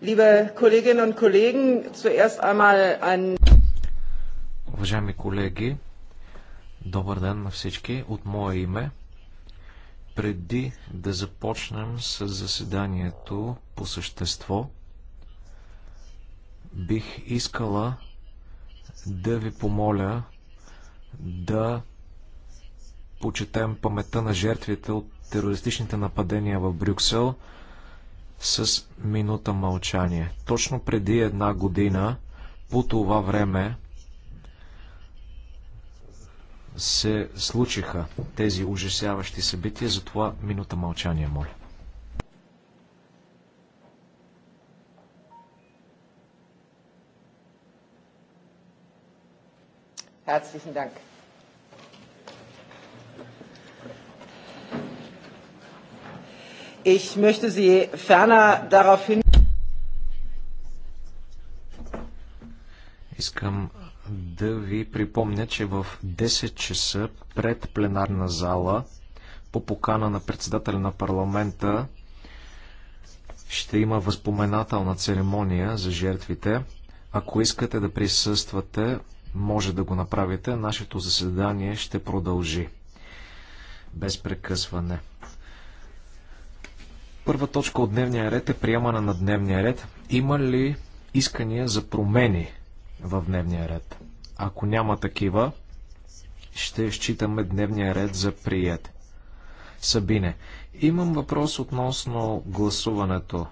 Liebe Kolleginnen und Kollegen, zuerst einmal ein... Уважаеми колеги, добър ден на всички от мое име. Преди да започнем с заседанието по същество, бих искала да ви помоля да почетем паметта на жертвите от терористичните нападения в Брюксел – с минута мълчание. Точно преди една година, по това време, се случиха тези ужасяващи събития, затова минута мълчание, моля. Herzlichen Dank. Ich möchte Sie ferner darauf hin... Искам да ви припомня, че в 10 часа пред пленарна зала по покана на председателя на парламента ще има възпоменателна церемония за жертвите. Ако искате да присъствате, може да го направите. Нашето заседание ще продължи без прекъсване. Първа точка от дневния ред е приемане на дневния ред. Има ли искания за промени в дневния ред? Ако няма такива, ще считаме дневния ред за прият. Сабине, имам въпрос относно гласуването.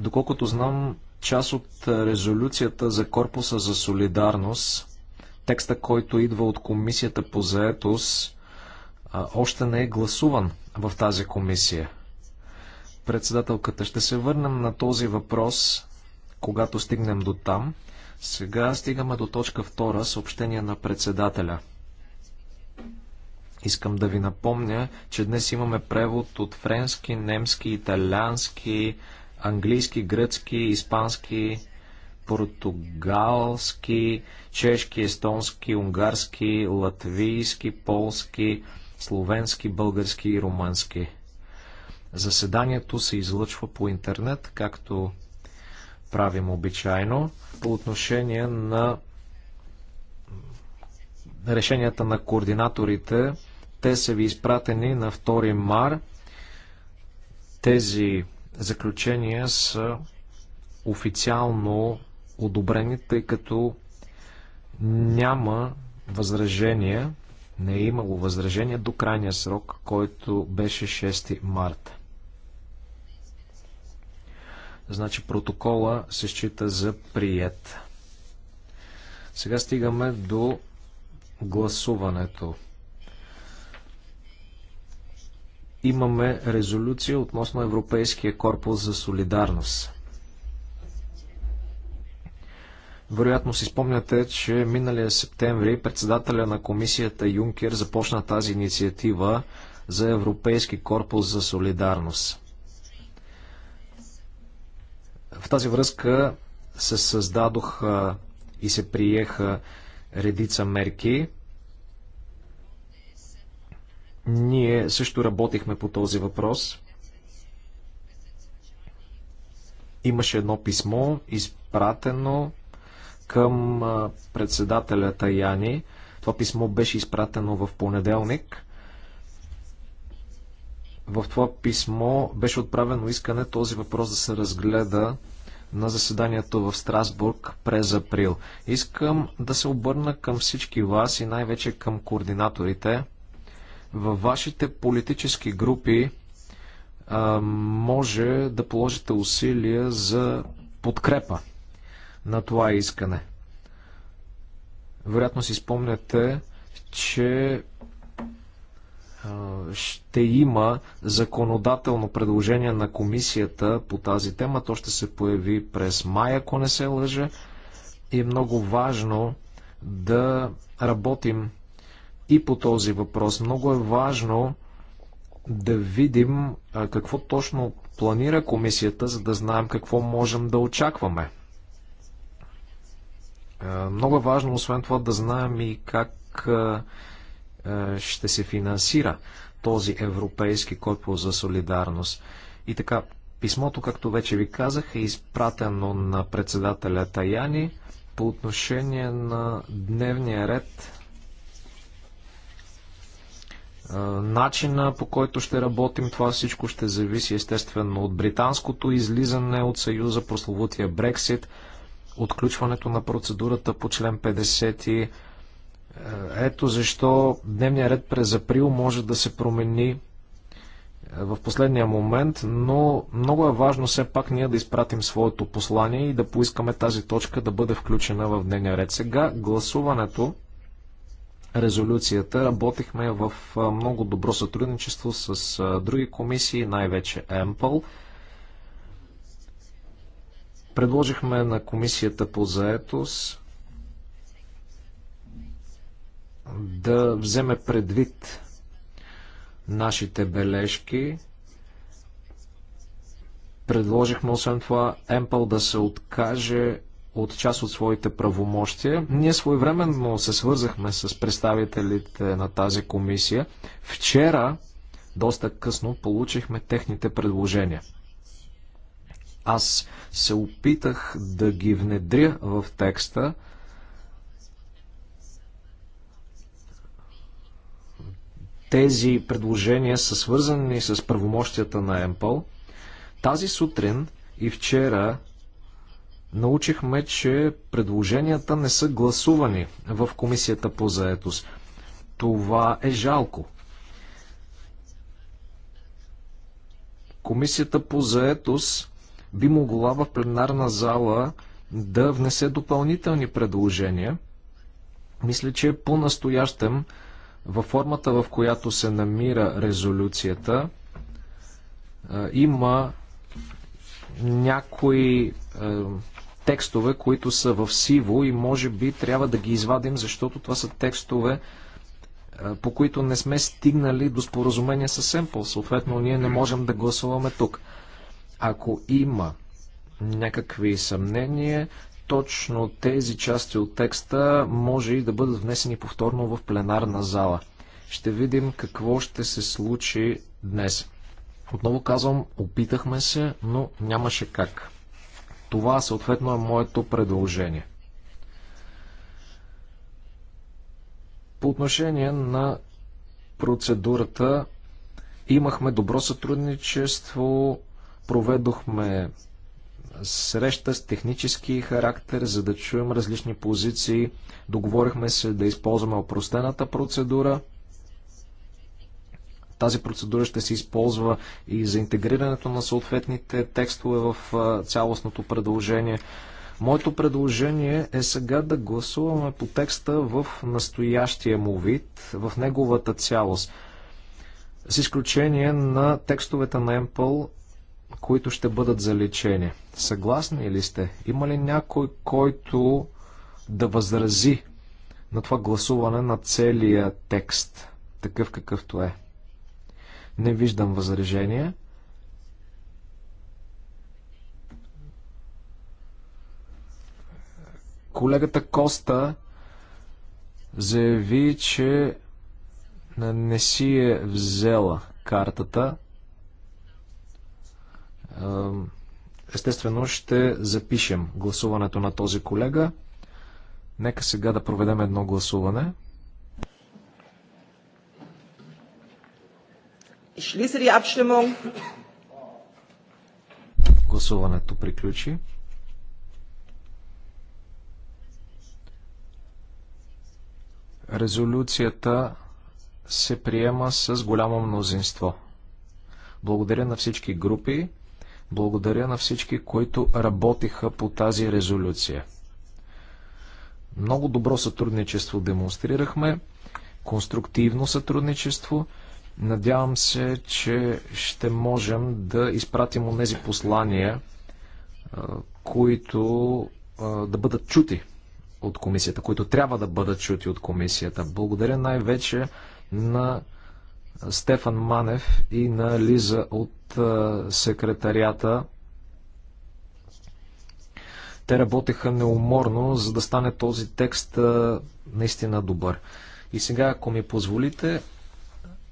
Доколкото знам, част от резолюцията за корпуса за солидарност, текста, който идва от комисията по заетост, още не е гласуван в тази комисия. Председателката, ще се върнем на този въпрос, когато стигнем до там. Сега стигаме до точка 2, съобщение на председателя. Искам да ви напомня, че днес имаме превод от френски, немски, италиански, английски, гръцки, испански, португалски, чешки, естонски, унгарски, латвийски, полски, словенски, български и румънски. Заседанието се излъчва по интернет, както правим обичайно. По отношение на решенията на координаторите, те са ви изпратени на 2 мар. Тези заключения са официално одобрени, тъй като няма възражения не е имало възражение до крайния срок, който беше 6 марта. Значи протокола се счита за прият. Сега стигаме до гласуването. Имаме резолюция относно Европейския корпус за солидарност. Вероятно си спомняте, че миналия септември председателя на комисията Юнкер започна тази инициатива за Европейски корпус за солидарност. В тази връзка се създадоха и се приеха редица мерки. Ние също работихме по този въпрос. Имаше едно писмо, изпратено към председателя Таяни. Това писмо беше изпратено в понеделник. В това писмо беше отправено искане този въпрос да се разгледа на заседанието в Страсбург през април. Искам да се обърна към всички вас и най-вече към координаторите. Във вашите политически групи а, може да положите усилия за подкрепа на това искане. Вероятно си спомняте, че ще има законодателно предложение на комисията по тази тема. То ще се появи през май, ако не се лъжа. И е много важно да работим и по този въпрос. Много е важно да видим какво точно планира комисията, за да знаем какво можем да очакваме много е важно, освен това, да знаем и как ще се финансира този Европейски корпус за солидарност. И така, писмото, както вече ви казах, е изпратено на председателя Таяни по отношение на дневния ред, начина по който ще работим, това всичко ще зависи естествено от британското излизане от Съюза, прословутия Брексит – отключването на процедурата по член 50. Е, ето защо дневният ред през април може да се промени е, в последния момент, но много е важно все пак ние да изпратим своето послание и да поискаме тази точка да бъде включена в дневния ред. Сега гласуването, резолюцията, работихме в е, много добро сътрудничество с други комисии, най-вече Емпъл. Предложихме на комисията по заетост да вземе предвид нашите бележки. Предложихме освен това Емпъл да се откаже от част от своите правомощия. Ние своевременно се свързахме с представителите на тази комисия. Вчера, доста късно, получихме техните предложения. Аз се опитах да ги внедря в текста. Тези предложения са свързани с правомощията на Емпъл. Тази сутрин и вчера научихме, че предложенията не са гласувани в Комисията по заетост. Това е жалко. Комисията по заетост би могла в пленарна зала да внесе допълнителни предложения. Мисля, че е по-настоящем във формата, в която се намира резолюцията, има някои текстове, които са в сиво и може би трябва да ги извадим, защото това са текстове, по които не сме стигнали до споразумение с Семпл. Съответно, ние не можем да гласуваме тук. Ако има някакви съмнения, точно тези части от текста може и да бъдат внесени повторно в пленарна зала. Ще видим какво ще се случи днес. Отново казвам, опитахме се, но нямаше как. Това съответно е моето предложение. По отношение на процедурата имахме добро сътрудничество Проведохме среща с технически характер, за да чуем различни позиции. Договорихме се да използваме опростената процедура. Тази процедура ще се използва и за интегрирането на съответните текстове в цялостното предложение. Моето предложение е сега да гласуваме по текста в настоящия му вид, в неговата цялост. С изключение на текстовете на Apple които ще бъдат залечени. Съгласни ли сте? Има ли някой, който да възрази на това гласуване на целия текст, такъв какъвто е? Не виждам възражение. Колегата Коста заяви, че не си е взела картата. Естествено ще запишем гласуването на този колега. Нека сега да проведем едно гласуване. Гласуването приключи. Резолюцията се приема с голямо мнозинство. Благодаря на всички групи. Благодаря на всички, които работиха по тази резолюция. Много добро сътрудничество демонстрирахме, конструктивно сътрудничество. Надявам се, че ще можем да изпратим онези послания, които да бъдат чути от комисията, които трябва да бъдат чути от комисията. Благодаря най-вече на Стефан Манев и на Лиза от секретарията. Те работеха неуморно, за да стане този текст наистина добър. И сега, ако ми позволите,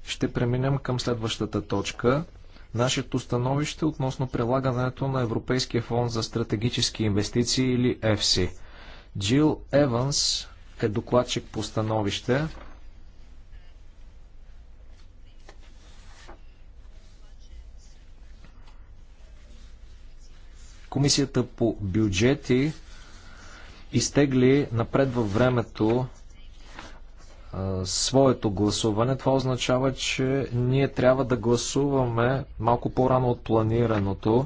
ще преминем към следващата точка. Нашето становище относно прилагането на Европейския фонд за стратегически инвестиции или ЕФСИ. Джил Еванс е докладчик по становище. Комисията по бюджети изтегли напред във времето своето гласуване. Това означава, че ние трябва да гласуваме малко по-рано от планираното.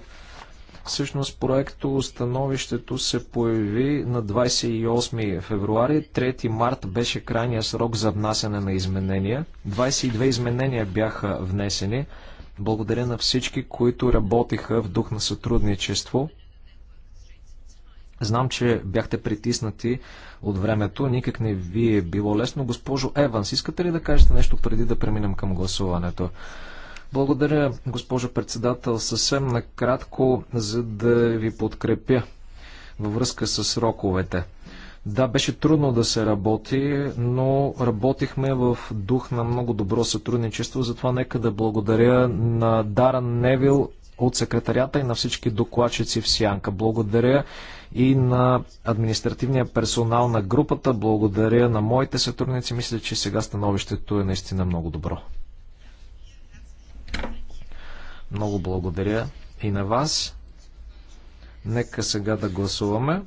Всъщност проекто становището се появи на 28 февруари, 3 март беше крайния срок за внасяне на изменения. 22 изменения бяха внесени. Благодаря на всички, които работиха в дух на сътрудничество. Знам, че бяхте притиснати от времето. Никак не ви е било лесно. Госпожо Еванс, искате ли да кажете нещо преди да преминем към гласуването? Благодаря, госпожо председател. Съвсем накратко, за да ви подкрепя във връзка с сроковете. Да, беше трудно да се работи, но работихме в дух на много добро сътрудничество, затова нека да благодаря на Даран Невил от секретарята и на всички докладчици в Сянка. Благодаря и на административния персонал на групата, благодаря на моите сътрудници. Мисля, че сега становището е наистина много добро. Много благодаря и на вас. Нека сега да гласуваме.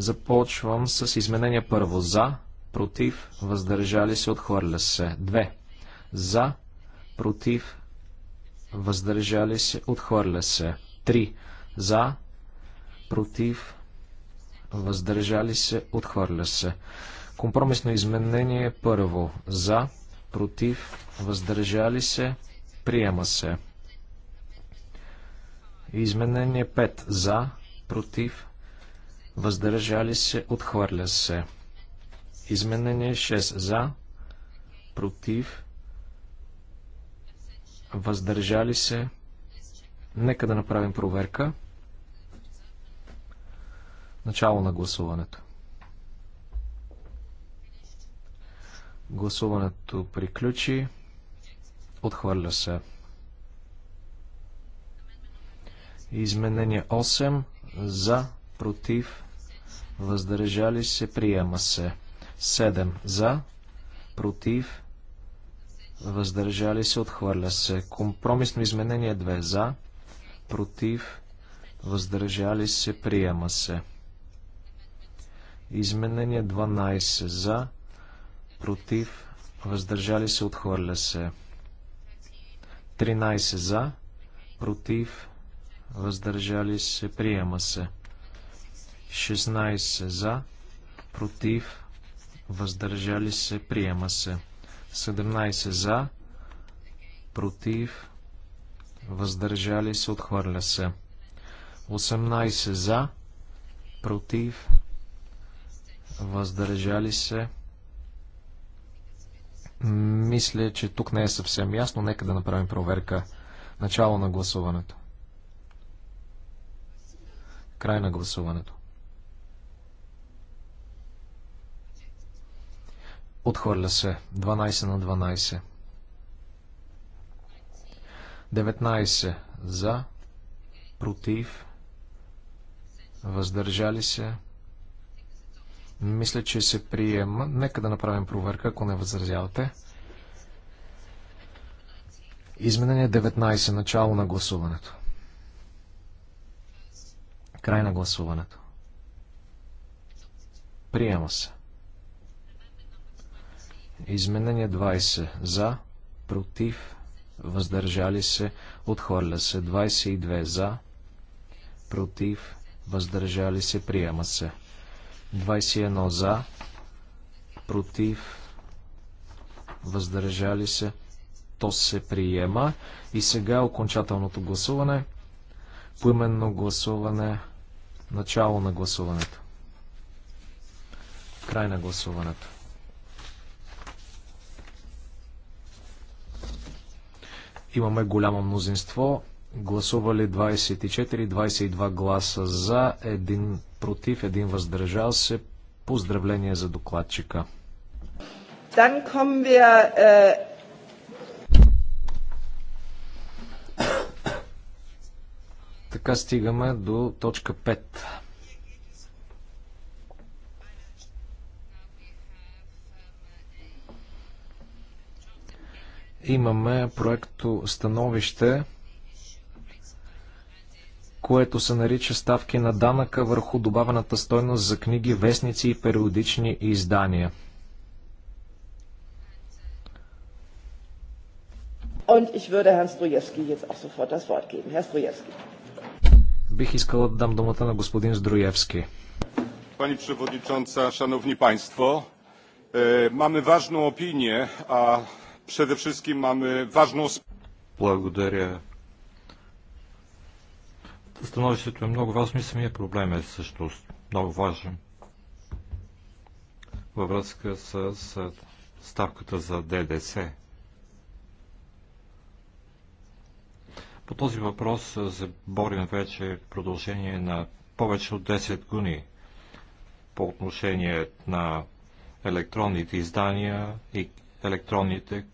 Започвам с изменение първо. За, против, въздържали се, отхвърля се. 2. За, против, въздържали се, отхвърля се. 3. За, против, въздържали се, отхвърля се. Компромисно изменение първо. За, против, въздържали се, приема се. Изменение 5. За, против, въздържали се, отхвърля се. Изменение 6 за, против, въздържали се. Нека да направим проверка. Начало на гласуването. Гласуването приключи. Отхвърля се. Изменение 8 за, против, въздържали се, приема се. 7 за, против, въздържали се, отхвърля се. Компромисно изменение 2 за, против, въздържали се, приема се. Изменение 12 за, против, въздържали се, отхвърля се. 13 за, против, въздържали се, приема се. 16 за, против, въздържали се, приема се. 17 за, против, въздържали се, отхвърля се. 18 за, против, въздържали се. Мисля, че тук не е съвсем ясно. Нека да направим проверка. Начало на гласуването. Край на гласуването. Отхвърля се. 12 на 12. 19 за, против, въздържали се. Мисля, че се приема. Нека да направим проверка, ако не възразявате. Изменение 19. Начало на гласуването. Край на гласуването. Приема се. Изменение 20. За, против, въздържали се, отхвърля се. 22. За, против, въздържали се, приема се. 21. За, против, въздържали се, то се приема. И сега окончателното гласуване. Поименно гласуване. Начало на гласуването. Край на гласуването. Имаме голямо мнозинство. Гласували 24, 22 гласа за, един против, един въздържал се. Поздравление за докладчика. Dann kommen wir äh, така стигаме до точка 5. имаме проекто становище, което се нарича ставки на данъка върху добавената стойност за книги, вестници и периодични издания. Und ich würde Herrn Strojewski jetzt auch sofort das Wort geben. Herr Strojewski. Бих искала да дам думата на господин Здруевски. Pani przewodnicząca, szanowni państwo, e, mamy ważną opinię, a Przede wszystkim mamy ważną... Благодаря. Становището е много важно и самия проблем е също много важен във връзка с, ставката за ДДС. По този въпрос заборим вече продължение на повече от 10 години по отношение на електронните издания и електронните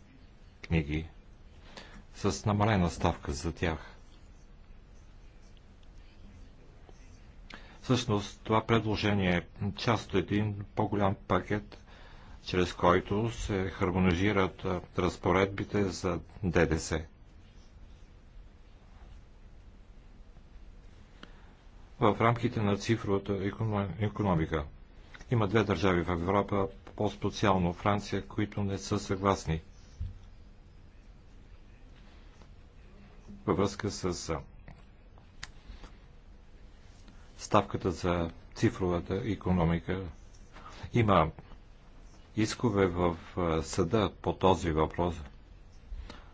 книги с намалена ставка за тях. Всъщност това предложение е част от един по-голям пакет, чрез който се хармонизират разпоредбите за ДДС. В рамките на цифровата економика има две държави в Европа, по-специално Франция, които не са съгласни – във връзка с ставката за цифровата економика. Има искове в съда по този въпрос.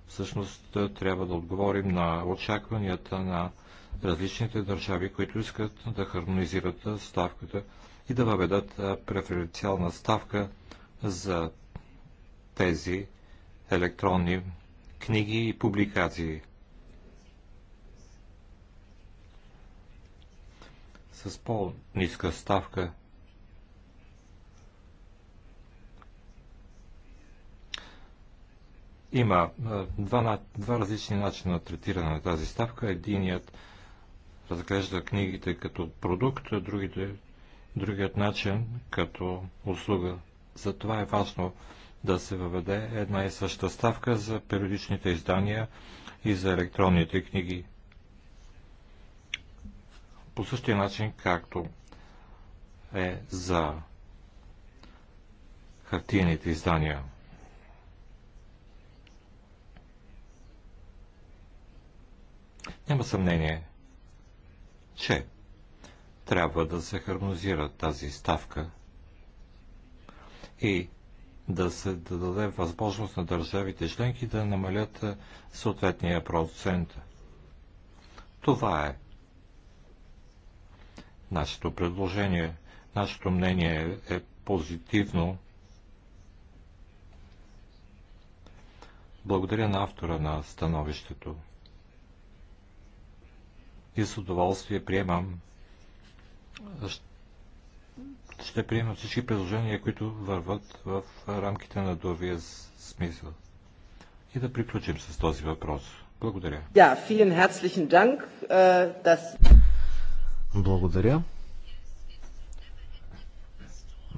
Всъщност трябва да отговорим на очакванията на различните държави, които искат да хармонизират ставката и да въведат преференциална ставка за тези електронни книги и публикации. с по-ниска ставка. Има два, два различни начина на третиране на тази ставка. Единият разглежда книгите като продукт, другите, другият начин като услуга. Затова е важно да се въведе една и съща ставка за периодичните издания и за електронните книги по същия начин, както е за хартийните издания. Няма съмнение, че трябва да се хармонизира тази ставка и да се даде възможност на държавите членки да намалят съответния процент. Това е Нашето предложение, нашето мнение е позитивно. Благодаря на автора на становището. И с удоволствие приемам ще приемам всички предложения, които върват в рамките на довия смисъл. И да приключим с този въпрос. Благодаря. Да, yeah, vielen herzlichen Dank. Uh, äh, das... Благодаря.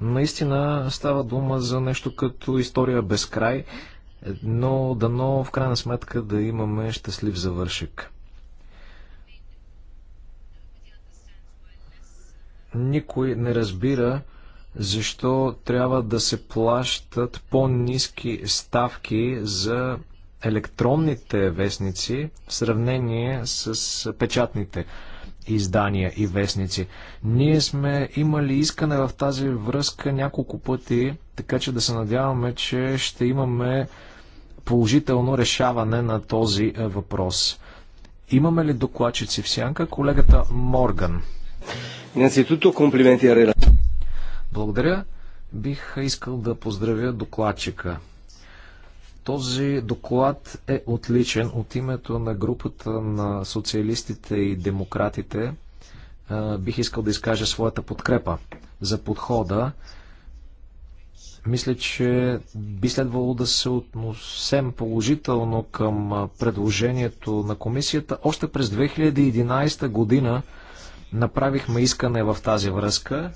Наистина става дума за нещо като история без край, но дано в крайна сметка да имаме щастлив завършек. Никой не разбира защо трябва да се плащат по-низки ставки за електронните вестници в сравнение с печатните издания и вестници. Ние сме имали искане в тази връзка няколко пъти, така че да се надяваме, че ще имаме положително решаване на този е, въпрос. Имаме ли докладчици в сянка? Колегата Морган. Институто комплименти Благодаря. Бих искал да поздравя докладчика. Този доклад е отличен от името на групата на социалистите и демократите. Е, бих искал да изкажа своята подкрепа за подхода. Мисля, че би следвало да се относем положително към предложението на комисията. Още през 2011 година направихме искане в тази връзка.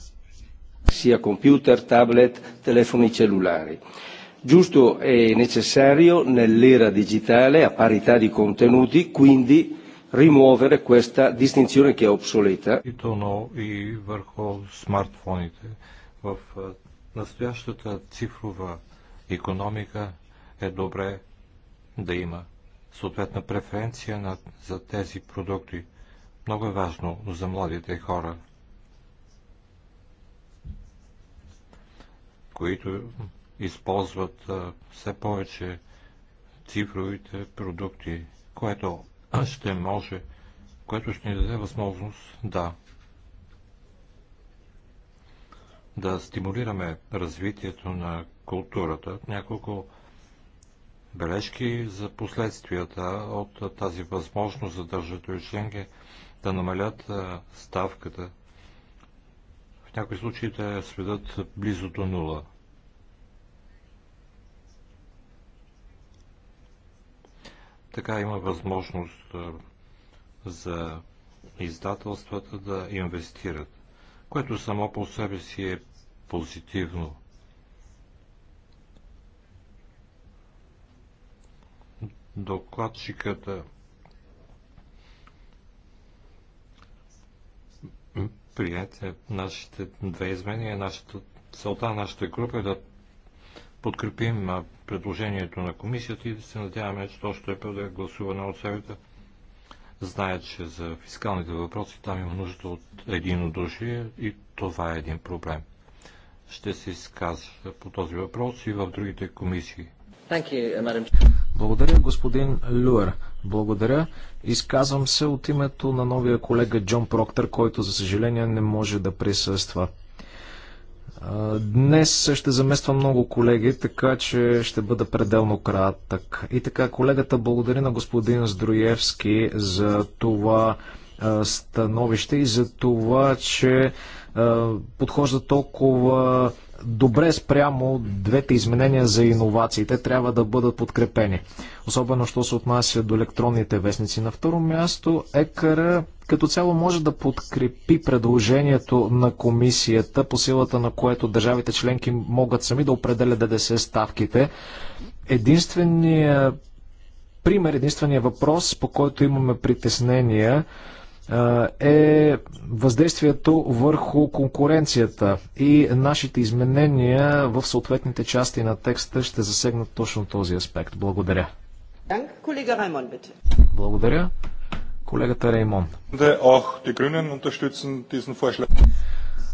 Сия компютър, таблет, телефони, целуляри giusto e necessario nell'era digitale a parità di contenuti, quindi rimuovere questa distinzione che è obsoleta. настоящата цифрова економика е добре да има съответна преференция на, за тези продукти. Много е важно за младите хора, които използват все повече цифровите продукти, което ще може, което ще ни даде възможност да да стимулираме развитието на културата. Няколко бележки за последствията от тази възможност за държавите и членки да намалят ставката. В някои случаи да я сведат близо до нула. Така има възможност за издателствата да инвестират, което само по себе си е позитивно. Докладчиката приятели, нашите две изменения, нашата целта на нашата група е да подкрепим предложението на комисията и да се надяваме, че то ще бъде гласувано от съвета. Знаят, че за фискалните въпроси там има нужда от един единодушие и това е един проблем. Ще се изкажа по този въпрос и в другите комисии. Uh, Благодаря, господин Люер. Благодаря. Изказвам се от името на новия колега Джон Проктер, който за съжаление не може да присъства. Днес ще замества много колеги, така че ще бъда пределно кратък. И така, колегата благодари на господин Здроевски за това становище и за това, че подхожда толкова добре спрямо двете изменения за иновациите трябва да бъдат подкрепени. Особено, що се отнася до електронните вестници. На второ място, ЕКР като цяло може да подкрепи предложението на комисията, по силата на което държавите членки могат сами да определят ДДС ставките. Единственият пример, единственият въпрос, по който имаме притеснения, е въздействието върху конкуренцията и нашите изменения в съответните части на текста ще засегнат точно този аспект. Благодаря. Благодаря. Колегата Реймон.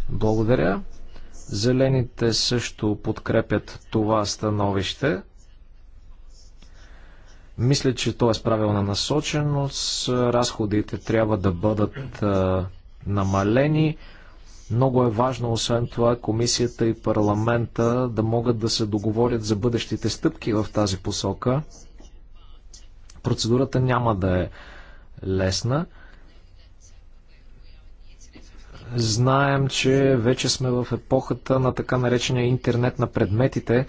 Благодаря. Зелените също подкрепят това становище. Мисля, че то е с правилна насоченост. Разходите трябва да бъдат намалени. Много е важно, освен това, комисията и парламента да могат да се договорят за бъдещите стъпки в тази посока. Процедурата няма да е лесна. Знаем, че вече сме в епохата на така наречения интернет на предметите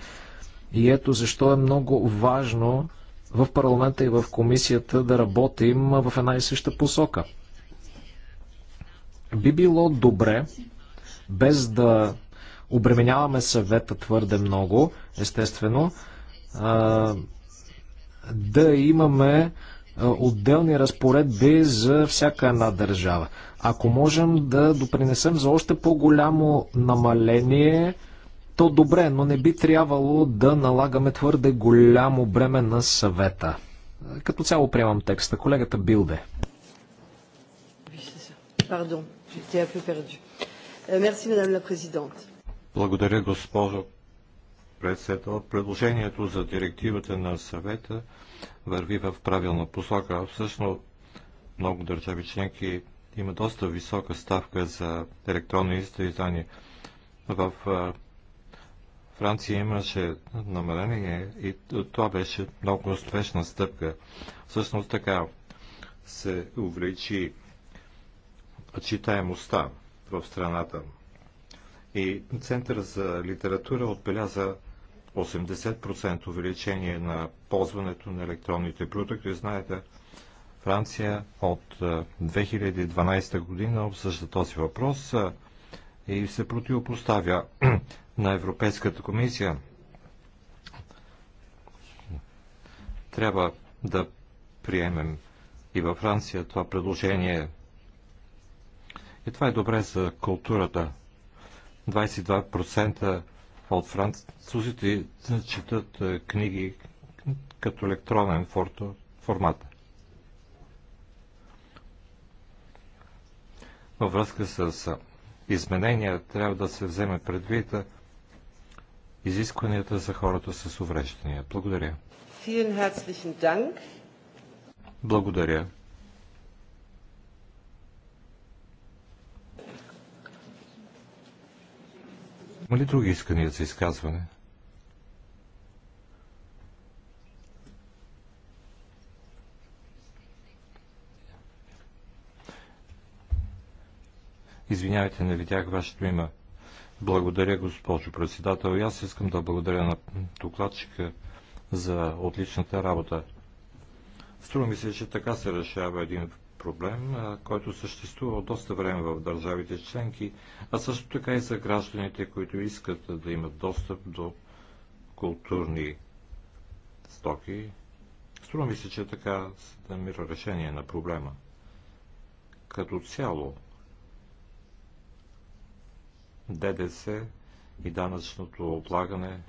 и ето защо е много важно в парламента и в комисията да работим в една и съща посока. Би било добре, без да обременяваме съвета твърде много, естествено, да имаме отделни разпоредби за всяка една държава. Ако можем да допринесем за още по-голямо намаление, то добре, но не би трябвало да налагаме твърде голямо бреме на съвета. Като цяло приемам текста. Колегата Билде. Euh, Благодаря, госпожо председател. Предложението за директивата на съвета върви в правилна посока. Всъщност много държави членки има доста висока ставка за електронни издания. В Франция имаше намерение и това беше много успешна стъпка. Всъщност така се увлечи читаемостта в страната. И Център за литература отбеляза 80% увеличение на ползването на електронните продукти. Знаете, Франция от 2012 година обсъжда този въпрос и се противопоставя на Европейската комисия. Трябва да приемем и във Франция това предложение. И това е добре за културата. 22% от французите четат е, книги като електронен формат. Във връзка с изменения трябва да се вземе предвид изискванията за хората с увреждания. Благодаря. Благодаря. Има ли други искания за изказване? Извинявайте, не видях вашето име. Благодаря, госпожо председател. И аз искам да благодаря на докладчика за отличната работа. Струва ми се, че така се решава един проблем, който съществува доста време в държавите членки, а също така и за гражданите, които искат да имат достъп до културни стоки. Струва ми се, че така се намира решение на проблема. Като цяло, ДДС и данъчното облагане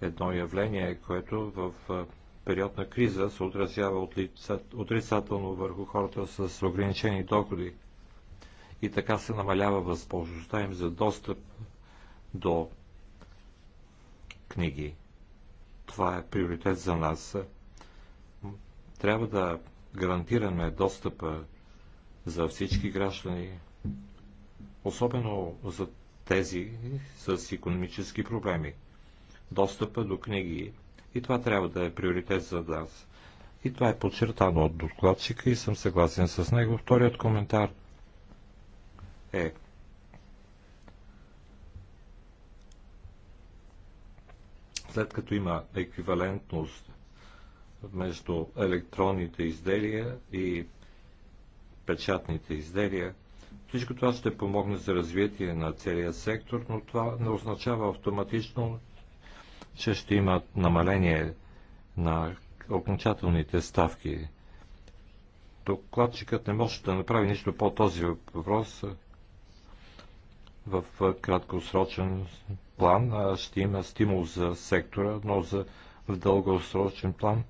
е едно явление, което в период на криза се отразява отрицателно върху хората с ограничени доходи и така се намалява възможността им за достъп до книги. Това е приоритет за нас. Трябва да гарантираме достъпа за всички граждани, особено за тези с економически проблеми. Достъпа до книги и това трябва да е приоритет за нас. И това е подчертано от докладчика и съм съгласен с него. Вторият коментар е след като има еквивалентност между електронните изделия и печатните изделия, всичко това ще помогне за развитие на целия сектор, но това не означава автоматично, че ще има намаление на окончателните ставки. Докладчикът не може да направи нищо по този въпрос в краткосрочен план. Ще има стимул за сектора, но за в дългосрочен план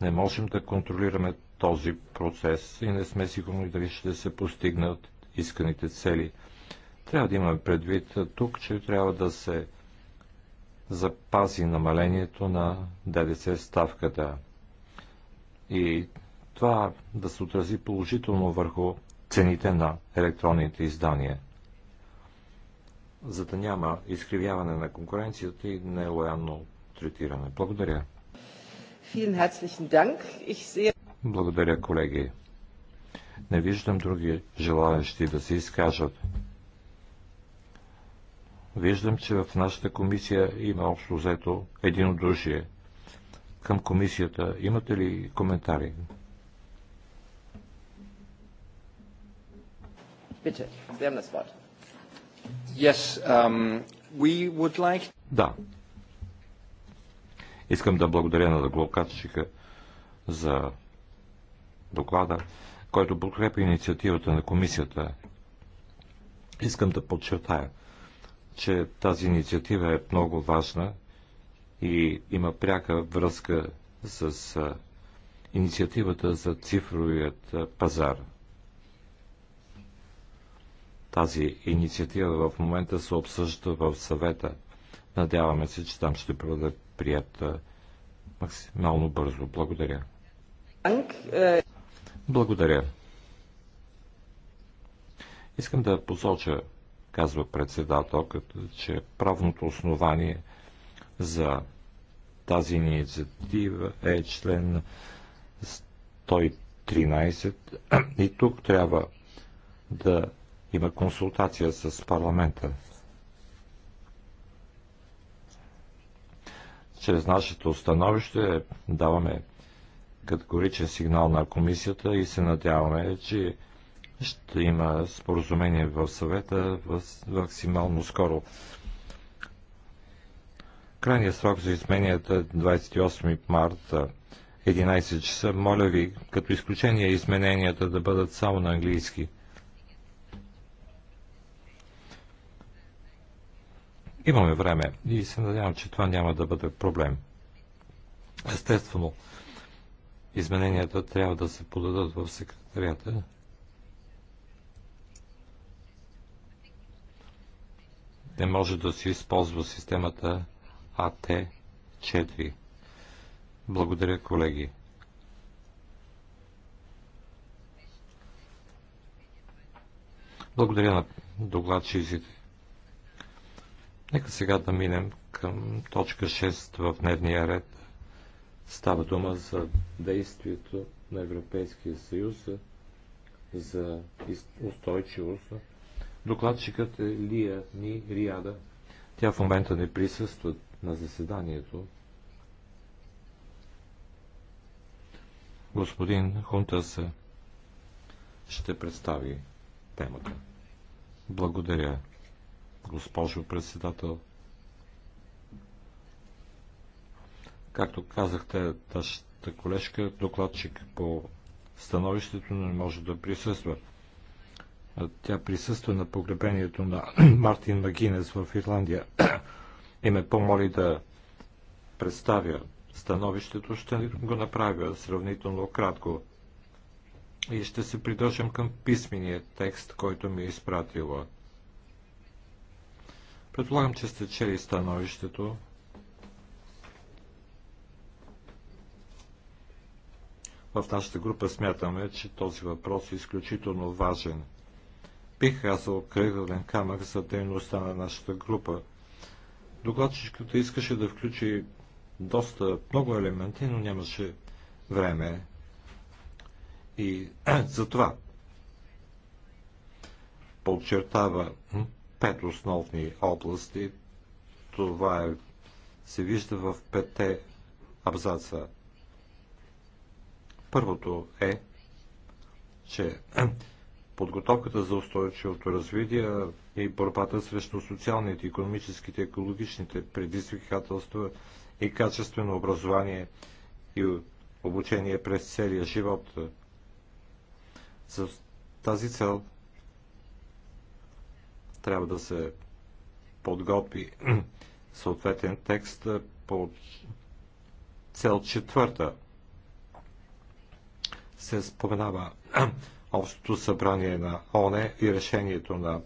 не можем да контролираме този процес и не сме сигурни дали ще се постигнат исканите цели. Трябва да имаме предвид тук, че трябва да се запази намалението на ДДС ставката и това да се отрази положително върху цените на електронните издания, за да няма изкривяване на конкуренцията и нелоянно третиране. Благодаря. Благодаря, колеги. Не виждам други желаящи да се изкажат. Виждам, че в нашата комисия има общо взето единодушие. Към комисията имате ли коментари? Yes, um, we would like... Да. Искам да благодаря на докладчика за доклада, който подкрепя инициативата на комисията. Искам да подчертая – че тази инициатива е много важна и има пряка връзка с инициативата за цифровият пазар. Тази инициатива в момента се обсъжда в съвета. Надяваме се, че там ще бъде прията максимално бързо. Благодаря. Благодаря. Искам да посоча казва председателката, че правното основание за тази инициатива е член 113 и тук трябва да има консултация с парламента. Чрез нашето становище даваме категоричен сигнал на комисията и се надяваме, че ще има споразумение в съвета максимално скоро. Крайният срок за измененията е 28 марта 11 часа. Моля ви, като изключение измененията да бъдат само на английски. Имаме време и се надявам, че това няма да бъде проблем. Естествено, измененията трябва да се подадат в секретарията. не може да се използва системата АТ4. Благодаря, колеги. Благодаря на докладчиците. Нека сега да минем към точка 6 в дневния ред. Става дума за действието на Европейския съюз за устойчивост Докладчикът е Лия Ни Риада. Тя в момента не присъства на заседанието. Господин Хунтас ще представи темата. Благодаря, госпожо председател. Както казахте, нашата колежка, докладчик по становището не може да присъства. Тя присъства на погребението на Мартин Магинес в Ирландия и ме помоли да представя становището. Ще го направя сравнително кратко и ще се придържам към писмения текст, който ми е изпратила. Предполагам, че сте чели становището. В нашата група смятаме, че този въпрос е изключително важен бих казал кръгълен камък за дейността на нашата група. Докладчичката искаше да включи доста много елементи, но нямаше време. И за това подчертава пет основни области. Това е, се вижда в пете абзаца. Първото е, че подготовката за устойчивото развитие и борбата срещу социалните, економическите, екологичните предизвикателства и качествено образование и обучение през целия живот. За тази цел трябва да се подготви съответен текст по цел четвърта. Се споменава Общото събрание на ОНЕ и решението на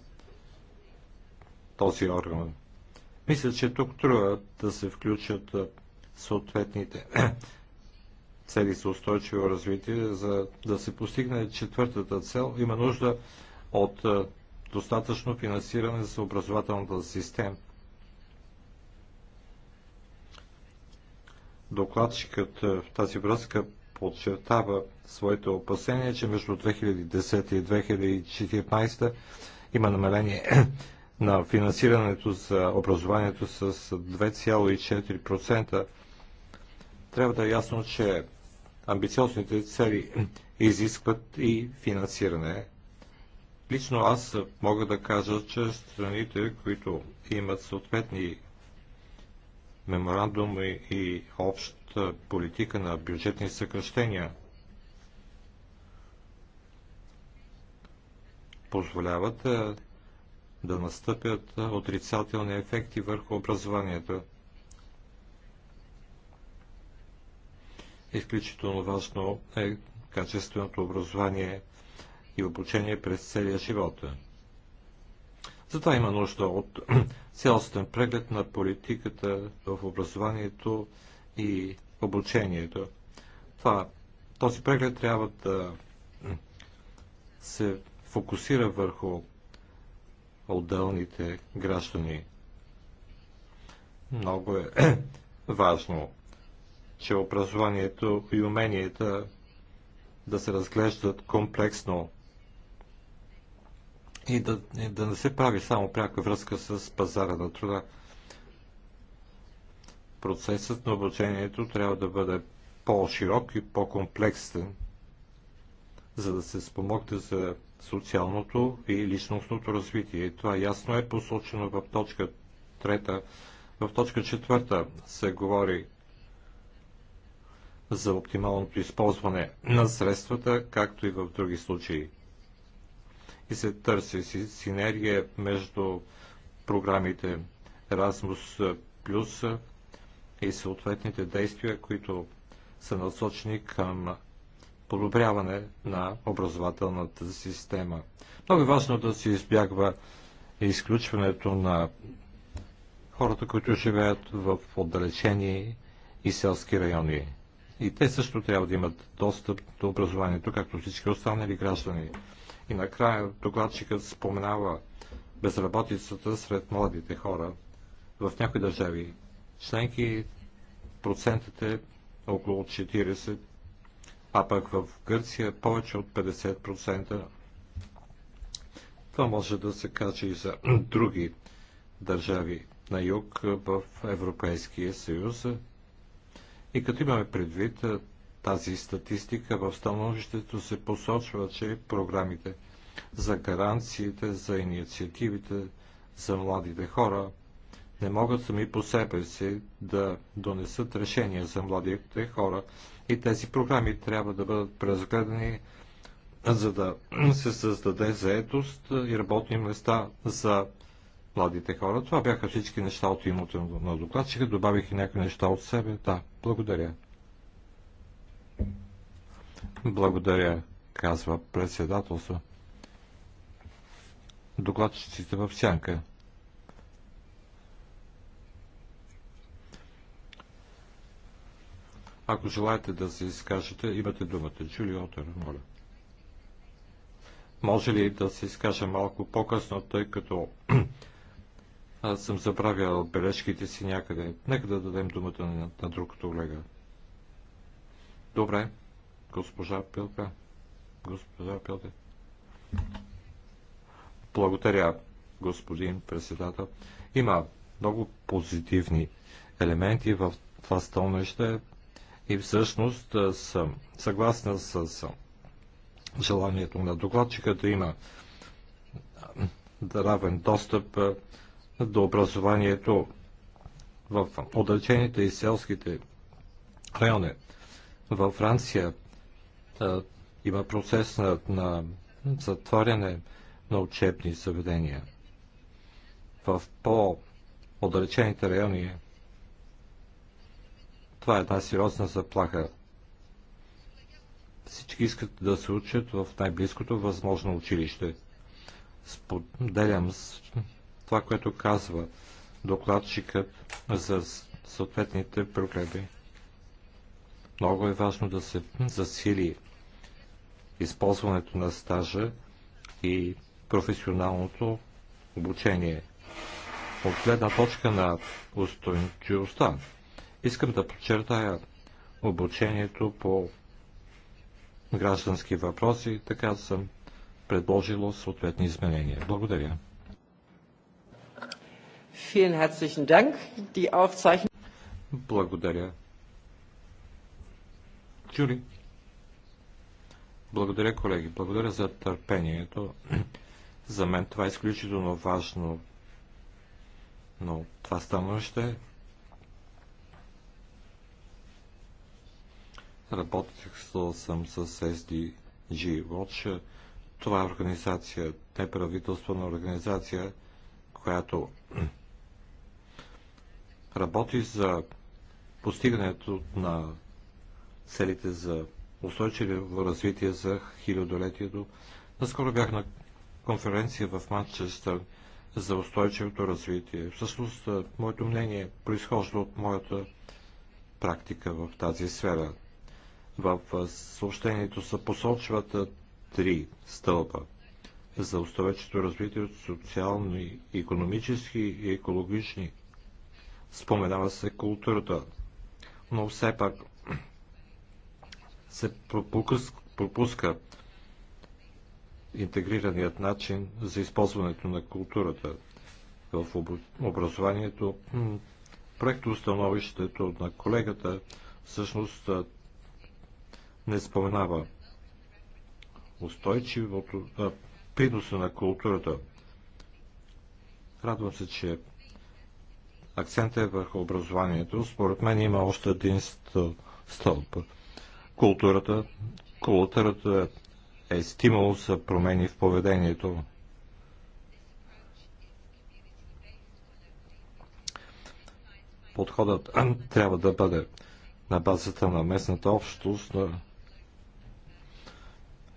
този орган. Мисля, че тук трябва да се включат съответните цели за устойчиво развитие, за да се постигне четвъртата цел. Има нужда от достатъчно финансиране за образователната система. Докладчикът в тази връзка подчертава своите опасения, че между 2010 и 2014 има намаление на финансирането за образованието с 2,4%. Трябва да е ясно, че амбициозните цели изискват и финансиране. Лично аз мога да кажа, че страните, които имат съответни меморандуми и общ общата политика на бюджетни съкръщения позволяват е, да настъпят е, отрицателни ефекти върху образованието. Изключително важно е качественото образование и обучение през целия живот. Затова има нужда от цялостен преглед на политиката в образованието и обучението. Това, този преглед трябва да се фокусира върху отделните граждани. Много е важно, че образованието и уменията да се разглеждат комплексно и да, и да не се прави само пряка връзка с пазара на труда процесът на обучението трябва да бъде по-широк и по-комплексен, за да се спомогне за социалното и личностното развитие. Това ясно е посочено в точка трета. В точка четвърта се говори за оптималното използване на средствата, както и в други случаи. И се търси синергия между програмите Erasmus+, и съответните действия, които са насочени към подобряване на образователната система. Много е важно да се избягва изключването на хората, които живеят в отдалечени и селски райони. И те също трябва да имат достъп до образованието, както всички останали граждани. И накрая докладчикът споменава безработицата сред младите хора в някои държави членки процентът е около 40, а пък в Гърция повече от 50%. Това може да се каже и за други държави на юг в Европейския съюз. И като имаме предвид тази статистика, в становището се посочва, че програмите за гаранциите, за инициативите за младите хора – не могат сами по себе си да донесат решения за младите хора и тези програми трябва да бъдат преразгледани, за да се създаде заетост и работни места за младите хора. Това бяха всички неща от името на докладчика. Добавих и някои неща от себе. Да, благодаря. Благодаря, казва председателство. Докладчиците в сянка. Ако желаете да се изкажете, имате думата. Джули Отър, моля. Може ли да се изкажа малко по-късно, тъй като аз съм забравял бележките си някъде. Нека да дадем думата на, на друг колега. Добре, госпожа Пилка. Госпожа Пилка. Благодаря, господин председател. Има много позитивни елементи в това стълнище. И всъщност съм съгласна с желанието на докладчика да има равен достъп до образованието в отдалечените и селските райони. Във Франция има процес на, на затваряне на учебни заведения. В по-отдалечените райони това е една сериозна заплаха. Всички искат да се учат в най-близкото възможно училище. Споделям с това, което казва докладчикът за съответните проблеми. Много е важно да се засили използването на стажа и професионалното обучение. От гледна точка на устойчивостта Искам да подчертая обучението по граждански въпроси, така съм предложила съответни изменения. Благодаря. Благодаря. Чули? Благодаря, колеги. Благодаря за търпението. За мен това е изключително важно. Но това становище Работил съм с SDG Watch. Това е организация, неправителствена е организация, която работи за постигането на целите за устойчиво развитие за хилядолетието. Наскоро бях на конференция в Манчестър за устойчивото развитие. Всъщност, моето мнение произхожда от моята практика в тази сфера. В съобщението се посочват три стълба за устойчивото развитие от социални, економически и екологични. Споменава се културата, но все пак се пропуска, пропуска интегрираният начин за използването на културата в образованието. Проектоустановището на колегата всъщност не споменава устойчивото а, приноса на културата. Радвам се, че акцентът е върху образованието. Според мен има още един стълб. Културата, културата е стимул за промени в поведението. Подходът трябва да бъде на базата на местната общност, на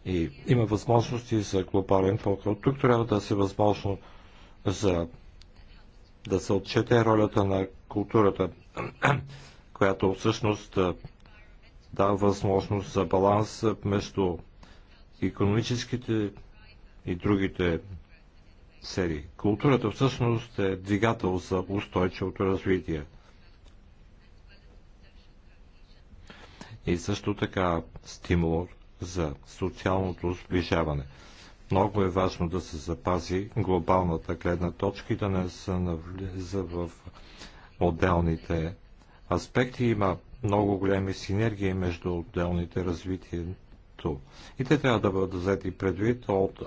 и има възможности за глобален подход. Тук трябва да се възможно за да се отчете ролята на културата, която всъщност дава възможност за баланс между економическите и другите серии. Културата всъщност е двигател за устойчивото развитие. И също така стимул за социалното сближаване. Много е важно да се запази глобалната гледна точка и да не се навлиза в отделните аспекти. Има много големи синергии между отделните развитието. И те трябва да бъдат взети предвид от,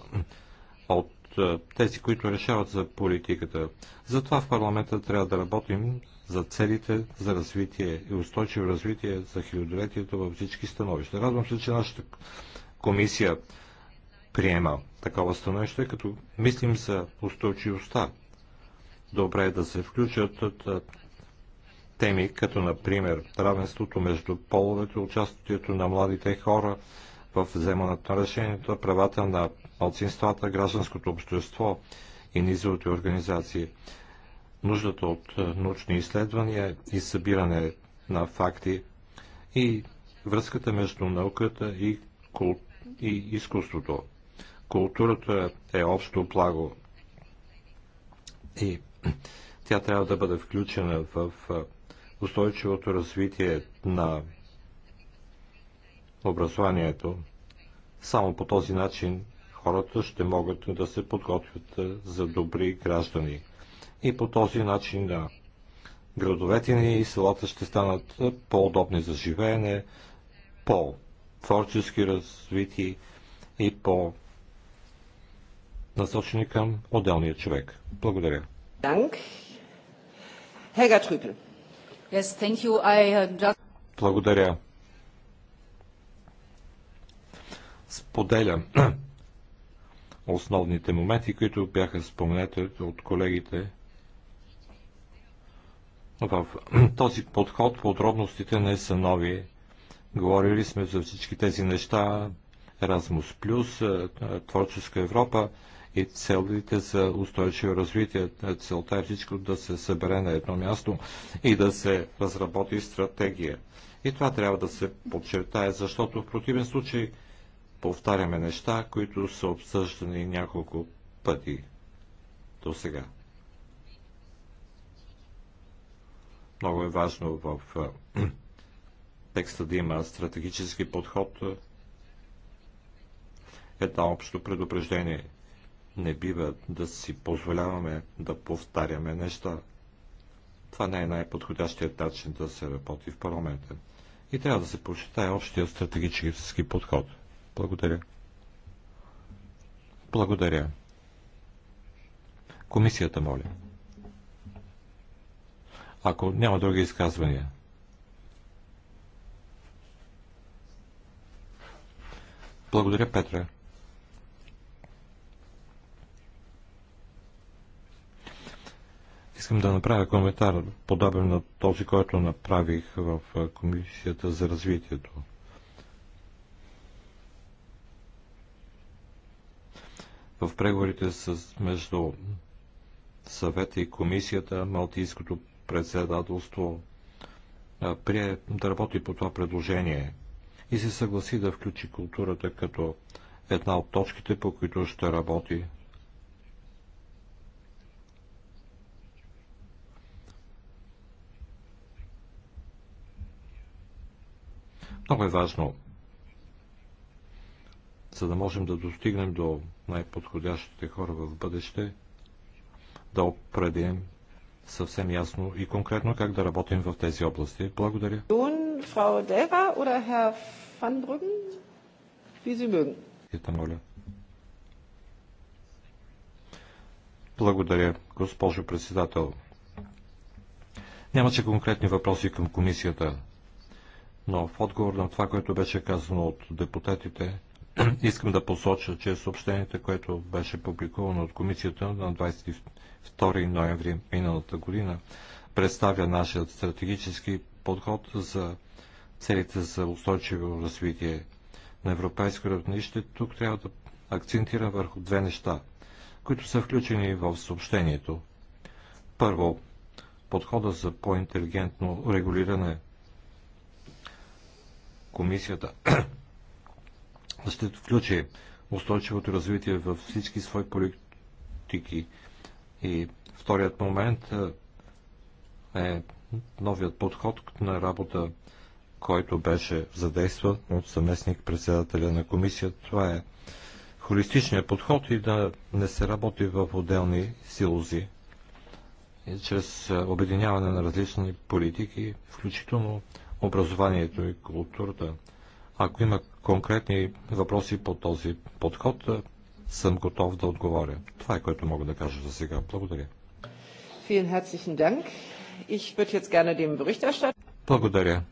от е, тези, които решават за политиката. Затова в парламента трябва да работим за целите за развитие и устойчиво развитие за хилядолетието във всички становища. Радвам се, че нашата комисия приема такова становище, като мислим за устойчивостта. Добре е да се включат теми, като например равенството между половете, участието на младите хора в вземането на решението, правата на малцинствата, гражданското общество и низовите организации – нуждата от е, научни изследвания и събиране на факти и връзката между науката и, кул... и изкуството. Културата е общо благо и тя трябва да бъде включена в е, устойчивото развитие на образованието. Само по този начин хората ще могат да се подготвят е, за добри граждани и по този начин да, градовете ни и селата ще станат е, по-удобни за живеене, по-творчески развити и по насочени към отделния човек. Благодаря. Данк. Хега Трюпел. Yes, thank you. I uh, just... Благодаря. Споделям основните моменти, които бяха споменати от колегите в този подход подробностите не са нови. Говорили сме за всички тези неща. Erasmus плюс, е, е, Творческа Европа и целите за устойчиво развитие. Е, целта е всичко да се събере на едно място и да се разработи стратегия. И това трябва да се подчертае, защото в противен случай повтаряме неща, които са обсъждани няколко пъти до сега. Много е важно в е, текста да има стратегически подход. Едно общо предупреждение. Не бива да си позволяваме да повтаряме неща. Това не е най-подходящият начин да се работи в парламента. И трябва да се почитае общия стратегически подход. Благодаря. Благодаря. Комисията моля ако няма други изказвания. Благодаря, Петре. Искам да направя коментар, подобен на този, който направих в Комисията за развитието. В преговорите с между съвета и комисията Малтийското председателство прие да работи по това предложение и се съгласи да включи културата като една от точките, по които ще работи. Много е важно, за да можем да достигнем до най-подходящите хора в бъдеще, да определим съвсем ясно и конкретно как да работим в тези области. Благодаря. Питам, моля. Благодаря, госпожо председател. Нямаше конкретни въпроси към комисията, но в отговор на това, което беше казано от депутатите, Искам да посоча, че съобщението, което беше публикувано от комисията на 22 ноември миналата година, представя нашия стратегически подход за целите за устойчиво развитие на европейско равнище. Тук трябва да акцентира върху две неща, които са включени в съобщението. Първо, подхода за по-интелигентно регулиране. Комисията да се включи устойчивото развитие във всички свои политики. И вторият момент е новият подход на работа, който беше задействан от съместник председателя на комисията. Това е холистичният подход и да не се работи в отделни силози. И чрез обединяване на различни политики, включително образованието и културата, ако има конкретни въпроси по този подход, е, съм готов да отговоря. Това е което мога да кажа за сега. Благодаря. Благодаря.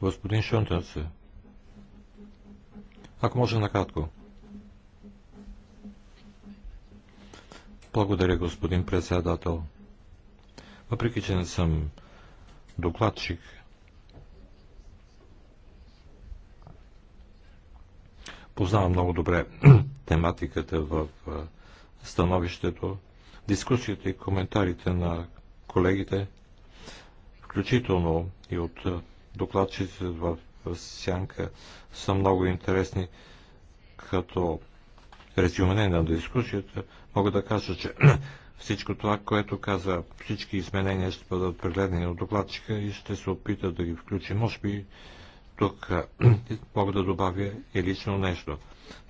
Господин Шонтенце, ако може накратко. Благодаря, господин председател. Въпреки, че не съм докладчик, познавам много добре тематиката в становището, дискусията и коментарите на колегите, включително и от докладчиците в сянка, са много интересни като резюмене на дискусията. Мога да кажа, че Всичко това, което каза, всички изменения ще бъдат прегледани от докладчика и ще се опита да ги включи. Може би тук мога да добавя и лично нещо.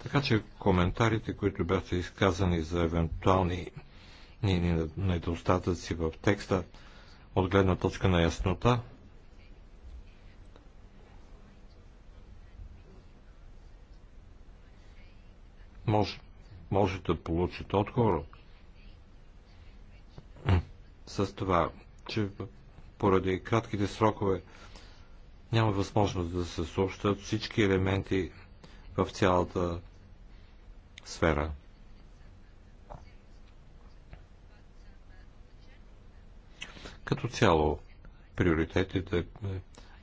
Така че коментарите, които бяха изказани за евентуални недостатъци в текста, от гледна точка на яснота, може, може да получите отговор с това, че поради кратките срокове няма възможност да се съобщат всички елементи в цялата сфера. Като цяло, приоритетите, е,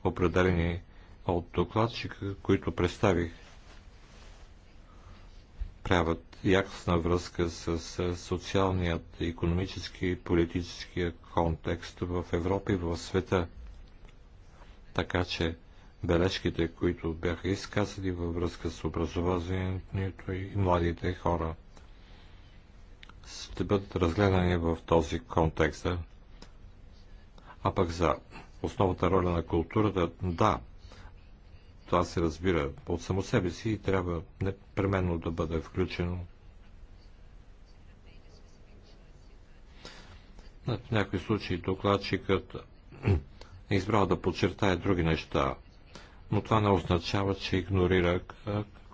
определени от докладчика, които представих, правят якостна връзка с социалният, економически и политическия контекст в Европа и в света. Така че бележките, които бяха изказани във връзка с образованието и младите хора, ще бъдат разгледани в този контекст. А пък за основната роля на културата, да, това се разбира от само себе си и трябва непременно да бъде включено. В някои случаи докладчикът е избрал да подчертае други неща, но това не означава, че игнорира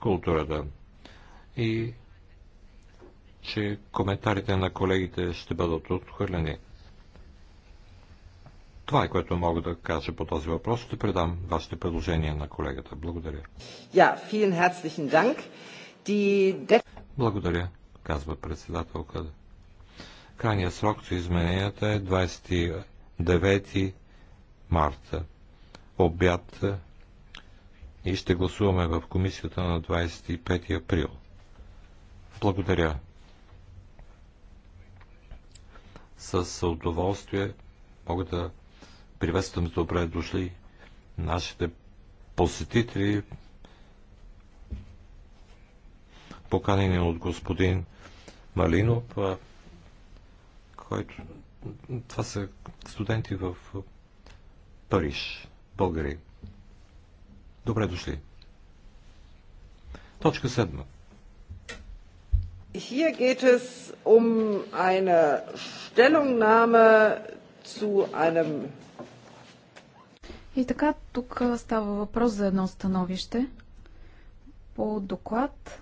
културата и че коментарите на колегите ще бъдат отхвърлени. Това е което мога да кажа по този въпрос. Ще предам вашите предложения на колегата. Благодаря. Ja, vielen herzlichen Dank. Die... Благодаря, казва председателката. Крайният срок за измененията е 29 марта, обяд е, и ще гласуваме в комисията на 25 април. Благодаря. С удоволствие мога да приветствам с добре дошли нашите посетители, поканени от господин Малинов който... Това са студенти в Париж, българи. Добре дошли. Точка седма. Hier geht es um eine Stellungnahme zu einem и така, тук става въпрос за едно становище по доклад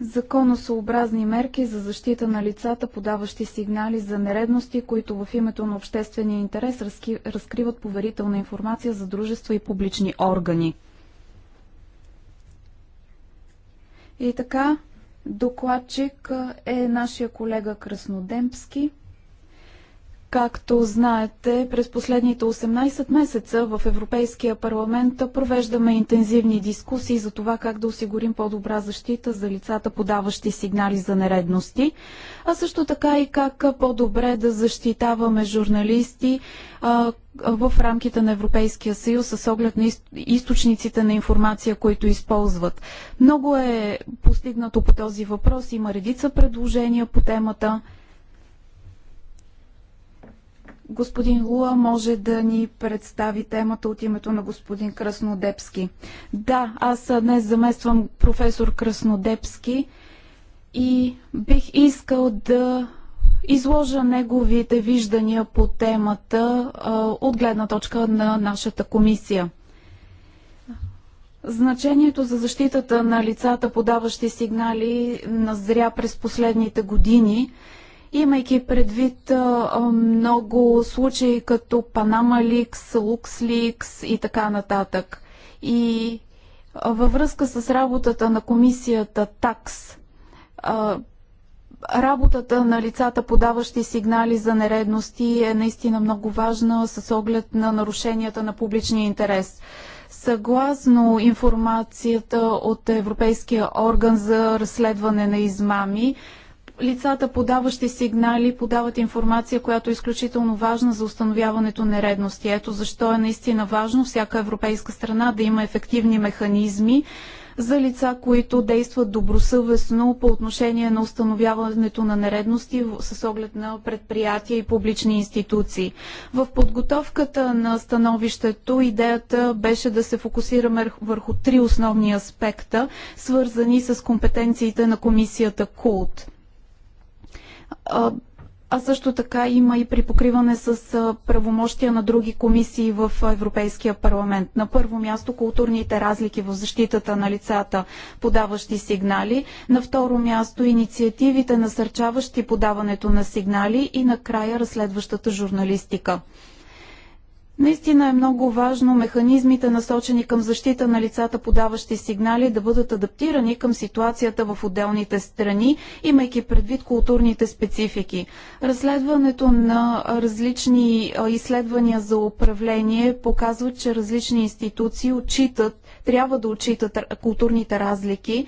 законосъобразни мерки за защита на лицата, подаващи сигнали за нередности, които в името на обществения интерес разкриват поверителна информация за дружества и публични органи. И така, докладчик е нашия колега Краснодемпски. Както знаете, през последните 18 месеца в Европейския парламент провеждаме интензивни дискусии за това как да осигурим по-добра защита за лицата, подаващи сигнали за нередности, а също така и как по-добре да защитаваме журналисти в рамките на Европейския съюз с оглед на източниците на информация, които използват. Много е постигнато по този въпрос, има редица предложения по темата. Господин Луа може да ни представи темата от името на господин Краснодепски. Да, аз днес замествам професор Краснодепски и бих искал да изложа неговите виждания по темата а, от гледна точка на нашата комисия. Значението за защитата на лицата, подаващи сигнали, назря през последните години – имайки предвид много случаи като Панама Ликс, Лукс Ликс и така нататък. И във връзка с работата на комисията ТАКС, работата на лицата, подаващи сигнали за нередности, е наистина много важна с оглед на нарушенията на публичния интерес. Съгласно информацията от Европейския орган за разследване на измами, лицата, подаващи сигнали, подават информация, която е изключително важна за установяването нередности. Ето защо е наистина важно всяка европейска страна да има ефективни механизми за лица, които действат добросъвестно по отношение на установяването на нередности с оглед на предприятия и публични институции. В подготовката на становището идеята беше да се фокусираме върху три основни аспекта, свързани с компетенциите на комисията КУЛТ а също така има и при покриване с правомощия на други комисии в Европейския парламент. На първо място културните разлики в защитата на лицата, подаващи сигнали. На второ място инициативите, насърчаващи подаването на сигнали и накрая разследващата журналистика. Наистина е много важно механизмите, насочени към защита на лицата, подаващи сигнали, да бъдат адаптирани към ситуацията в отделните страни, имайки предвид културните специфики. Разследването на различни изследвания за управление показва, че различни институции отчитат, трябва да отчитат културните разлики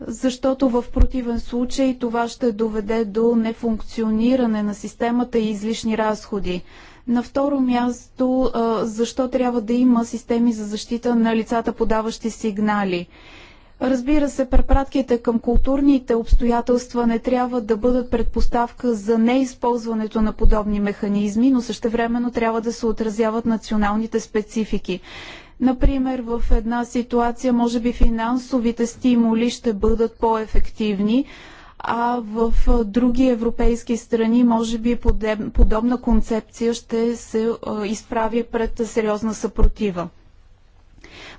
защото в противен случай това ще доведе до нефункциониране на системата и излишни разходи. На второ място, защо трябва да има системи за защита на лицата, подаващи сигнали? Разбира се, препратките към културните обстоятелства не трябва да бъдат предпоставка за неизползването на подобни механизми, но същевременно трябва да се отразяват националните специфики. Например, в една ситуация може би финансовите стимули ще бъдат по-ефективни, а в други европейски страни може би подобна концепция ще се изправи пред сериозна съпротива.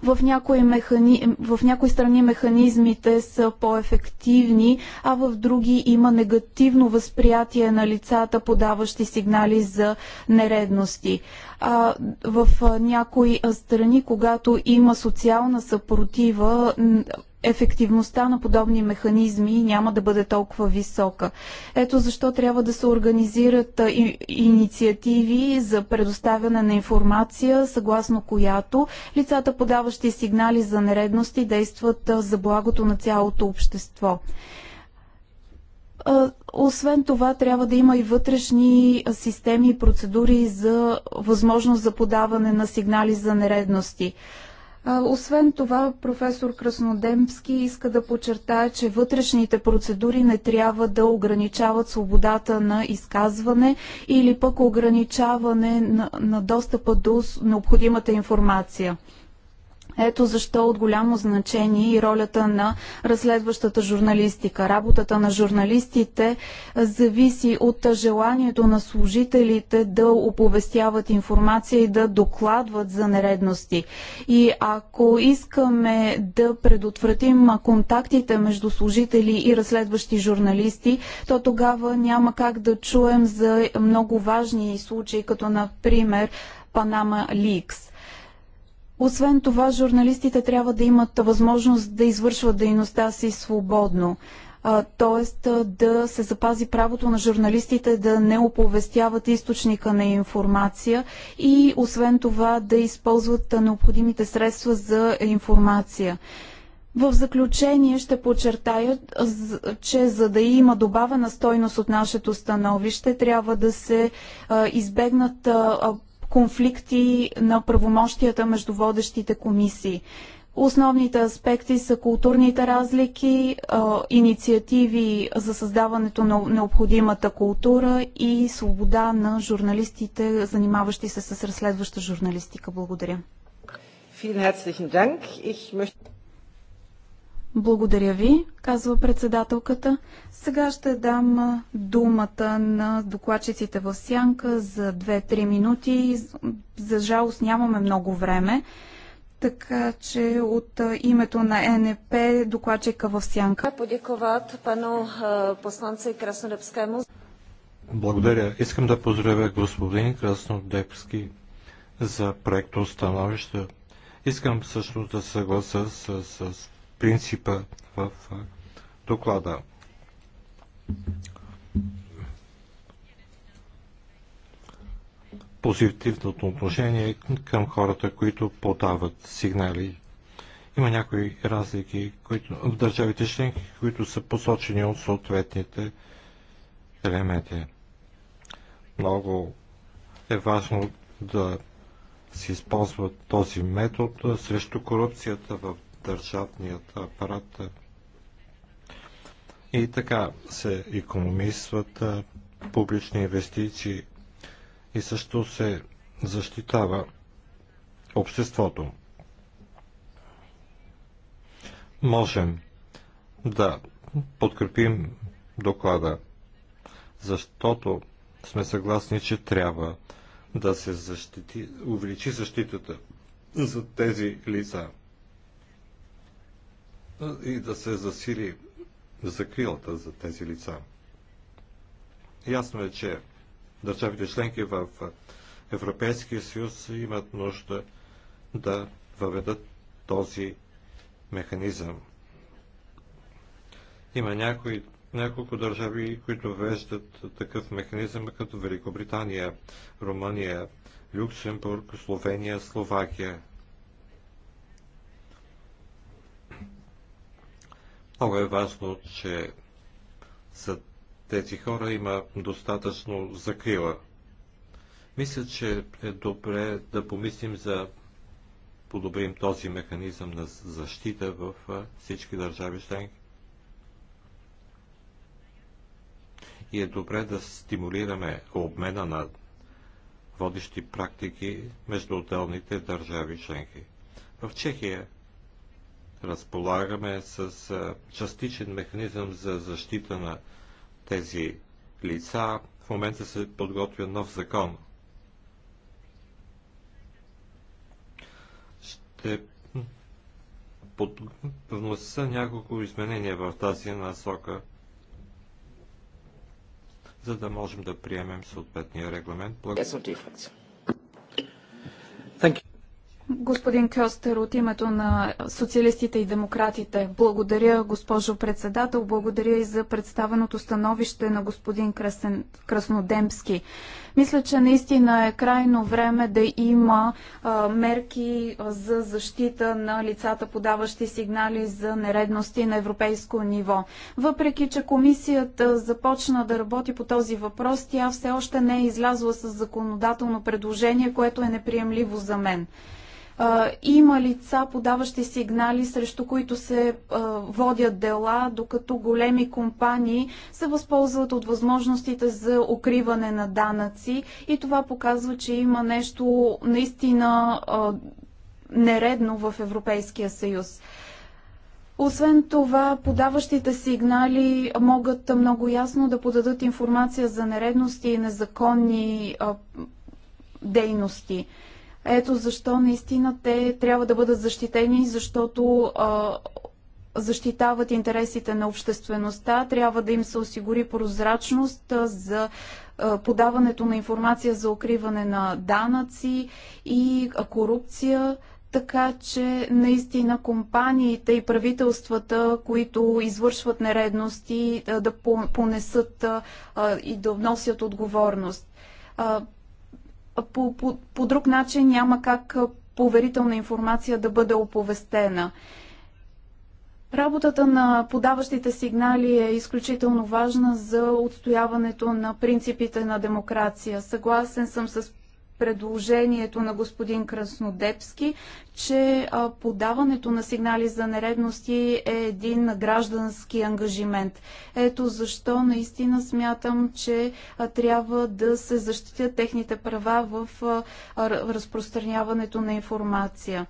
В някои, механи... в някои страни механизмите са по-ефективни, а в други има негативно възприятие на лицата, подаващи сигнали за нередности. А, в някои страни, когато има социална съпротива, ефективността на подобни механизми няма да бъде толкова висока. Ето защо трябва да се организират инициативи за предоставяне на информация, съгласно която лицата, подаващи сигнали за нередности, действат за благото на цялото общество освен това, трябва да има и вътрешни системи и процедури за възможност за подаване на сигнали за нередности. Освен това, професор Краснодемски иска да подчертае, че вътрешните процедури не трябва да ограничават свободата на изказване или пък ограничаване на, на достъпа до необходимата информация. Ето защо от голямо значение е и ролята на разследващата журналистика. Работата на журналистите зависи от желанието на служителите да оповестяват информация и да докладват за нередности. И ако искаме да предотвратим контактите между служители и разследващи журналисти, то тогава няма как да чуем за много важни случаи, като например Панама Ликс. Освен това, журналистите трябва да имат възможност да извършват дейността си свободно т.е. да се запази правото на журналистите да не оповестяват източника на информация и освен това да използват необходимите средства за информация. В заключение ще подчертая, че за да има добавена стойност от нашето становище, трябва да се избегнат конфликти на правомощията между водещите комисии. Основните аспекти са културните разлики, инициативи за създаването на необходимата култура и свобода на журналистите, занимаващи се с разследваща журналистика. Благодаря. Благодаря ви, казва председателката. Сега ще дам думата на докладчиците в сянка за 2-3 минути. За жалост нямаме много време. Така че от името на НП докладчика в сянка. Подяковат пану посланце Краснодепскому. Благодаря. Искам да поздравя господин Краснодепски за проектно становище. Искам също да съгласа с, с принципа в доклада. Позитивното отношение към хората, които подават сигнали. Има някои разлики които, в държавите членки, които са посочени от съответните елементи. Много е важно да се използва този метод срещу корупцията в държавният апарат. И така се економисват публични инвестиции и също се защитава обществото. Можем да подкрепим доклада, защото сме съгласни, че трябва да се защити, увеличи защитата за тези лица и да се засили закрилата за тези лица. Ясно е, че държавите членки в Европейския съюз имат нужда да въведат този механизъм. Има някои, няколко държави, които веждат такъв механизъм, като Великобритания, Румъния, Люксембург, Словения, Словакия. Много е важно, че за тези хора има достатъчно закрила. Мисля, че е добре да помислим за подобрим този механизъм на защита в всички държави членки. И е добре да стимулираме обмена на водещи практики между отделните държави членки. В Чехия разполагаме с частичен механизъм за защита на тези лица. В момента се подготвя нов закон. Ще под... няколко изменения в тази насока, за да можем да приемем съответния регламент. Благодаря. Господин Кьостер, от името на социалистите и демократите, благодаря, госпожо председател, благодаря и за представеното становище на господин Красен, Краснодемски. Мисля, че наистина е крайно време да има а, мерки за защита на лицата, подаващи сигнали за нередности на европейско ниво. Въпреки, че комисията започна да работи по този въпрос, тя все още не е излязла с законодателно предложение, което е неприемливо за мен има лица, подаващи сигнали, срещу които се водят дела, докато големи компании се възползват от възможностите за укриване на данъци и това показва, че има нещо наистина нередно в Европейския съюз. Освен това, подаващите сигнали могат много ясно да подадат информация за нередности и незаконни а, дейности. Ето защо наистина те трябва да бъдат защитени, защото а, защитават интересите на обществеността, трябва да им се осигури прозрачност за подаването на информация за укриване на данъци и корупция, така че наистина компаниите и правителствата, които извършват нередности, да понесат и да вносят отговорност по, по, по друг начин няма как поверителна информация да бъде оповестена. Работата на подаващите сигнали е изключително важна за отстояването на принципите на демокрация. Съгласен съм с предложението на господин Краснодепски, че подаването на сигнали за нередности е един граждански ангажимент. Ето защо наистина смятам, че трябва да се защитят техните права в разпространяването на информация.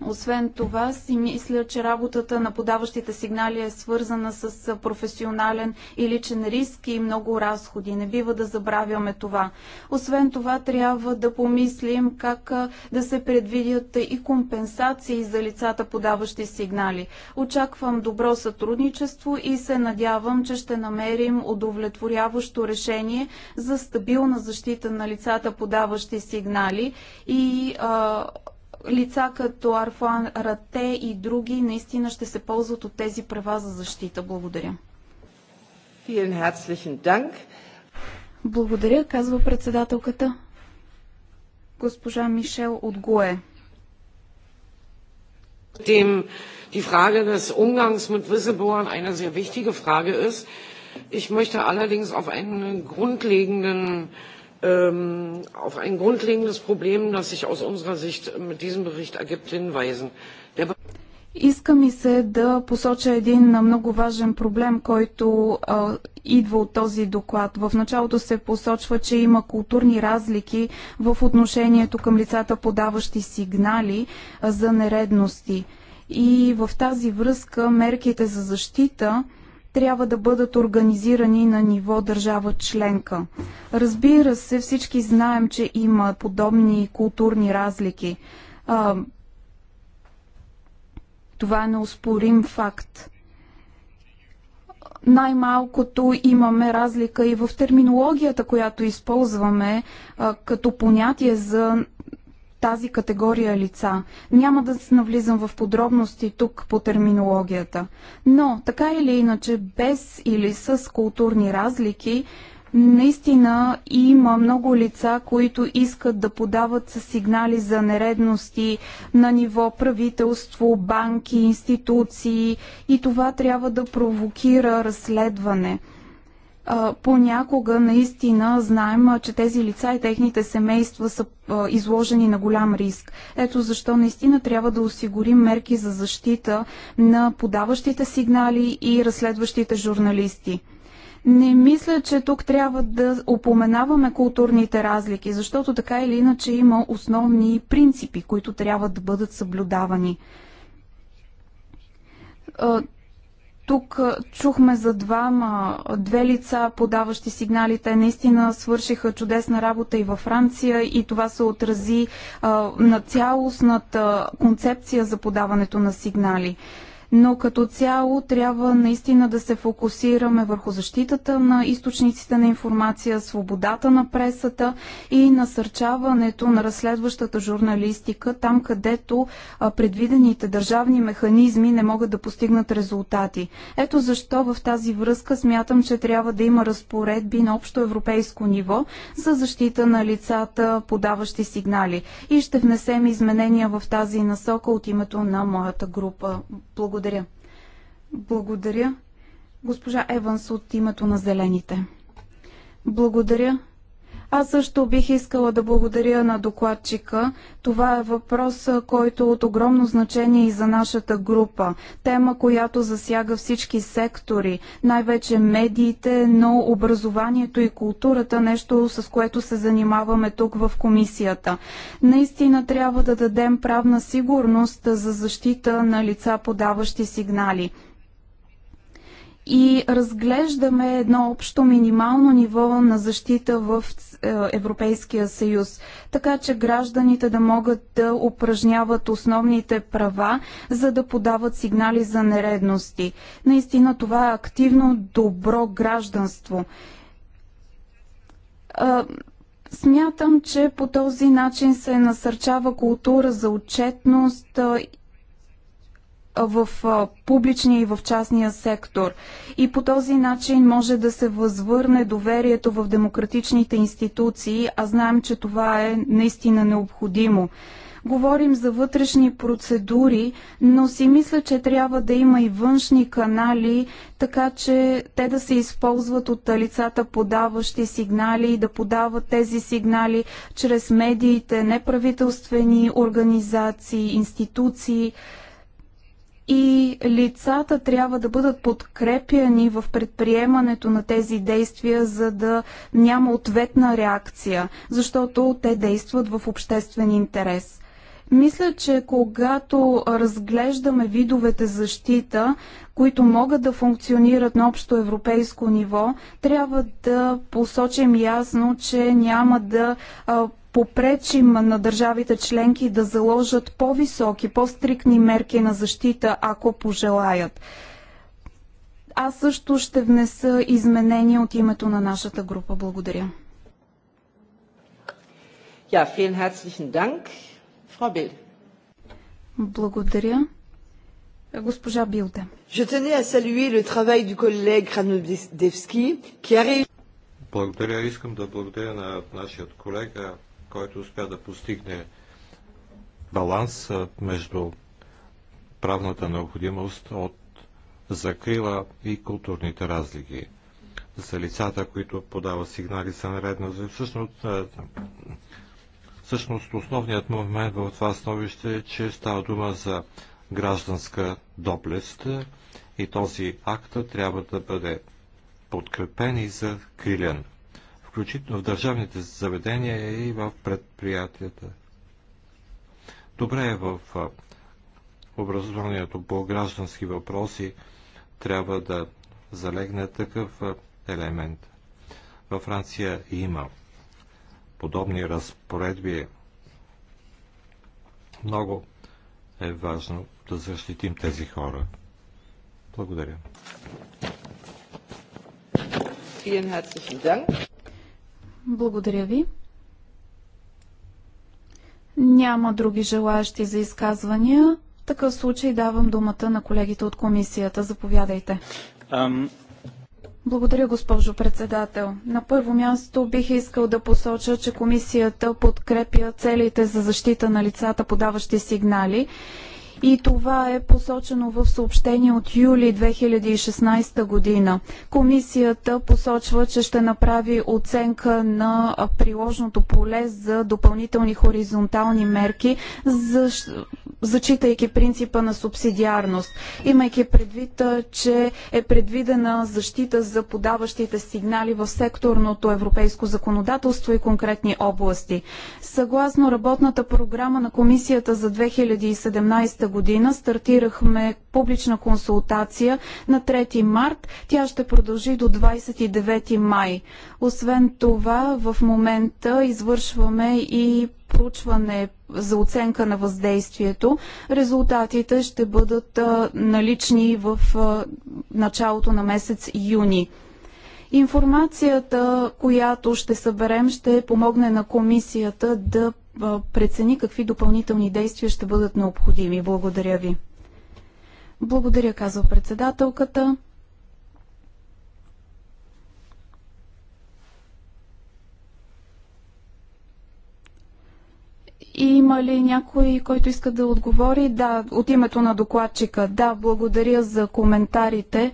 Освен това си мисля, че работата на подаващите сигнали е свързана с професионален и личен риск и много разходи. Не бива да забравяме това. Освен това трябва да помислим как да се предвидят и компенсации за лицата подаващи сигнали. Очаквам добро сътрудничество и се надявам, че ще намерим удовлетворяващо решение за стабилна защита на лицата подаващи сигнали и а, лица като Арфуан Рате и други наистина ще се ползват от тези права за защита. Благодаря. Благодаря, казва председателката. Госпожа Мишел от ГУЕ. Dem, die Frage des Umgangs mit Whistleblowern eine sehr wichtige Frage ist. Ich möchte allerdings auf einen grundlegenden äh, Ähm, auf ein grundlegendes Problem, das sich aus unserer Sicht mit diesem Bericht ergibt, hinweisen. Иска ми се да посоча един много важен проблем, който а, идва от този доклад. В началото се посочва, че има културни разлики в отношението към лицата, подаващи сигнали а, за нередности. И в тази връзка мерките за защита а, трябва да бъдат организирани на ниво държава членка. Разбира се, всички знаем, че има подобни културни разлики. А, това е неоспорим факт. Най-малкото имаме разлика и в терминологията, която използваме а, като понятие за тази категория лица. Няма да се навлизам в подробности тук по терминологията. Но, така или иначе, без или с културни разлики, наистина има много лица, които искат да подават сигнали за нередности на ниво правителство, банки, институции и това трябва да провокира разследване – понякога наистина знаем, че тези лица и техните семейства са изложени на голям риск. Ето защо наистина трябва да осигурим мерки за защита на подаващите сигнали и разследващите журналисти. Не мисля, че тук трябва да упоменаваме културните разлики, защото така или иначе има основни принципи, които трябва да бъдат съблюдавани тук чухме за двама, две лица, подаващи сигналите. Наистина свършиха чудесна работа и във Франция и това се отрази а, на цялостната концепция за подаването на сигнали но като цяло трябва наистина да се фокусираме върху защитата на източниците на информация, свободата на пресата и насърчаването на разследващата журналистика там, където предвидените държавни механизми не могат да постигнат резултати. Ето защо в тази връзка смятам, че трябва да има разпоредби на общо европейско ниво за защита на лицата, подаващи сигнали. И ще внесем изменения в тази насока от името на моята група. Благодаря благодаря. Благодаря. Госпожа Еванс от името на Зелените. Благодаря. Аз също бих искала да благодаря на докладчика. Това е въпрос, който е от огромно значение и за нашата група. Тема, която засяга всички сектори, най-вече медиите, но образованието и културата, нещо с което се занимаваме тук в комисията. Наистина трябва да дадем правна сигурност за защита на лица, подаващи сигнали и разглеждаме едно общо минимално ниво на защита в е, Европейския съюз, така че гражданите да могат да упражняват основните права, за да подават сигнали за нередности. Наистина това е активно добро гражданство. Е, смятам, че по този начин се насърчава култура за отчетност е, в публичния и в частния сектор. И по този начин може да се възвърне доверието в демократичните институции, а знаем, че това е наистина необходимо. Говорим за вътрешни процедури, но си мисля, че трябва да има и външни канали, така че те да се използват от лицата подаващи сигнали и да подават тези сигнали чрез медиите, неправителствени организации, институции и лицата трябва да бъдат подкрепяни в предприемането на тези действия, за да няма ответна реакция, защото те действат в обществен интерес. Мисля, че когато разглеждаме видовете защита, които могат да функционират на общо европейско ниво, трябва да посочим ясно, че няма да попречим на държавите членки да заложат по-високи, по-стрикни мерки на защита, ако пожелаят. Аз също ще внеса изменения от името на нашата група. Благодаря. Ja, vielen herzlichen Dank, Frau Bill. Благодаря. Госпожа Билте. Je tenais à saluer le travail du collègue Kranovski, qui a réussi. Благодаря. Искам да благодаря на нашия колега който успя да постигне баланс между правната необходимост от закрила и културните разлики. За лицата, които подават сигнали за наредно. Всъщност, всъщност основният момент в това становище е, че става дума за гражданска доблест и този акт трябва да бъде подкрепен и закрилен включително в държавните заведения и в предприятията. Добре е в образованието по граждански въпроси трябва да залегне такъв елемент. Във Франция има подобни разпоредби. Много е важно да защитим тези хора. Благодаря. Vielen herzlichen Dank. Благодаря ви. Няма други желаящи за изказвания. В такъв случай давам думата на колегите от комисията. Заповядайте. Um... Благодаря, госпожо председател. На първо място бих искал да посоча, че комисията подкрепя целите за защита на лицата, подаващи сигнали и това е посочено в съобщение от юли 2016 година. Комисията посочва, че ще направи оценка на приложното поле за допълнителни хоризонтални мерки, за, зачитайки принципа на субсидиарност, имайки предвид, че е предвидена защита за подаващите сигнали в секторното европейско законодателство и конкретни области. Съгласно работната програма на Комисията за 2017 година, година стартирахме публична консултация на 3 март. Тя ще продължи до 29 май. Освен това, в момента извършваме и проучване за оценка на въздействието. Резултатите ще бъдат налични в началото на месец юни. Информацията, която ще съберем, ще помогне на комисията да прецени какви допълнителни действия ще бъдат необходими. Благодаря ви. Благодаря, казва председателката. Има ли някой, който иска да отговори? Да, от името на докладчика. Да, благодаря за коментарите.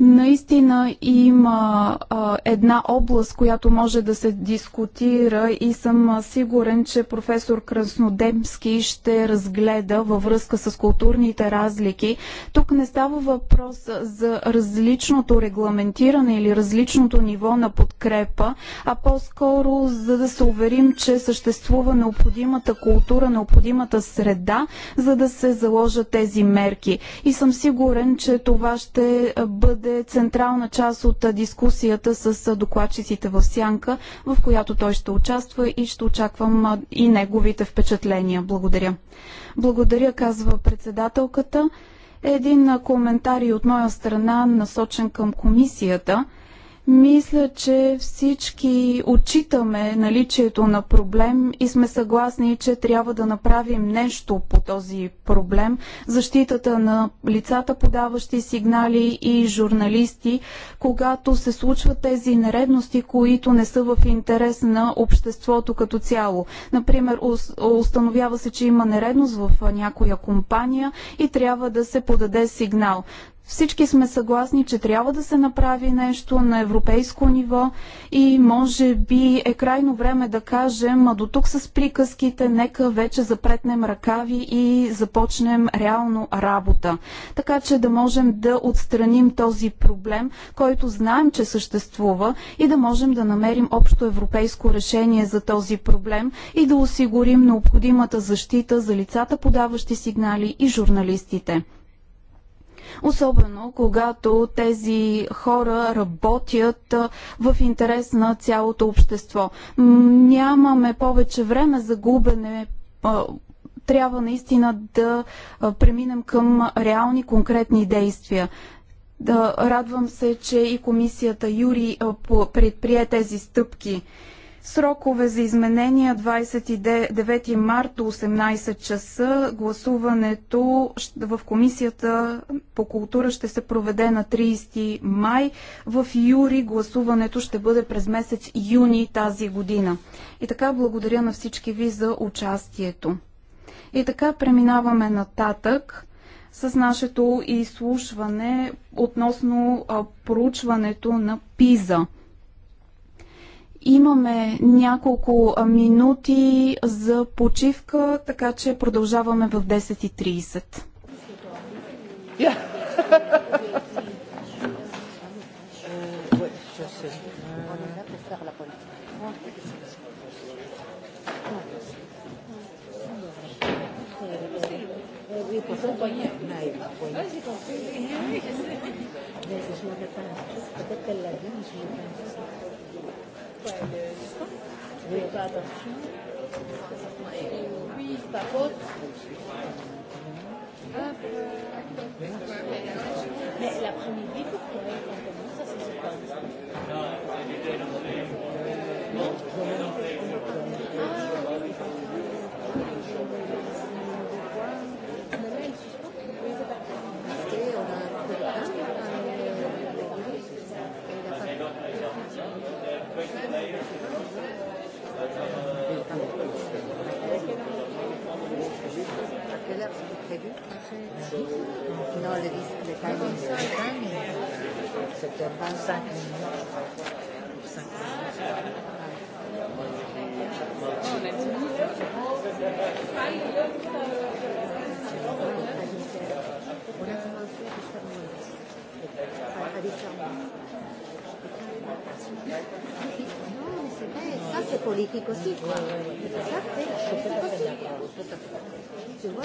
Наистина има а, една област, която може да се дискутира и съм сигурен, че професор Краснодемски ще разгледа във връзка с културните разлики. Тук не става въпрос за различното регламентиране или различното ниво на подкрепа, а по-скоро за да се уверим, че съществува необходимата култура, необходимата среда, за да се заложат тези мерки. И съм сигурен, че това ще бъде бъде централна част от дискусията с докладчиците в Сянка, в която той ще участва и ще очаквам и неговите впечатления. Благодаря. Благодаря, казва председателката. Един коментар и от моя страна, насочен към комисията – мисля, че всички отчитаме наличието на проблем и сме съгласни, че трябва да направим нещо по този проблем. Защитата на лицата, подаващи сигнали и журналисти, когато се случват тези нередности, които не са в интерес на обществото като цяло. Например, установява се, че има нередност в някоя компания и трябва да се подаде сигнал. Всички сме съгласни, че трябва да се направи нещо на европейско ниво и може би е крайно време да кажем, а до тук с приказките, нека вече запретнем ръкави и започнем реално работа. Така че да можем да отстраним този проблем, който знаем, че съществува и да можем да намерим общо европейско решение за този проблем и да осигурим необходимата защита за лицата, подаващи сигнали и журналистите особено когато тези хора работят в интерес на цялото общество. Нямаме повече време за губене трябва наистина да преминем към реални конкретни действия. Да, радвам се, че и комисията Юри предприе тези стъпки. Срокове за изменения 29 марта 18 часа. Гласуването в Комисията по култура ще се проведе на 30 май. В юри гласуването ще бъде през месец юни тази година. И така благодаря на всички ви за участието. И така преминаваме нататък с нашето изслушване относно проучването на ПИЗА – Имаме няколко минути за почивка, така че продължаваме в 10.30. Yeah. quoi, le suspens Je fais pas attention. Oui, par contre. Mais l'après-midi, pourquoi on commence à se suspendre Ah oui. Non, le, le timing, le 25 minutes. On a commencé à Non, mais c'est vrai, ça c'est politique aussi, quoi. Ça c'est politique aussi. Tu vois,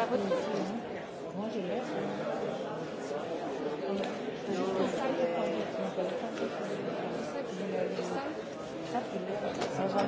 pas votre truc Moi, je l'ai. Ça,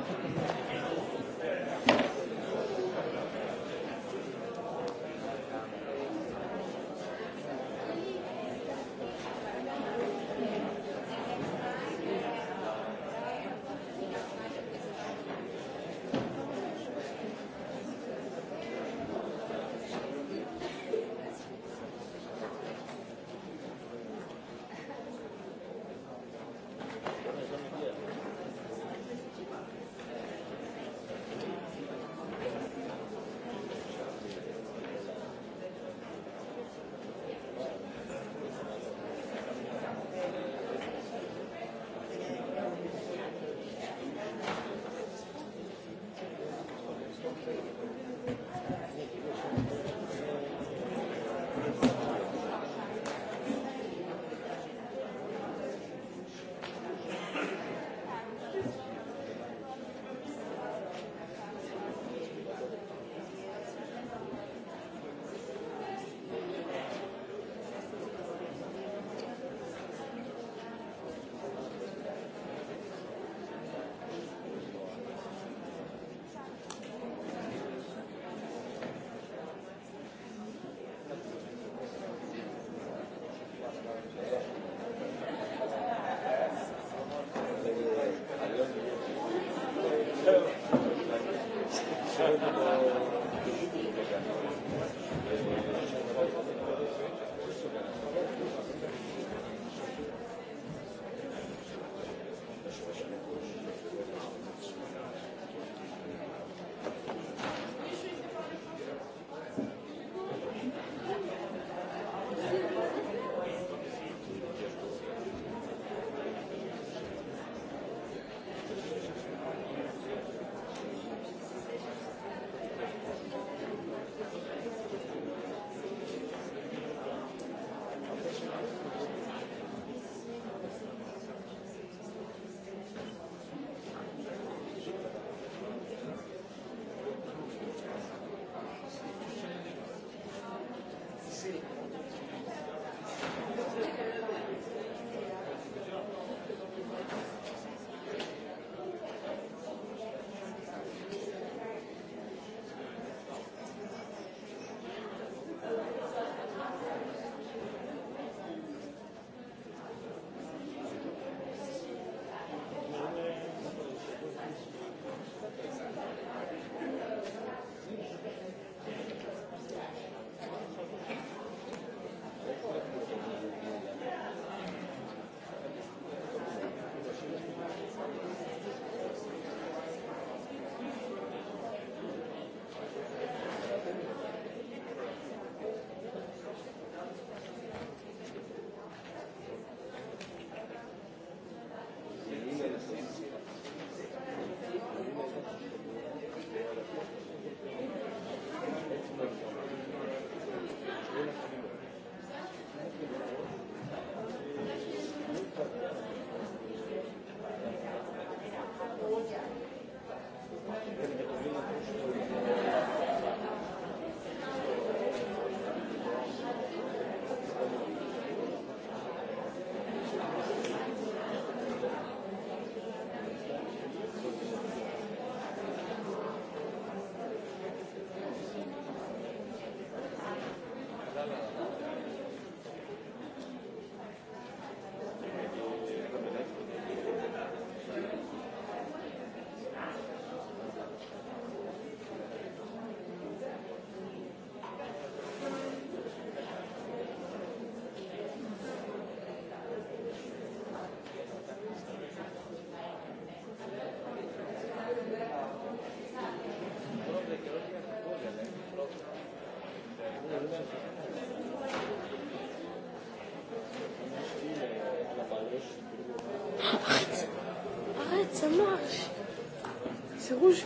rouge.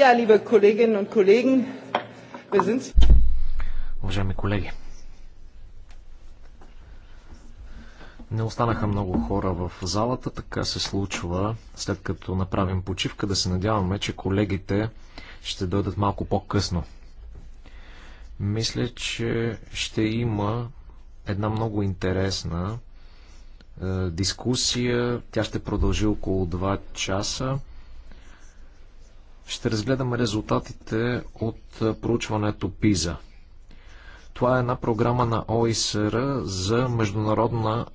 Ja, liebe Kolleginnen und Kollegen, wir sind... Уважаеми колеги, не останаха много хора в залата, така се случва след като направим почивка, да се надяваме, че колегите ще дойдат малко по-късно. Мисля, че ще има една много интересна е, дискусия. Тя ще продължи около 2 часа ще разгледаме резултатите от проучването ПИЗА. Това е една програма на ОИСР за международна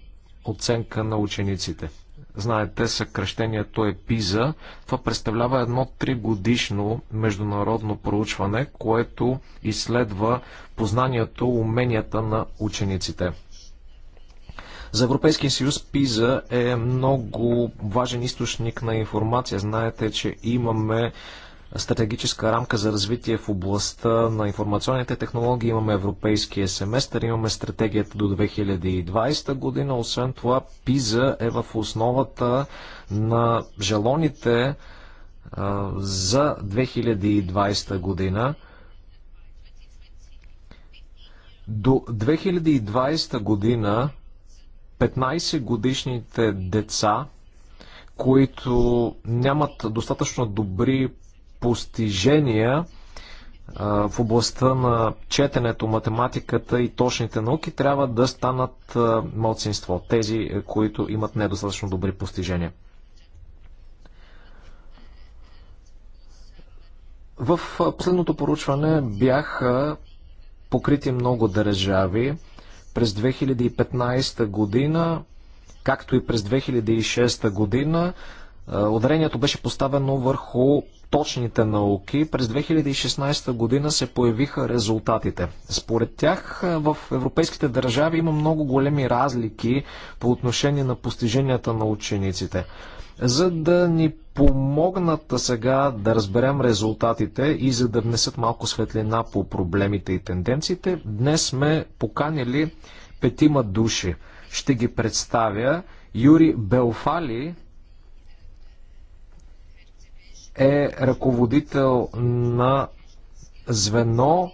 оценка на учениците. Знаете, съкръщението е ПИЗА. Това представлява едно тригодишно международно проучване, което изследва познанието, уменията на учениците. За Европейския съюз ПИЗА е много важен източник на информация. Знаете, че имаме стратегическа рамка за развитие в областта на информационните технологии, имаме европейския семестър, имаме стратегията до 2020 година. Освен това, ПИЗА е в основата на желоните а, за 2020 година. До 2020 година 15 годишните деца, които нямат достатъчно добри постижения в областта на четенето, математиката и точните науки, трябва да станат малцинство, тези, които имат недостатъчно добри постижения. В последното поручване бяха покрити много държави през 2015 година, както и през 2006 година, ударението беше поставено върху точните науки. През 2016 година се появиха резултатите. Според тях в европейските държави има много големи разлики по отношение на постиженията на учениците за да ни помогнат сега да разберем резултатите и за да внесат малко светлина по проблемите и тенденциите, днес сме поканили петима души. Ще ги представя. Юри Белфали е ръководител на звено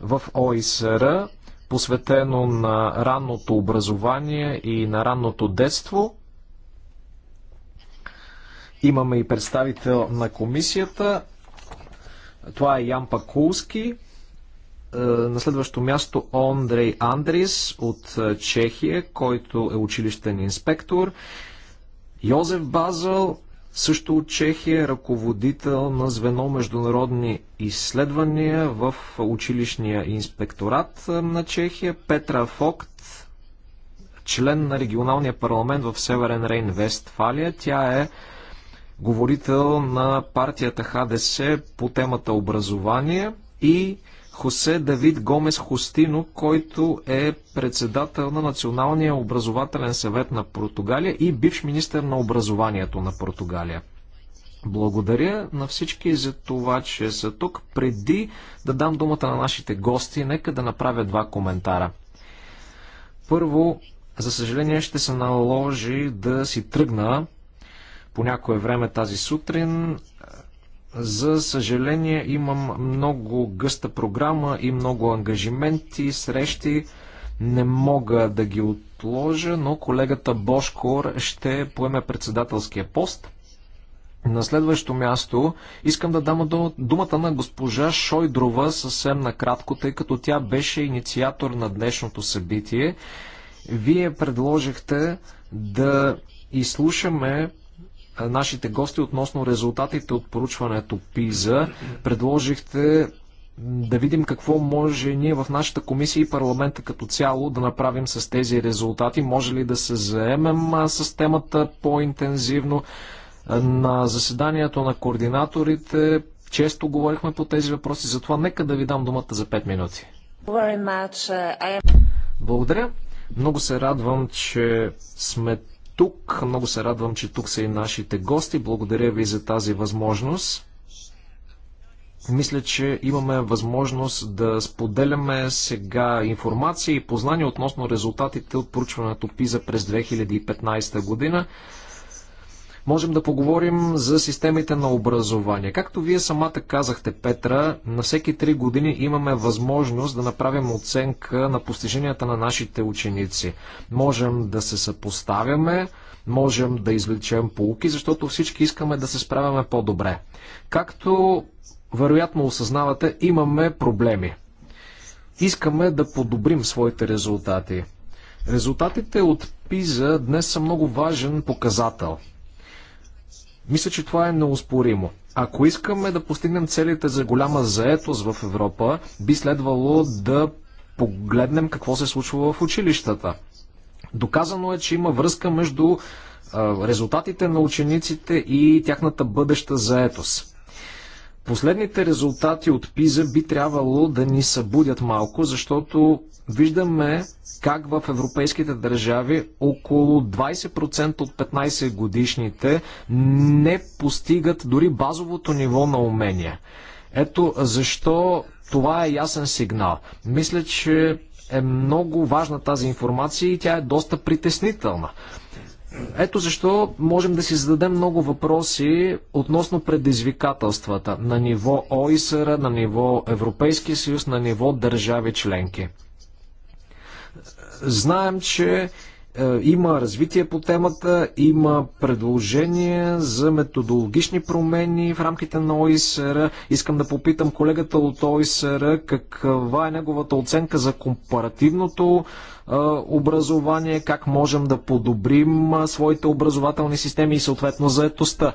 в ОИСР, посветено на ранното образование и на ранното детство – Имаме и представител на комисията. Това е Ян Пакулски. Е, на следващо място Ондрей Андрис от е, Чехия, който е училищен инспектор. Йозеф Базъл, също от Чехия, ръководител на звено международни изследвания в училищния инспекторат е, на Чехия. Петра Фокт, член на регионалния парламент в Северен Рейн, Вестфалия. Тя е говорител на партията ХДС по темата образование и Хосе Давид Гомес Хостино, който е председател на Националния образователен съвет на Португалия и бивш министър на образованието на Португалия. Благодаря на всички за това, че са тук. Преди да дам думата на нашите гости, нека да направя два коментара. Първо, за съжаление ще се наложи да си тръгна по някое време тази сутрин. За съжаление имам много гъста програма и много ангажименти, срещи. Не мога да ги отложа, но колегата Бошкор ще поеме председателския пост. На следващо място искам да дам думата на госпожа Шойдрова съвсем накратко, тъй като тя беше инициатор на днешното събитие. Вие предложихте да изслушаме нашите гости относно резултатите от поручването ПИЗА. Предложихте да видим какво може ние в нашата комисия и парламента като цяло да направим с тези резултати. Може ли да се заемем с темата по-интензивно? На заседанието на координаторите често говорихме по тези въпроси, затова нека да ви дам думата за 5 минути. Uh, Благодаря. Много се радвам, че сме тук. Много се радвам, че тук са и нашите гости. Благодаря ви за тази възможност. Мисля, че имаме възможност да споделяме сега информация и познания относно резултатите от проучването ПИЗА през 2015 година. Можем да поговорим за системите на образование. Както вие самата казахте, Петра, на всеки три години имаме възможност да направим оценка на постиженията на нашите ученици. Можем да се съпоставяме, можем да извлечем полуки, защото всички искаме да се справяме по-добре. Както вероятно осъзнавате, имаме проблеми. Искаме да подобрим своите резултати. Резултатите от ПИЗа днес са много важен показател – мисля, че това е неоспоримо. Ако искаме да постигнем целите за голяма заетост в Европа, би следвало да погледнем какво се случва в училищата. Доказано е, че има връзка между резултатите на учениците и тяхната бъдеща заетост. Последните резултати от ПИЗа би трябвало да ни събудят малко, защото виждаме как в европейските държави около 20% от 15 годишните не постигат дори базовото ниво на умения. Ето защо това е ясен сигнал. Мисля, че е много важна тази информация и тя е доста притеснителна. Ето защо можем да си зададем много въпроси относно предизвикателствата на ниво ОИСР, на ниво Европейския съюз, на ниво държави членки. Знаем, че е, има развитие по темата, има предложения за методологични промени в рамките на ОИСР. Искам да попитам колегата от ОИСР каква е неговата оценка за компаративното образование, как можем да подобрим своите образователни системи и съответно заетостта.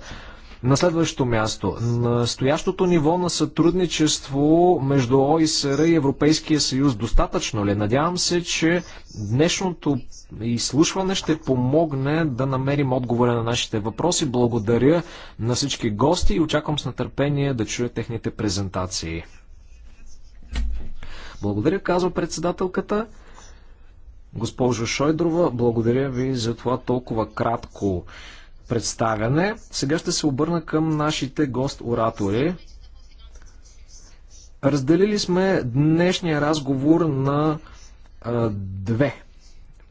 На следващото място, настоящото ниво на сътрудничество между ОИСР и Европейския съюз достатъчно ли? Е? Надявам се, че днешното изслушване ще помогне да намерим отговора на нашите въпроси. Благодаря на всички гости и очаквам с нетърпение да чуя техните презентации. Благодаря, казва председателката. Госпожо Шойдрова, благодаря ви за това толкова кратко представяне. Сега ще се обърна към нашите гост-оратори. Разделили сме днешния разговор на а, две.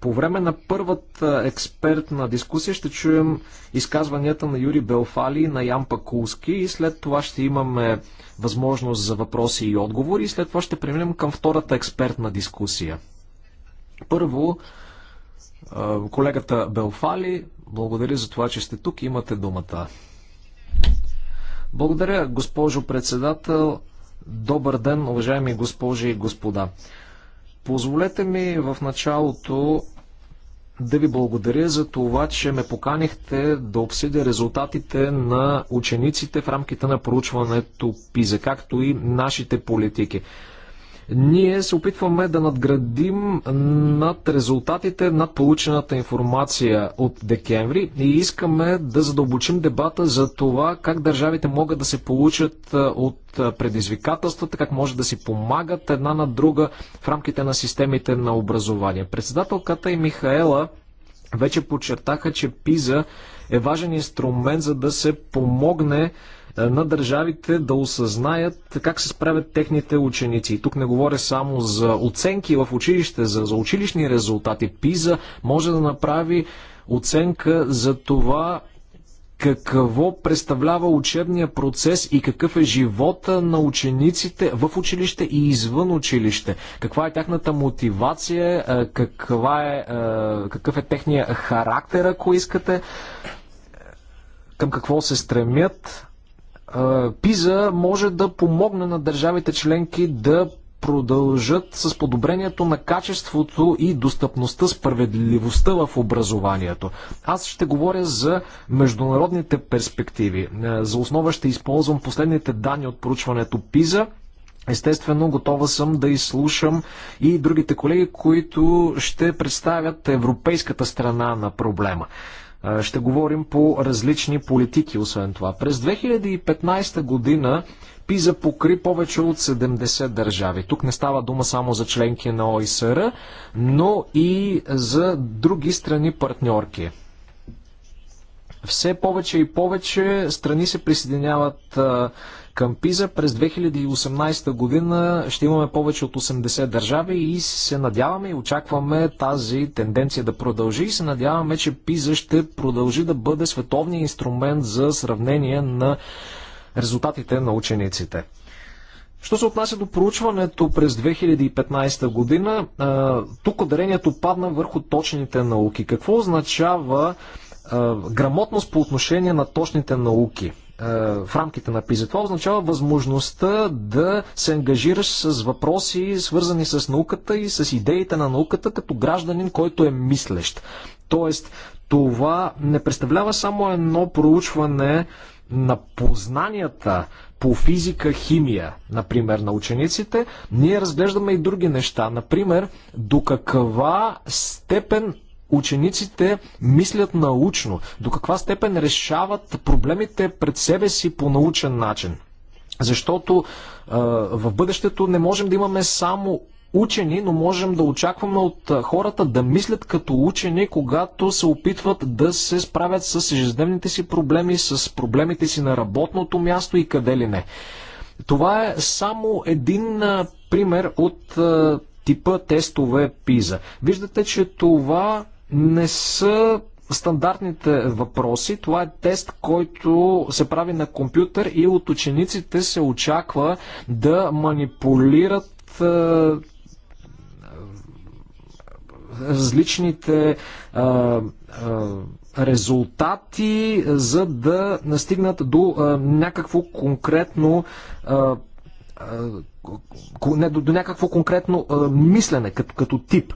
По време на първата експертна дискусия ще чуем изказванията на Юри Белфали и на Ян Пакулски и след това ще имаме възможност за въпроси и отговори и след това ще преминем към втората експертна дискусия. Първо, колегата Белфали, благодаря за това, че сте тук. и Имате думата. Благодаря, госпожо председател. Добър ден, уважаеми госпожи и господа. Позволете ми в началото да ви благодаря за това, че ме поканихте да обсъдя резултатите на учениците в рамките на проучването ПИЗА, както и нашите политики. Ние се опитваме да надградим над резултатите, над получената информация от декември и искаме да задълбочим дебата за това как държавите могат да се получат от предизвикателствата, как може да си помагат една на друга в рамките на системите на образование. Председателката и Михаела вече подчертаха, че ПИЗА е важен инструмент за да се помогне е, на държавите да осъзнаят как се справят техните ученици. И тук не говоря само за оценки в училище, за, за училищни резултати. ПИЗа може да направи оценка за това какво представлява учебния процес и какъв е живота на учениците в училище и извън училище. Каква е тяхната мотивация, е, каква е, е, какъв е техния характер, ако искате, към какво се стремят. Пиза може да помогне на държавите членки да продължат с подобрението на качеството и достъпността, справедливостта в образованието. Аз ще говоря за международните перспективи. Е, за основа ще използвам последните данни от проучването ПИЗА. Естествено, готова съм да изслушам и другите колеги, които ще представят европейската страна на проблема. Ще говорим по различни политики, освен това. През 2015 година ПИЗА покри повече от 70 държави. Тук не става дума само за членки на ОИСР, но и за други страни партньорки. Все повече и повече страни се присъединяват към ПИЗа през 2018 година ще имаме повече от 80 държави и се надяваме и очакваме тази тенденция да продължи и се надяваме, че ПИЗа ще продължи да бъде световния инструмент за сравнение на резултатите на учениците. Що се отнася до проучването през 2015 година, тук ударението падна върху точните науки. Какво означава грамотност по отношение на точните науки? Е, в рамките на ПИЗа. Това означава възможността да се ангажираш с въпроси, свързани с науката и с идеите на науката, като гражданин, който е мислещ. Тоест, това не представлява само едно проучване на познанията по физика, химия, например, на учениците, ние разглеждаме и други неща. Например, до каква степен учениците мислят научно, до каква степен решават проблемите пред себе си по научен начин. Защото е, в бъдещето не можем да имаме само учени, но можем да очакваме от хората да мислят като учени, когато се опитват да се справят с ежедневните си проблеми, с проблемите си на работното място и къде ли не. Това е само един пример от типа тестове ПИЗа. Виждате, че това не са стандартните въпроси. Това е тест, който се прави на компютър и от учениците се очаква да манипулират е, различните е, е, резултати, за да настигнат до някакво конкретно не, до, до някакво конкретно мислене като, като тип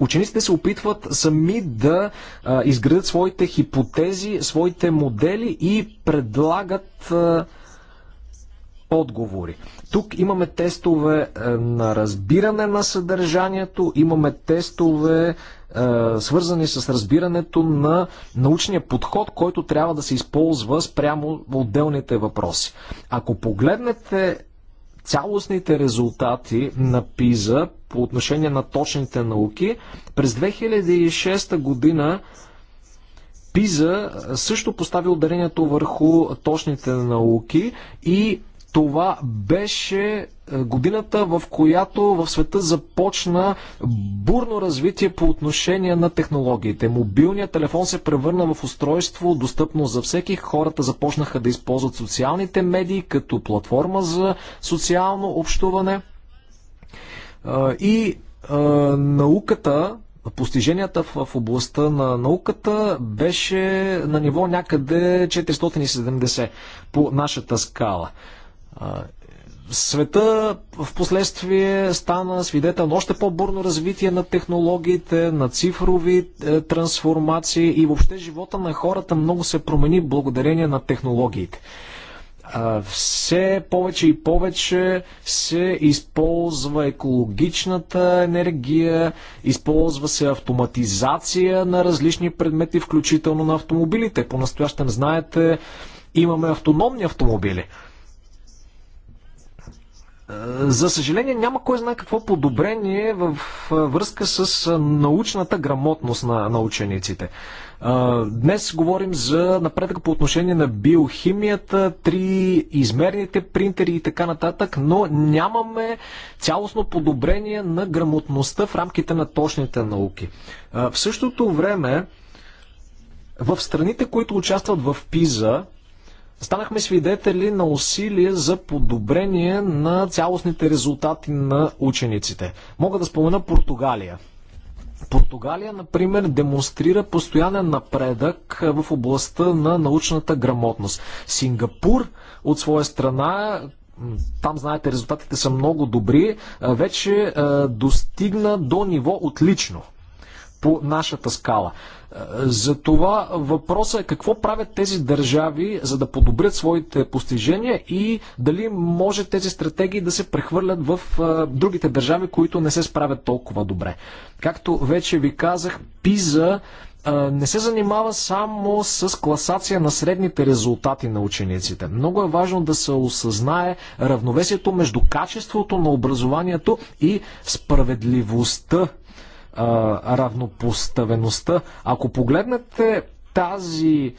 учениците се опитват сами да а, изградят своите хипотези, своите модели и предлагат а, отговори. Тук имаме тестове а, е, на разбиране на съдържанието, имаме тестове а, е, свързани с разбирането на научния подход, който трябва да се използва спрямо отделните въпроси. Ако погледнете цялостните резултати на ПИЗА по отношение на точните науки, през 2006 година ПИЗА също постави ударението върху точните науки и това беше е, годината, в която в света започна бурно развитие по отношение на технологиите. Мобилният телефон се превърна в устройство, достъпно за всеки. Хората започнаха да използват социалните медии като платформа за социално общуване. Е, и е, науката, постиженията в областта на науката беше на ниво някъде 470 по нашата скала. Света в последствие стана свидетел на още по-бурно развитие на технологиите, на цифрови е, трансформации и въобще живота на хората много се промени благодарение на технологиите. все повече и повече се използва екологичната енергия, използва се автоматизация на различни предмети, включително на автомобилите. По-настоящем знаете, имаме автономни автомобили – за съжаление няма кой знае какво подобрение в връзка с научната грамотност на, на учениците. Днес говорим за напредък по отношение на биохимията, три измерните принтери и така нататък, но нямаме цялостно подобрение на грамотността в рамките на точните науки. В същото време в страните, които участват в ПИЗА, станахме свидетели на усилие за подобрение на цялостните резултати на учениците. Мога да спомена Португалия. Португалия, например, демонстрира постоянен напредък в областта на научната грамотност. Сингапур, от своя страна, там, знаете, резултатите са много добри, вече достигна до ниво отлично – по нашата скала. Е, затова въпросът е какво правят тези държави, за да подобрят своите постижения и дали може тези стратегии да се прехвърлят в е, другите държави, които не се справят толкова добре. Както вече ви казах, ПИЗА е, не се занимава само с класация на средните резултати на учениците. Много е важно да се осъзнае равновесието между качеството на образованието и справедливостта равнопоставеността. Ако погледнете тази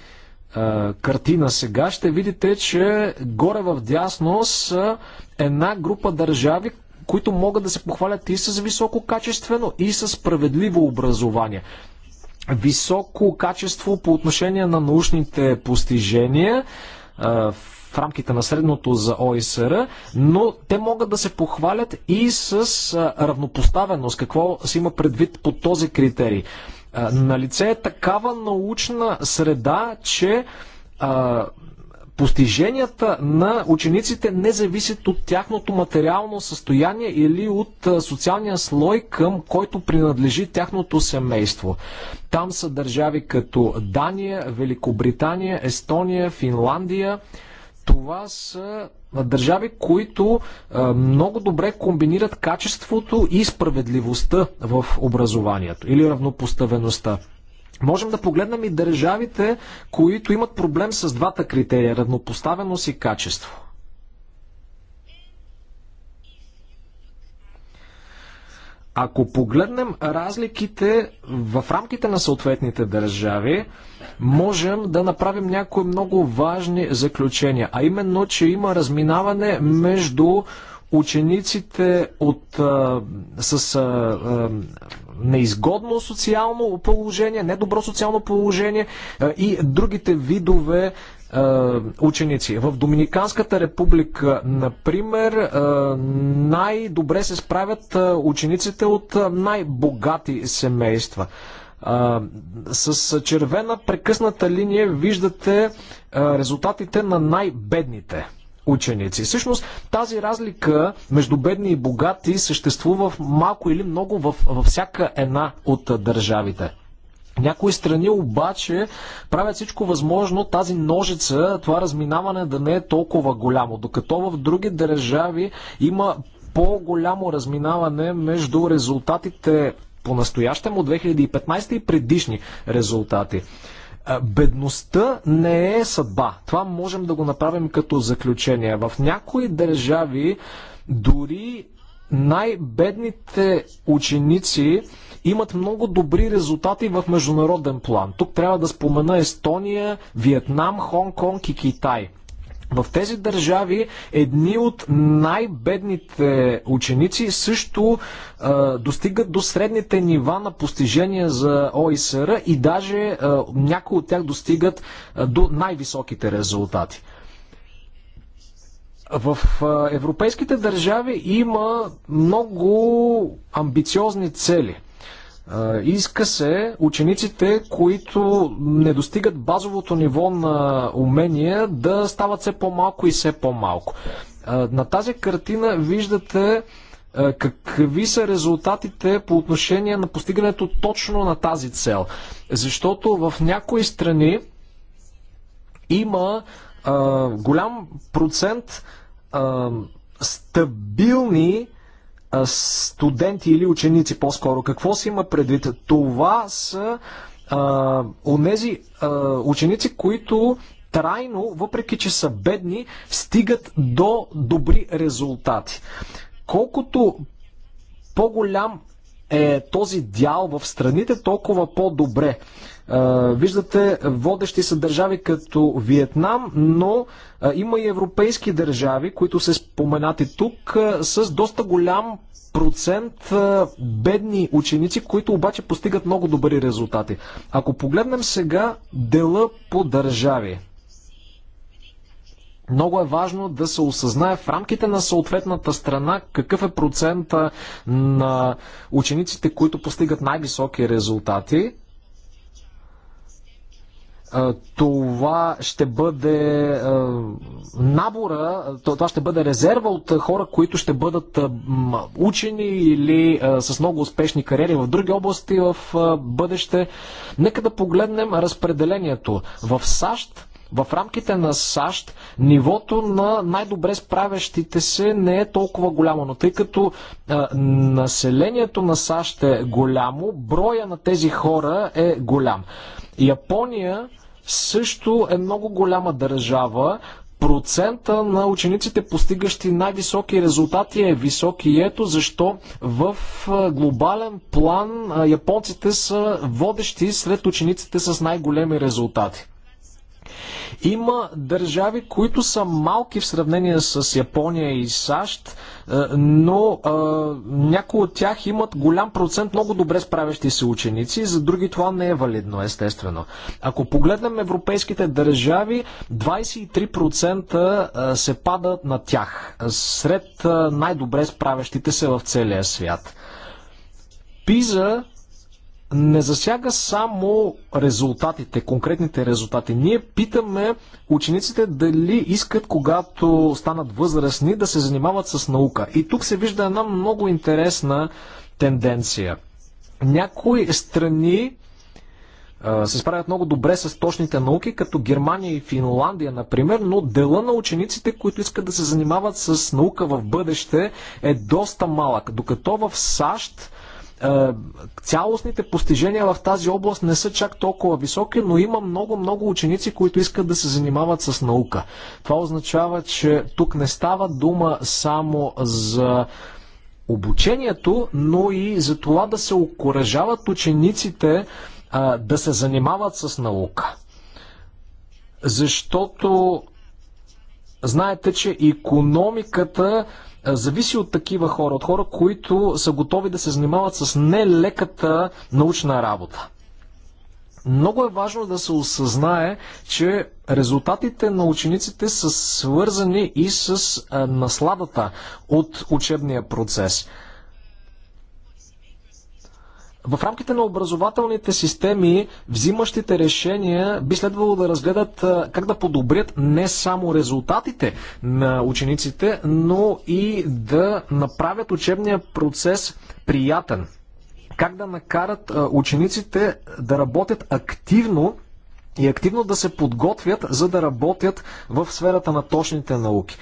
а, картина сега, ще видите, че горе в дясно са една група държави, които могат да се похвалят и с високо качествено, и с справедливо образование. Високо качество по отношение на научните постижения, в рамките на средното за ОИСР, но те могат да се похвалят и с равнопоставеност. Какво се има предвид по този критерий? На лице е такава научна среда, че постиженията на учениците не зависят от тяхното материално състояние или от социалния слой, към който принадлежи тяхното семейство. Там са държави като Дания, Великобритания, Естония, Финландия това са държави, които много добре комбинират качеството и справедливостта в образованието или равнопоставеността. Можем да погледнем и държавите, които имат проблем с двата критерия равнопоставеност и качество. Ако погледнем разликите в рамките на съответните държави, можем да направим някои много важни заключения, а именно, че има разминаване между учениците от, а, с а, а, неизгодно социално положение, недобро социално положение а, и другите видове е, ученици. В Доминиканската република, например, е, най-добре се справят е, учениците от най-богати семейства. С червена прекъсната линия виждате резултатите на най-бедните ученици. Всъщност тази разлика между бедни и богати съществува малко или много във, във всяка една от държавите. Някои страни обаче правят всичко възможно тази ножица, това разминаване да не е толкова голямо, докато в други държави има по-голямо разминаване между резултатите по-настоящем от 2015 и предишни резултати. Бедността не е съдба. Това можем да го направим като заключение. В някои държави дори най-бедните ученици имат много добри резултати в международен план. Тук трябва да спомена Естония, Виетнам, Хонг-Конг и Китай. В тези държави едни от най-бедните ученици също е, достигат до средните нива на постижения за ОИСР и даже е, някои от тях достигат е, до най-високите резултати. В европейските държави има много амбициозни цели – иска се учениците, които не достигат базовото ниво на умения, да стават все по-малко и все по-малко. На тази картина виждате какви са резултатите по отношение на постигането точно на тази цел. Защото в някои страни има голям процент а, стабилни студенти или ученици по-скоро. Какво се има предвид? Това са а, онези а, ученици, които трайно, въпреки че са бедни, стигат до добри резултати. Колкото по-голям е този дял в страните, толкова по-добре Виждате, водещи са държави като Виетнам, но има и европейски държави, които се споменати тук, с доста голям процент бедни ученици, които обаче постигат много добри резултати. Ако погледнем сега дела по държави, много е важно да се осъзнае в рамките на съответната страна какъв е процента на учениците, които постигат най-високи резултати това ще бъде набора, това ще бъде резерва от хора, които ще бъдат учени или с много успешни кариери в други области в бъдеще. Нека да погледнем разпределението. В САЩ в рамките на САЩ нивото на най-добре справящите се не е толкова голямо, но тъй като а, населението на САЩ е голямо, броя на тези хора е голям. Япония също е много голяма държава. Процента на учениците, постигащи най-високи резултати, е висок и ето защо в глобален план японците са водещи сред учениците с най-големи резултати. Има държави, които са малки в сравнение с Япония и САЩ, е, но е, някои от тях имат голям процент много добре справящи се ученици, за други това не е валидно, естествено. Ако погледнем европейските държави, 23% е, се падат на тях, сред най-добре справящите се в целия свят. Пиза не засяга само резултатите, конкретните резултати. Ние питаме учениците дали искат, когато станат възрастни, да се занимават с наука. И тук се вижда една много интересна тенденция. Някои страни се справят много добре с точните науки, като Германия и Финландия, например, но дела на учениците, които искат да се занимават с наука в бъдеще, е доста малък. Докато в САЩ е, цялостните постижения в тази област не са чак толкова високи, но има много-много ученици, които искат да се занимават с наука. Това означава, че тук не става дума само за обучението, но и за това да се окоръжават учениците а, е, да се занимават с наука. Защото знаете, че економиката е, зависи от такива хора, от хора, които са готови да се занимават с нелеката научна работа. Много е важно да се осъзнае, че резултатите на учениците са свързани и с е, насладата от учебния процес. В рамките на образователните системи, взимащите решения би следвало да разгледат как да подобрят не само резултатите на учениците, но и да направят учебния процес приятен. Как да накарат учениците да работят активно и активно да се подготвят, за да работят в сферата на точните науки.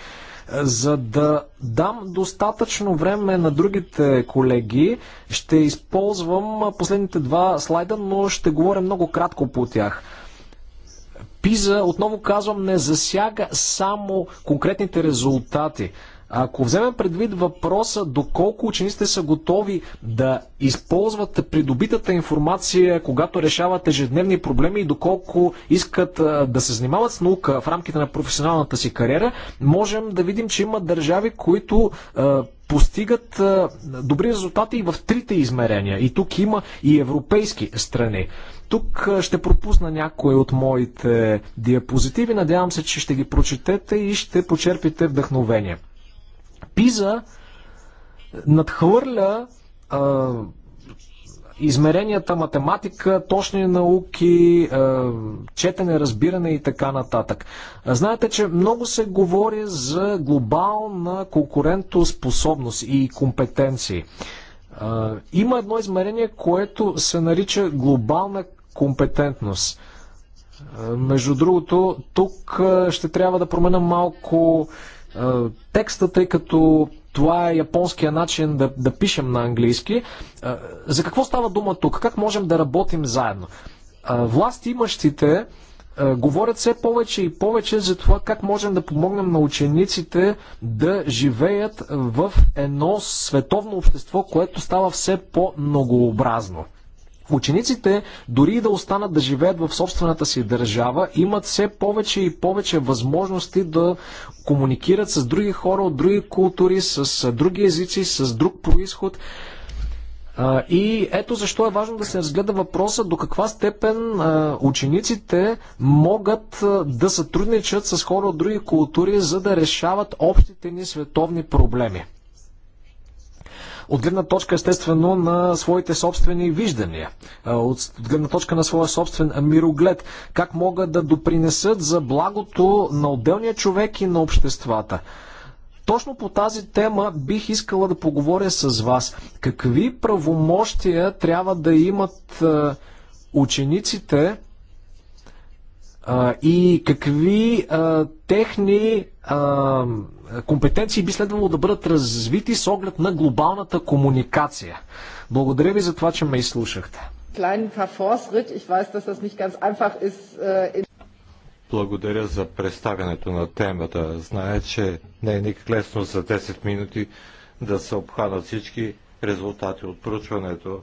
За да дам достатъчно време на другите колеги, ще използвам последните два слайда, но ще говоря много кратко по тях. Пиза, отново казвам, не засяга само конкретните резултати ако вземем предвид въпроса доколко учениците са готови да използват придобитата информация, когато решават ежедневни проблеми и доколко искат да се занимават с наука в рамките на професионалната си кариера, можем да видим, че има държави, които постигат добри резултати и в трите измерения. И тук има и европейски страни. Тук ще пропусна някои от моите диапозитиви. Надявам се, че ще ги прочетете и ще почерпите вдъхновение. Пиза надхвърля а, измеренията математика, точни науки, четене, разбиране и така нататък. Знаете, че много се говори за глобална конкурентоспособност и компетенции. Има едно измерение, което се нарича глобална компетентност. Между другото, тук ще трябва да променя малко е, текста, тъй като това е японския начин да, да пишем на английски. Е, за какво става дума тук? Как можем да работим заедно? Е, Власти имащите говорят все повече и повече за това как можем да помогнем на учениците да живеят в едно световно общество, което става все по-многообразно. Учениците, дори и да останат да живеят в собствената си държава, имат все повече и повече възможности да комуникират с други хора от други култури, с други езици, с друг происход. И ето защо е важно да се разгледа въпроса до каква степен учениците могат да сътрудничат с хора от други култури, за да решават общите ни световни проблеми от гледна точка естествено на своите собствени виждания, от гледна точка на своя собствен мироглед, как могат да допринесат за благото на отделния човек и на обществата. Точно по тази тема бих искала да поговоря с вас. Какви правомощия трябва да имат учениците и какви техни компетенции би следвало да бъдат развити с оглед на глобалната комуникация. Благодаря ви за това, че ме изслушахте. Äh, Благодаря за представянето на темата. Знае, че не е никак лесно за 10 минути да се обхванат всички резултати от проучването.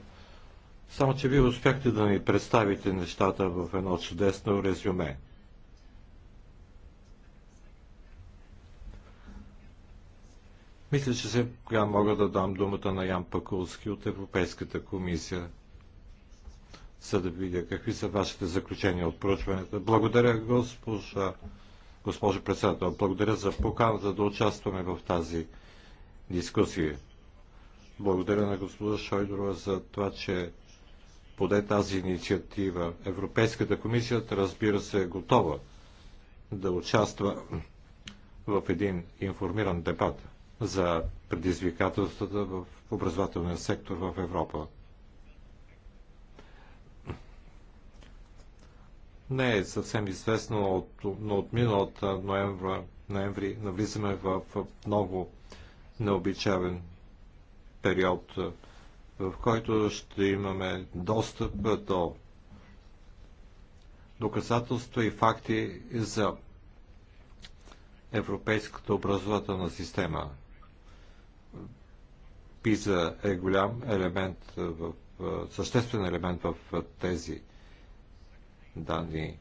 Само, че вие успяхте да ни представите нещата в едно чудесно резюме. Мисля, че сега мога да дам думата на Ян Пакулски от Европейската комисия, за да видя какви са вашите заключения от проучването. Благодаря, госпожа, госпожа председател. Благодаря за поканата да участваме в тази дискусия. Благодаря на госпожа Шойдрова за това, че поде тази инициатива. Европейската комисия, разбира се, е готова да участва в един информиран дебат за предизвикателствата в образователния сектор в Европа. Не е съвсем известно, от, но от миналата ноември, ноември навлизаме в, в много необичавен период, в който ще имаме достъп до доказателства и факти за европейската образователна система – Пиза е голям елемент, в, съществен елемент в тези данни.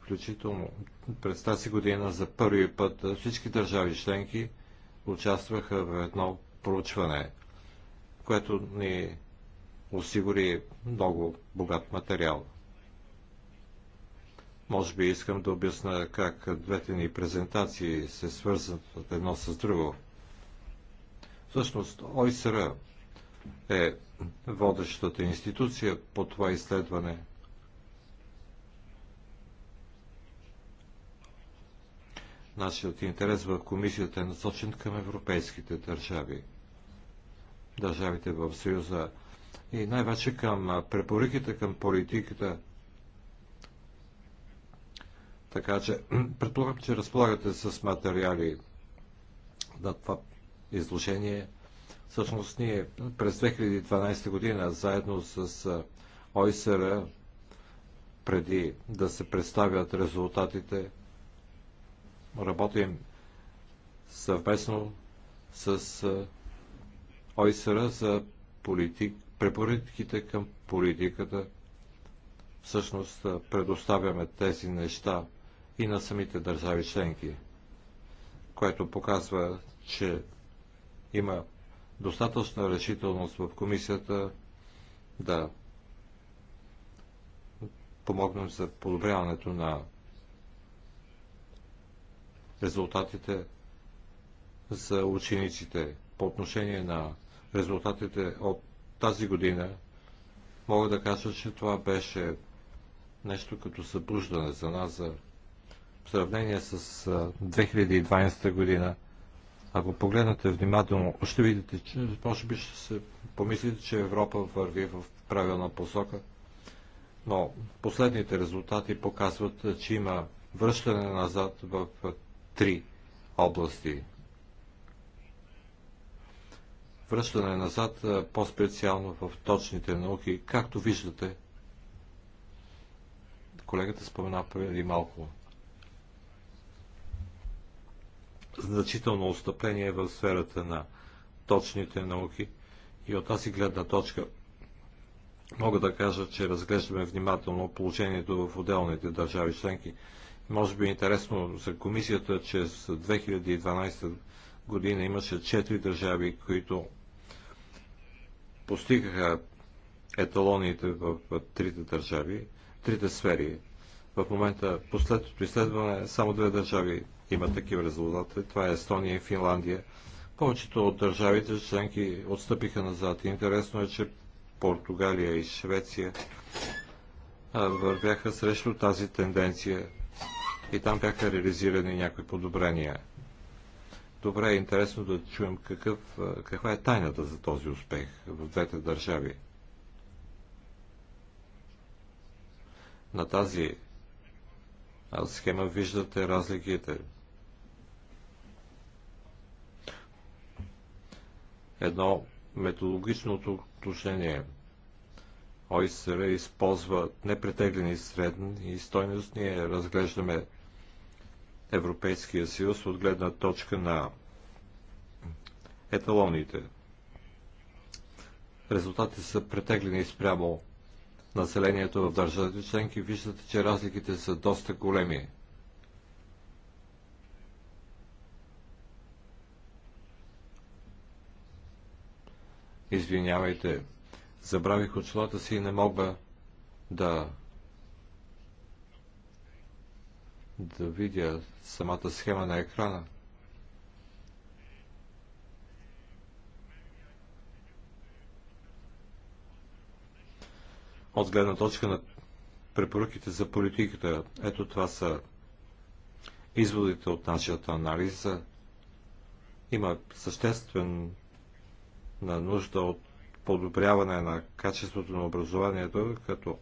Включително през тази година за първи път всички държави членки участваха в едно проучване, което ни осигури много богат материал. Може би искам да обясна как двете ни презентации се свързват едно с друго. Всъщност ОИСР е водещата институция по това изследване. Нашият интерес в комисията е насочен към европейските държави, държавите в Съюза и най-вече към препоръките към политиката. Така че предполагам, че разполагате с материали на това изложение. Всъщност ние през 2012 година заедно с ОИСР преди да се представят резултатите работим съвместно с ОИСР за политик, препоръките към политиката. Всъщност предоставяме тези неща и на самите държави членки, което показва, че има достатъчна решителност в комисията да помогнем за подобряването на резултатите за учениците по отношение на резултатите от тази година, мога да кажа, че това беше нещо като събуждане за нас за в сравнение с 2012 година. Ако погледнете внимателно, ще видите, че може би ще се помислите, че Европа върви в правилна посока, но последните резултати показват, че има връщане назад в три области. Връщане назад по-специално в точните науки, както виждате, колегата спомена преди малко значително отстъпление в сферата на точните науки. И от тази гледна точка мога да кажа, че разглеждаме внимателно положението в отделните държави членки. Може би е интересно за комисията, че с 2012 година имаше 4 държави, които постигаха еталоните в трите държави, трите сфери. В момента последното изследване е само две държави има такива резултати. Това е Естония и Финландия. Повечето от държавите членки отстъпиха назад. Интересно е, че Португалия и Швеция вървяха срещу тази тенденция и там бяха реализирани някои подобрения. Добре е интересно да чуем какъв, каква е тайната за този успех в двете държави. На тази схема виждате разликите. едно методологичното отношение. ОИСР използва непретеглени средни стойност Ние разглеждаме Европейския съюз от гледна точка на еталоните. Резултатите са претеглени спрямо населението в държавите членки. Виждате, че разликите са доста големи. Извинявайте, забравих очилата си и не мога да да видя самата схема на екрана. От гледна точка на препоръките за политиката, ето това са изводите от нашата анализа. Има съществен на нужда от подобряване на качеството на образованието, като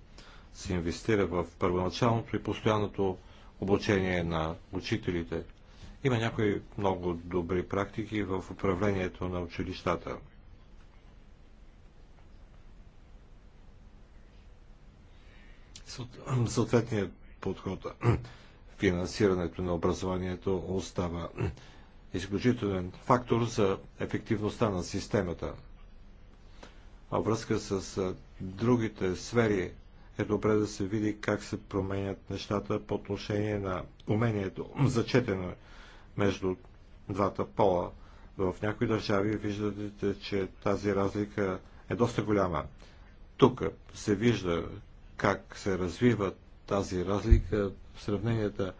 се инвестира в първоначалното и постоянното обучение на учителите. Има някои много добри практики в управлението на училищата. Съответният подход финансирането на образованието остава изключителен фактор за ефективността на системата. А връзка с другите сфери е добре да се види как се променят нещата по отношение на умението за четене между двата пола. В някои държави виждате, че тази разлика е доста голяма. Тук се вижда как се развива тази разлика в сравненията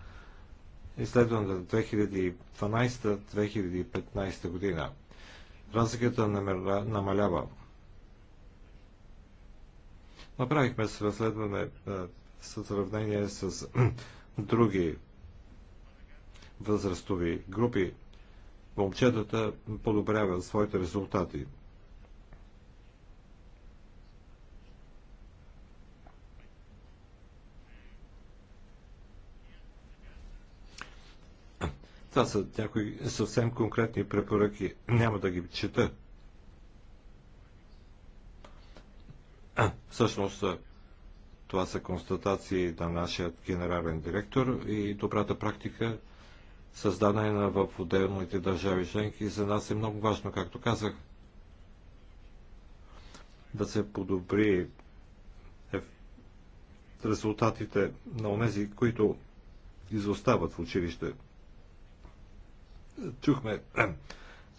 изследваната 2012-2015 година. Разликата намалява. Направихме с разследване е, с сравнение с други възрастови групи. Момчетата подобряват своите резултати. Това са някои съвсем конкретни препоръки. Няма да ги чета. А, всъщност, това са констатации на нашия генерален директор и добрата практика създадена в отделните държави членки за нас е много важно, както казах, да се подобри резултатите на онези, които изостават в училище чухме,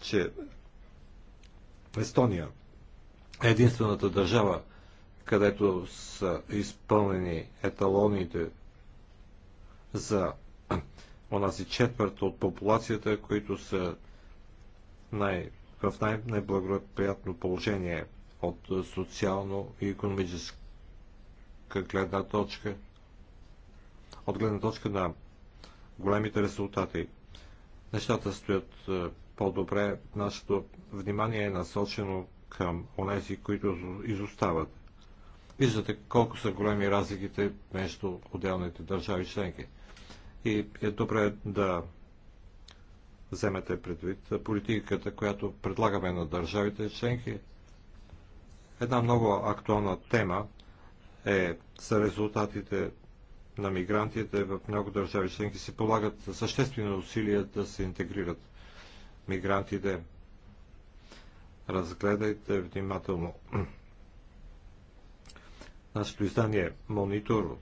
че Естония е единствената държава, където са изпълнени еталоните за онази четвърт от популацията, които са най, в най-неблагоприятно положение от социално и економическа гледна точка, от гледна точка на големите резултати нещата стоят е, по-добре. Нашето внимание е насочено към онези, които изостават. Виждате колко са големи разликите между отделните държави членки. И е добре да вземете предвид политиката, която предлагаме на държавите членки. Една много актуална тема е са резултатите на мигрантите в много държави членки се полагат съществени усилия да се интегрират мигрантите. Разгледайте внимателно. Нашето издание Монитор.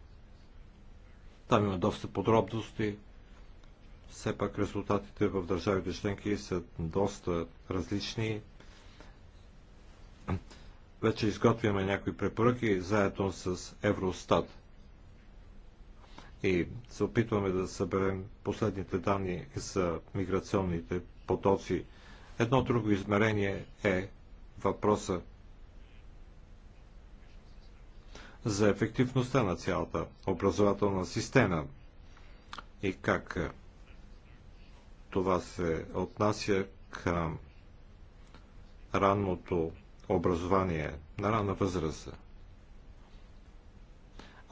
Там има доста подробности. Все пак резултатите в държавите членки са доста различни. Вече изготвяме някои препоръки заедно с Евростат – и се опитваме да съберем последните данни за миграционните потоци. Едно друго измерение е въпроса за ефективността на цялата образователна система и как това се отнася към ранното образование на рана възраст.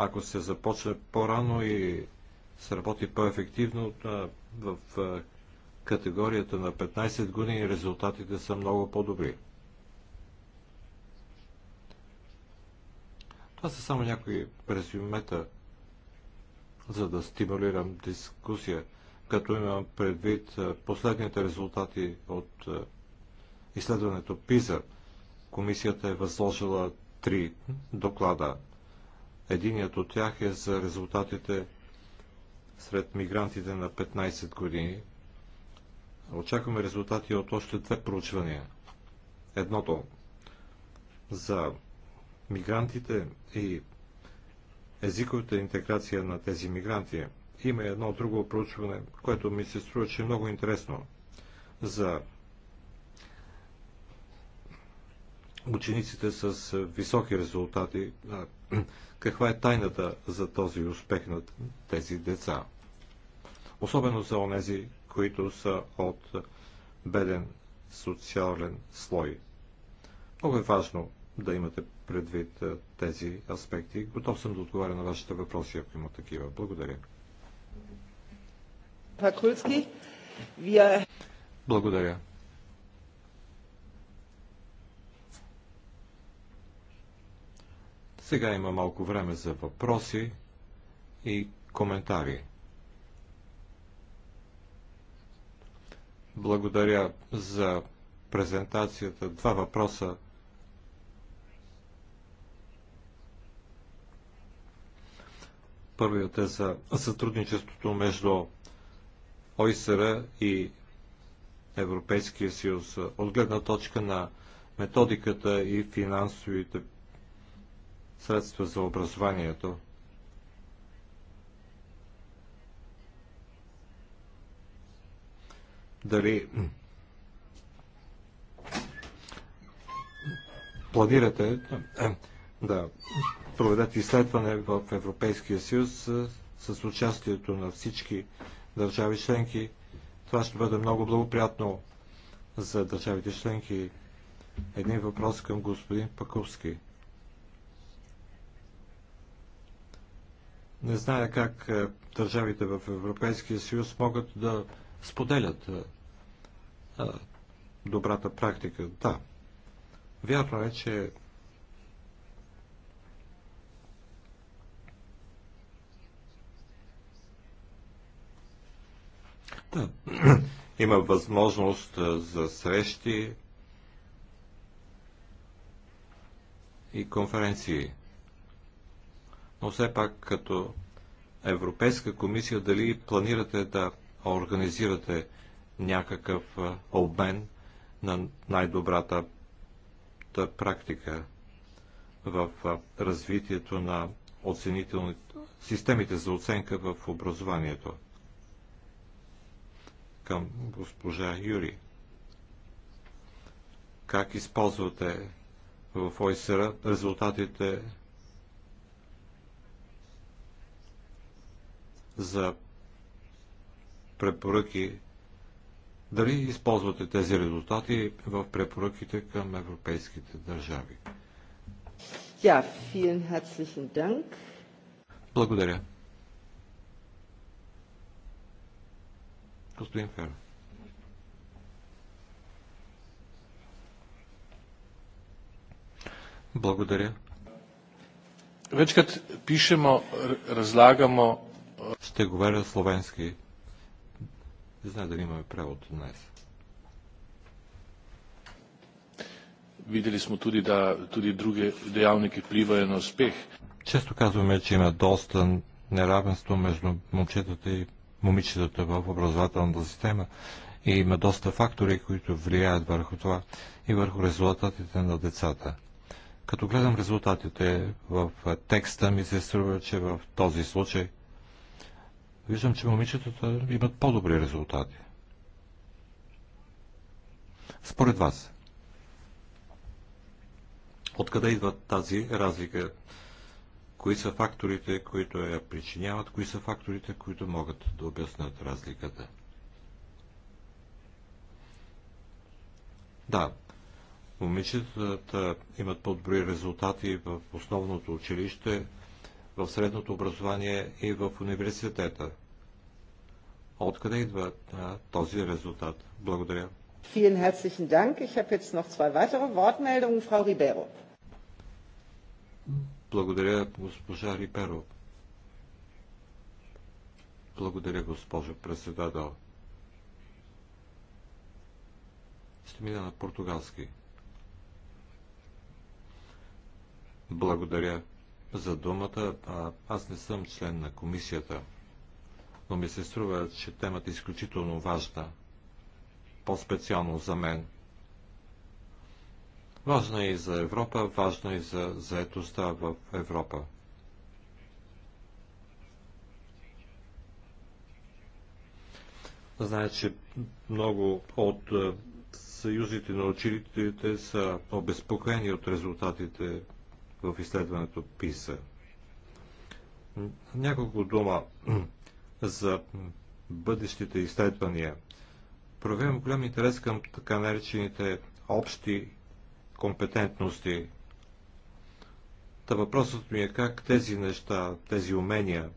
Ако се започне по-рано и се работи по-ефективно в категорията на 15 години, резултатите са много по-добри. Това са само някои резюмета, за да стимулирам дискусия, като имам предвид последните резултати от изследването ПИЗА. Комисията е възложила три доклада Единият от тях е за резултатите сред мигрантите на 15 години. Очакваме резултати от още две проучвания. Едното за мигрантите и езиковата интеграция на тези мигранти. Има едно друго проучване, което ми се струва, че е много интересно за учениците с високи резултати, каква е тайната за този успех на тези деца? Особено за онези, които са от беден социален слой. Много е важно да имате предвид тези аспекти. Готов съм да отговаря на вашите въпроси, ако има такива. Благодаря. Благодаря. Сега има малко време за въпроси и коментари. Благодаря за презентацията. Два въпроса. Първият е за сътрудничеството между ОИСР и Европейския съюз от гледна точка на методиката и финансовите средства за образованието. Дали планирате да проведат изследване в Европейския съюз с участието на всички държави членки. Това ще бъде много благоприятно за държавите членки. Един въпрос към господин Паковски. Не зная как е, държавите в Европейския съюз могат да споделят е, е, добрата практика. Да, вярно е, че Да. Има възможност за срещи и конференции но все пак като Европейска комисия дали планирате да организирате някакъв обмен на най-добрата практика в развитието на системите за оценка в образованието. Към госпожа Юри. Как използвате в ОИСР резултатите за препоръки. Дали използвате тези резултати в препоръките към европейските държави? Ja, vielen herzlichen Dank. Благодаря. Господин Ферм. Благодаря. Вече като пишемо, разлагамо ще говоря словенски. Не знае дали имаме превод днес. Видели сме туди да туди други деявники впливаят е на успех. Често казваме, че има доста неравенство между момчетата и момичетата в образователната система и има доста фактори, които влияят върху това и върху резултатите на децата. Като гледам резултатите в текста, ми се струва, че в този случай – Виждам, че момичетата имат по-добри резултати. Според вас, откъде идва тази разлика? Кои са факторите, които я причиняват? Кои са факторите, които могат да обяснат разликата? Да, момичетата имат по-добри резултати в основното училище, в средното образование и в университета. Откъде идва а, този резултат? Благодаря. Vielen herzlichen Dank. Ich habe jetzt noch zwei weitere Wortmeldungen. Frau Ribeiro. Благодаря, госпожа Риперо. Благодаря, госпожа председател. Ще мина на португалски. Благодаря за думата. Аз не съм член на комисията, но ми се струва, че темата е изключително важна, по-специално за мен. Важна е и за Европа, важна е и за заетостта в Европа. Знае, че много от съюзите на учителите са обезпокоени от резултатите в изследването ПИСА. Няколко дума за бъдещите изследвания. Проявявам голям интерес към така наречените общи компетентности. Та въпросът ми е как тези неща, тези умения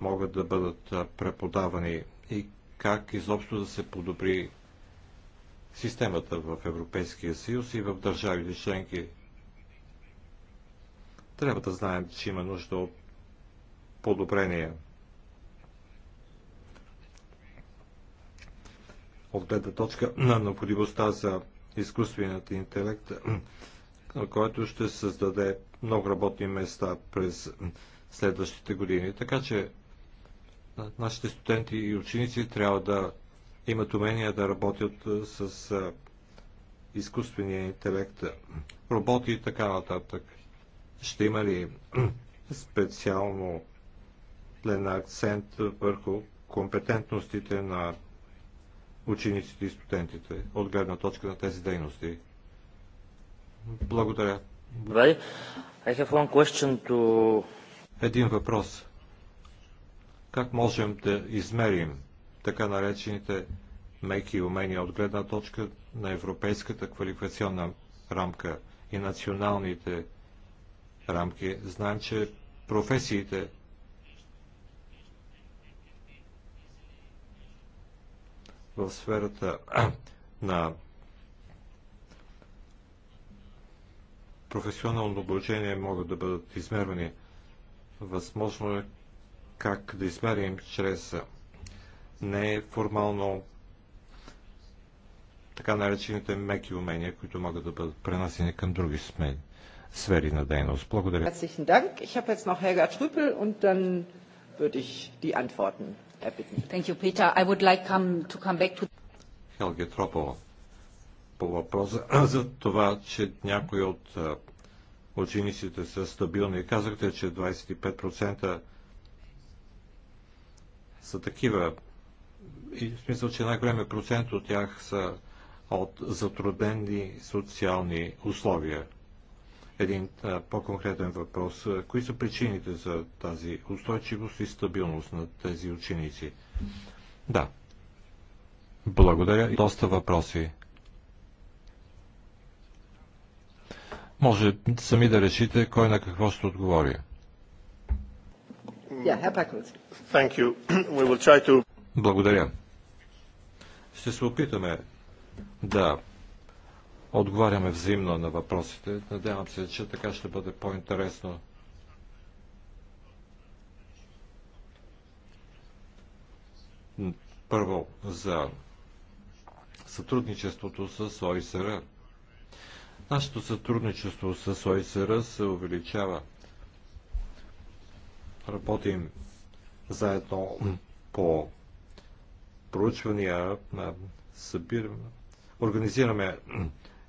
могат да бъдат преподавани и как изобщо да се подобри системата в Европейския съюз и в държавите членки трябва да знаем, че има нужда от подобрение. От гледна точка на необходимостта за изкуственият интелект, който ще създаде много работни места през следващите години. Така че нашите студенти и ученици трябва да имат умения да работят с изкуствения интелект, роботи и така нататък. Ще има ли специално на акцент върху компетентностите на учениците и студентите от гледна точка на тези дейности? Благодаря. To... Един въпрос. Как можем да измерим така наречените меки умения от гледна точка на европейската квалификационна рамка и националните рамки. Знаем, че професиите в сферата на професионално обучение могат да бъдат измервани. Възможно е как да измерим чрез неформално така наречените меки умения, които могат да бъдат пренасени към други смени сфери на дейност. Благодаря. Хелге Тропова по въпроса за това, че някои от учениците са стабилни. Казахте, че 25% са такива. И в смисъл, че най-големият процент от тях са от затруднени социални условия един по-конкретен въпрос. Кои са причините за тази устойчивост и стабилност на тези ученици? Да. Благодаря. Доста въпроси. Може сами да решите кой на какво ще отговори. Благодаря. Ще се опитаме да отговаряме взаимно на въпросите. Надявам се, че така ще бъде по-интересно. Първо, за сътрудничеството с ОИСР. Нашето сътрудничество с ОИСР се увеличава. Работим заедно по проучвания, събираме, организираме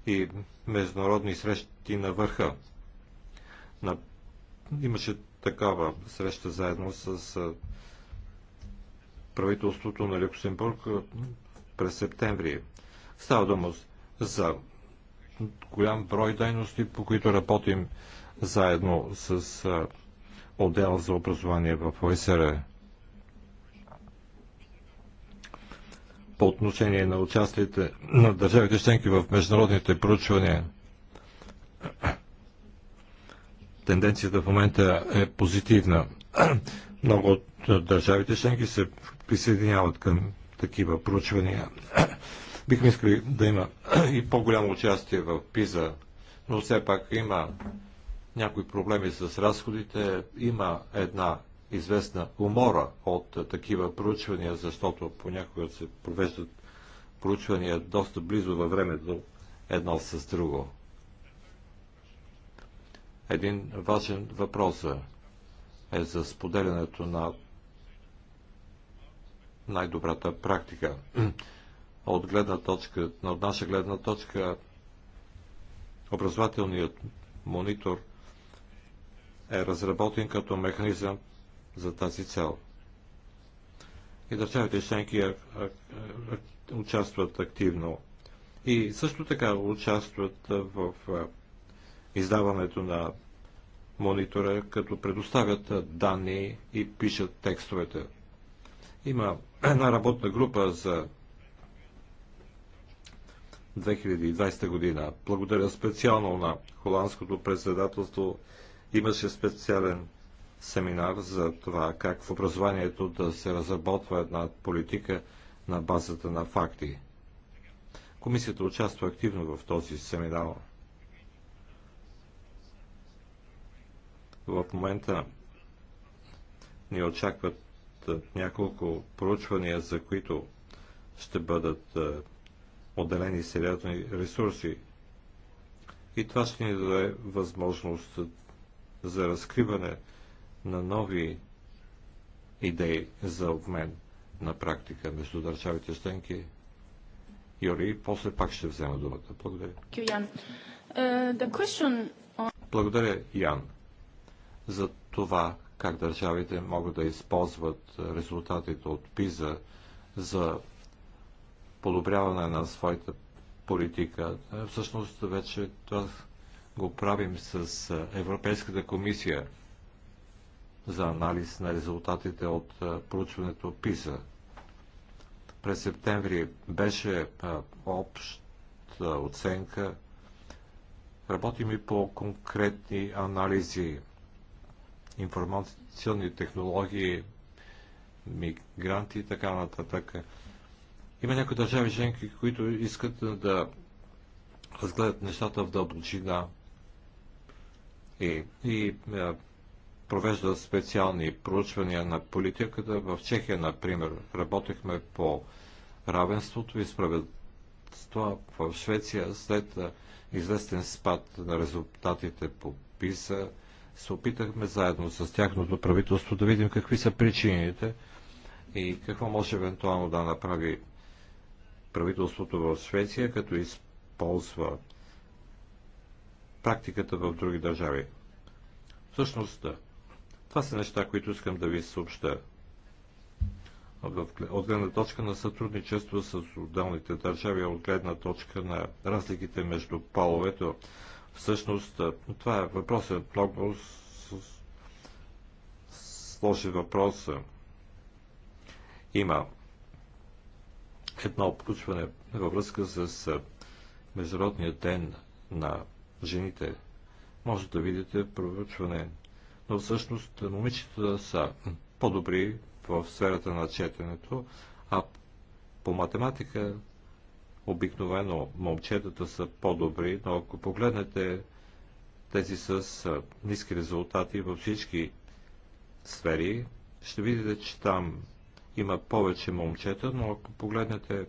и международни срещи на върха. На... Имаше такава среща заедно с правителството на Люксембург през септември. Става дума за голям брой дейности, по които работим заедно с отдел за образование в ОСР. по отношение на участието на държавите членки в международните проучвания. Тенденцията в момента е позитивна. Много от държавите членки се присъединяват към такива проучвания. Бихме искали да има и по-голямо участие в ПИЗА, но все пак има някои проблеми с разходите. Има една известна умора от такива проучвания, защото понякога се провеждат проучвания доста близо във времето едно с друго. Един важен въпрос е за споделянето на най-добрата практика. От гледна точка, от наша гледна точка, образователният монитор е разработен като механизъм за тази цел. И държавите членки а, а, а, участват активно. И също така участват в издаването на монитора, като предоставят данни и пишат текстовете. Има една работна група за 2020 година. Благодаря специално на холандското председателство. Имаше специален семинар за това как в образованието да се разработва една политика на базата на факти. Комисията участва активно в този семинар. В момента ни очакват няколко проучвания, за които ще бъдат отделени сериозни ресурси. И това ще ни даде възможност за разкриване на нови идеи за обмен на практика между държавите членки. Юри, после пак ще взема думата. Благодаря. Е, Благодаря, Ян, за това как държавите могат да използват резултатите от ПИЗа за подобряване на своята политика. Е, всъщност вече това го правим с Европейската комисия – за анализ на резултатите от проучването ПИСА. През септември беше обща оценка. Работим и по конкретни анализи. Информационни технологии, мигранти и така нататък. Има някои държави женки, които искат да разгледат нещата в дълбочина и, и провежда специални проучвания на политиката. В Чехия, например, работехме по равенството и справедство в Швеция след известен спад на резултатите по ПИСА. Се опитахме заедно с тяхното правителство да видим какви са причините и какво може евентуално да направи правителството в Швеция, като използва практиката в други държави. Всъщност, да. Това са неща, които искам да ви съобща. От гледна точка на сътрудничество с отделните държави, от гледна точка на разликите между половето, всъщност това е въпросът много сложи въпроса. Има едно обключване във връзка с Международния ден на жените. Може да видите проучване но всъщност момичетата са по-добри в сферата на четенето, а по математика обикновено момчетата са по-добри, но ако погледнете тези с ниски резултати във всички сфери, ще видите, че там има повече момчета, но ако погледнете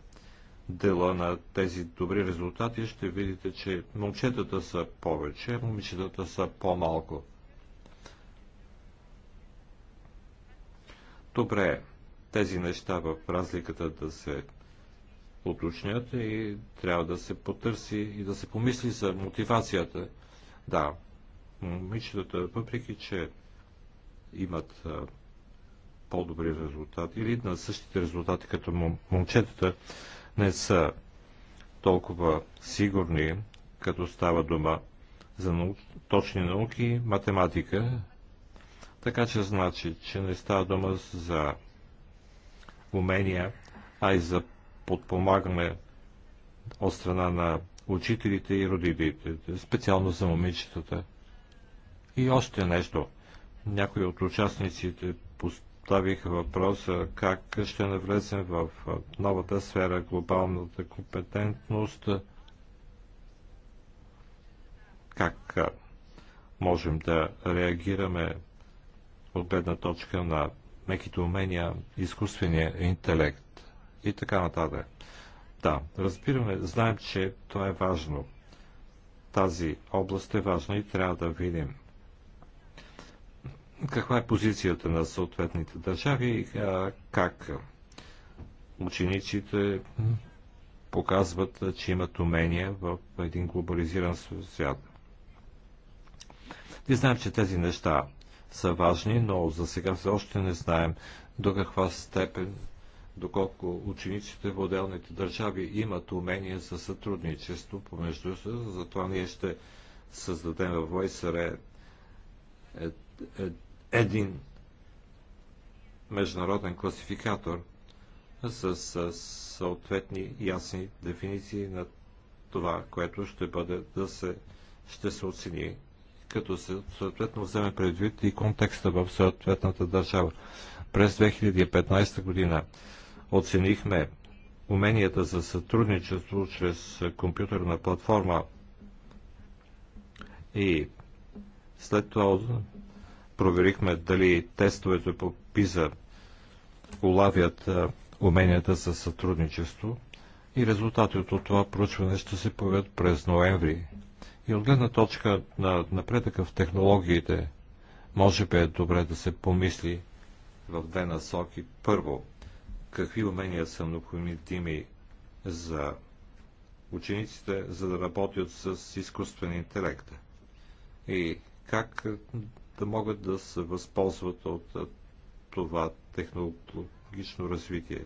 дела на тези добри резултати, ще видите, че момчетата са повече, момичетата са по-малко. Добре, тези неща в разликата да се уточнят и трябва да се потърси и да се помисли за мотивацията. Да, момичетата, е, въпреки че имат по-добри резултати или на същите резултати като момчетата, не са толкова сигурни, като става дума за точни науки, математика така че значи, че не става дума за умения, а и за подпомагане от страна на учителите и родителите, специално за момичетата. И още нещо. Някои от участниците поставиха въпроса как ще навлезем в новата сфера глобалната компетентност, как можем да реагираме от гледна точка на меките умения, изкуствения интелект и така нататък. Да, разбираме, знаем, че това е важно. Тази област е важна и трябва да видим каква е позицията на съответните държави и как учениците показват, че имат умения в един глобализиран свят. И знаем, че тези неща са важни, но за сега все още не знаем до каква степен, доколко учениците в отделните държави имат умение за сътрудничество помежду се. Затова ние ще създадем в Войсере е, един международен класификатор с съответни ясни дефиниции на това, което ще бъде да се, ще се оцени като се съответно вземе предвид и контекста в съответната държава. През 2015 година оценихме уменията за сътрудничество чрез компютърна платформа и след това проверихме дали тестовете по ПИЗА улавят уменията за сътрудничество и резултатите от това проучване ще се появят през ноември и от гледна точка на напредъка в технологиите, може би е добре да се помисли в две насоки. Първо, какви умения са необходими за учениците, за да работят с изкуствен интелект и как да могат да се възползват от това технологично развитие.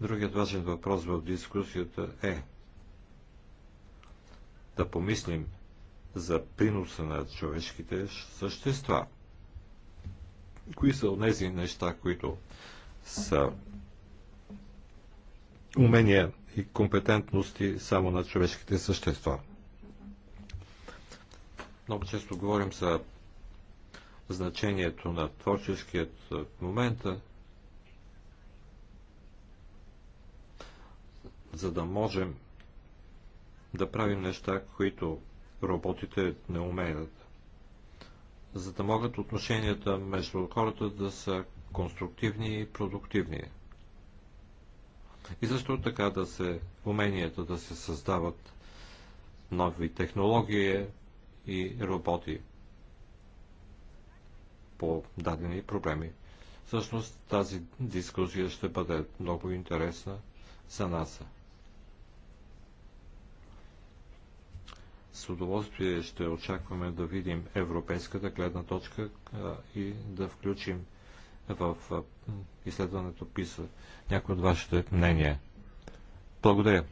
Другият важен въпрос в дискусията е да помислим за приноса на човешките същества. Кои са тези неща, които са умения и компетентности само на човешките същества? Много често говорим за значението на творческият момент, за да можем да правим неща, които роботите не умеят. За да могат отношенията между хората да са конструктивни и продуктивни. И защо така да се уменията да се създават нови технологии и роботи по дадени проблеми. Всъщност тази дискусия ще бъде много интересна за нас. С удоволствие ще очакваме да видим европейската гледна точка и да включим в изследването ПИСА някои от вашите мнения. Благодаря.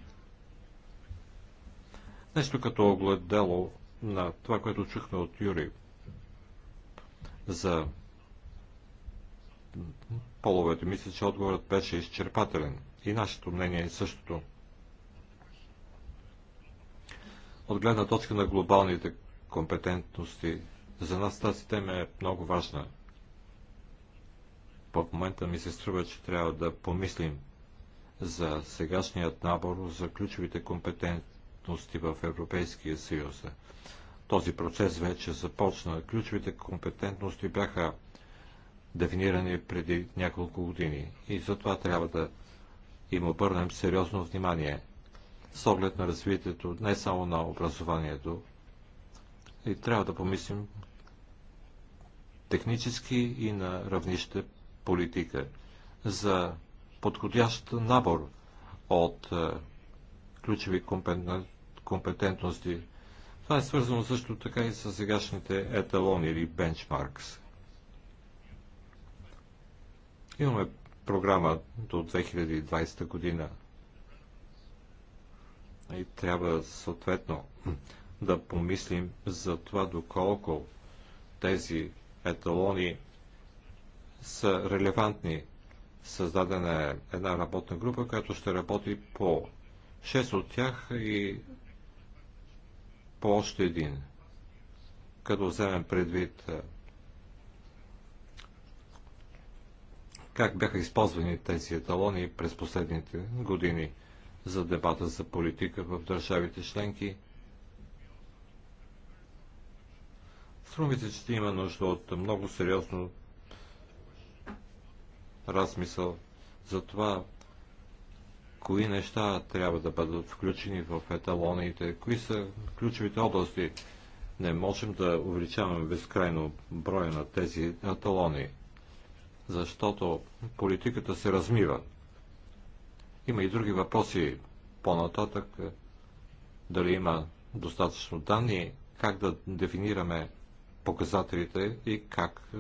Нещо като огледало на това, което чухме от Юри за половете. Мисля, че отговорът беше изчерпателен. И нашето мнение е същото. От гледна точка на глобалните компетентности, за нас тази тема е много важна. В момента ми се струва, че трябва да помислим за сегашният набор за ключовите компетентности в Европейския съюз. Този процес вече започна. Ключовите компетентности бяха дефинирани преди няколко години и затова трябва да им обърнем сериозно внимание – с оглед на развитието не само на образованието. И трябва да помислим технически и на равнище политика за подходящ набор от е, ключови компетентности. Това е свързано също така и с сегашните еталони или бенчмаркс. Имаме програма до 2020 година и трябва съответно да помислим за това доколко тези еталони са релевантни. Създадена е една работна група, която ще работи по 6 от тях и по още един. Като вземем предвид е, как бяха използвани тези еталони през последните години – за дебата за политика в държавите членки. Струмите, че има нужда от много сериозно размисъл за това, кои неща трябва да бъдат включени в еталоните, кои са ключовите области. Не можем да увеличаваме безкрайно броя на тези еталони, защото политиката се размива. Има и други въпроси по-нататък. Дали има достатъчно данни, как да дефинираме показателите и как е,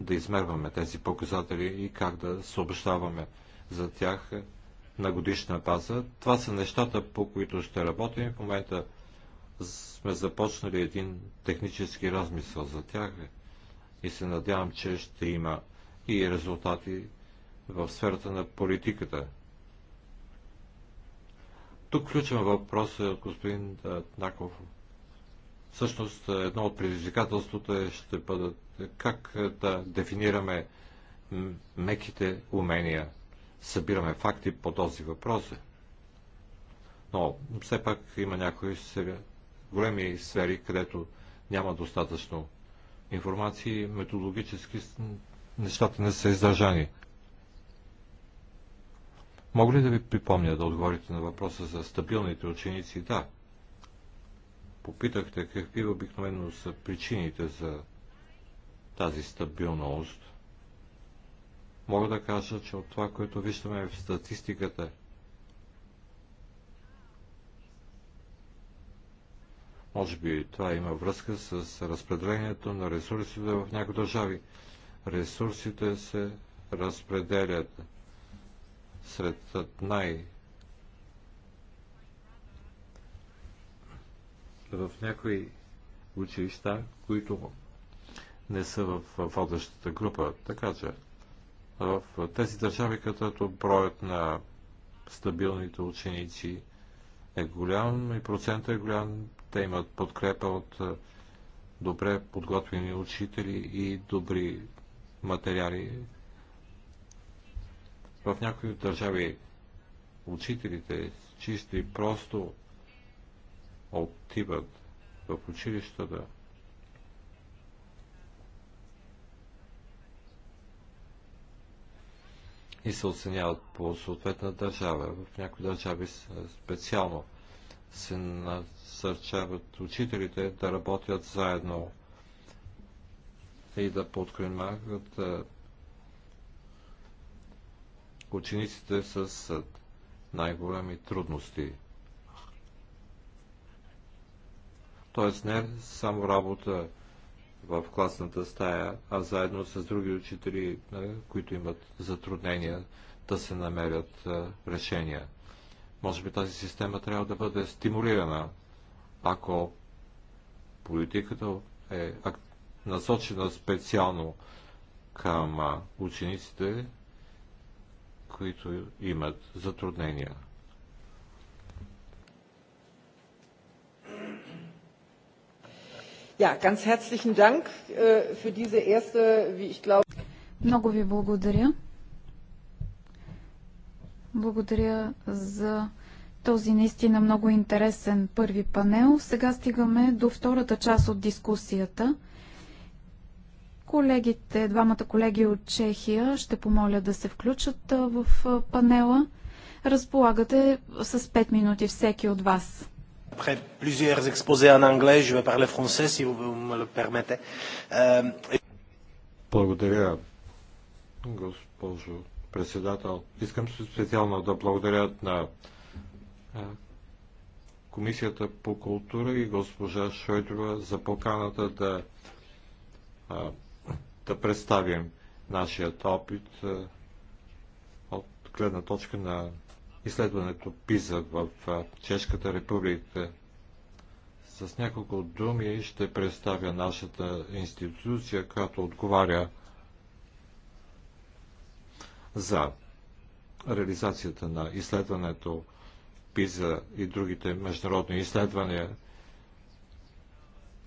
да измерваме тези показатели и как да съобщаваме за тях на годишна база. Това са нещата, по които ще работим. В момента сме започнали един технически размисъл за тях и се надявам, че ще има и резултати в сферата на политиката. Тук включваме въпроса, господин Наков. Е, Всъщност, е, едно от предизвикателството е, ще бъдат как да дефинираме меките умения. Събираме факти по този въпрос. Но все пак има някои големи сфери, където няма достатъчно информации, методологически нещата не са издържани. Мога ли да ви припомня да отговорите на въпроса за стабилните ученици? Да. Попитахте какви обикновено са причините за тази стабилност. Мога да кажа, че от това, което виждаме в статистиката, може би това има връзка с разпределението на ресурсите в някои държави. Ресурсите се разпределят сред най- в някои училища, които не са в водещата група. Така че в тези държави, където броят на стабилните ученици е голям и процентът е голям, те имат подкрепа от е, добре подготвени учители и добри материали в някои държави учителите чисто и просто отиват в училищата и се оценяват по съответна държава. В някои държави специално се насърчават учителите да работят заедно и да подкремагат Учениците с най-големи трудности. Тоест не е само работа в класната стая, а заедно с други учители, които имат затруднения да се намерят решения. Може би тази система трябва да бъде стимулирана, ако политиката е насочена специално към учениците, които имат затруднения. Ja, ganz herzlichen Dank äh, für diese erste, wie ich glaube. Много ви благодаря. Благодаря за този наистина много интересен първи панел. Сега стигаме до втората част от дискусията – Колегите, двамата колеги от Чехия ще помоля да се включат в панела. Разполагате с 5 минути всеки от вас. Après plusieurs exposés en anglais, je vais parler français si vous me le permettez. Euh, благодаря, госпожо председател. Искам специално да благодаря на Комисията по култура и госпожа Шойдрова за поканата да да представим нашият опит от гледна точка на изследването ПИЗА в Чешката република. С няколко думи ще представя нашата институция, която отговаря за реализацията на изследването ПИЗА и другите международни изследвания.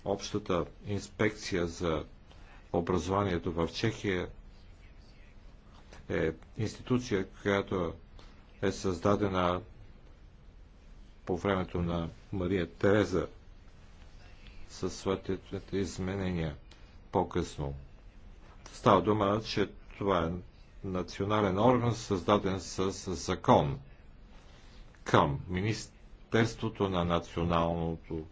Общата инспекция за образованието в Чехия е институция, която е създадена по времето на Мария Тереза със своите изменения по-късно. Става дума, че това е национален орган, създаден с закон към Министерството на националното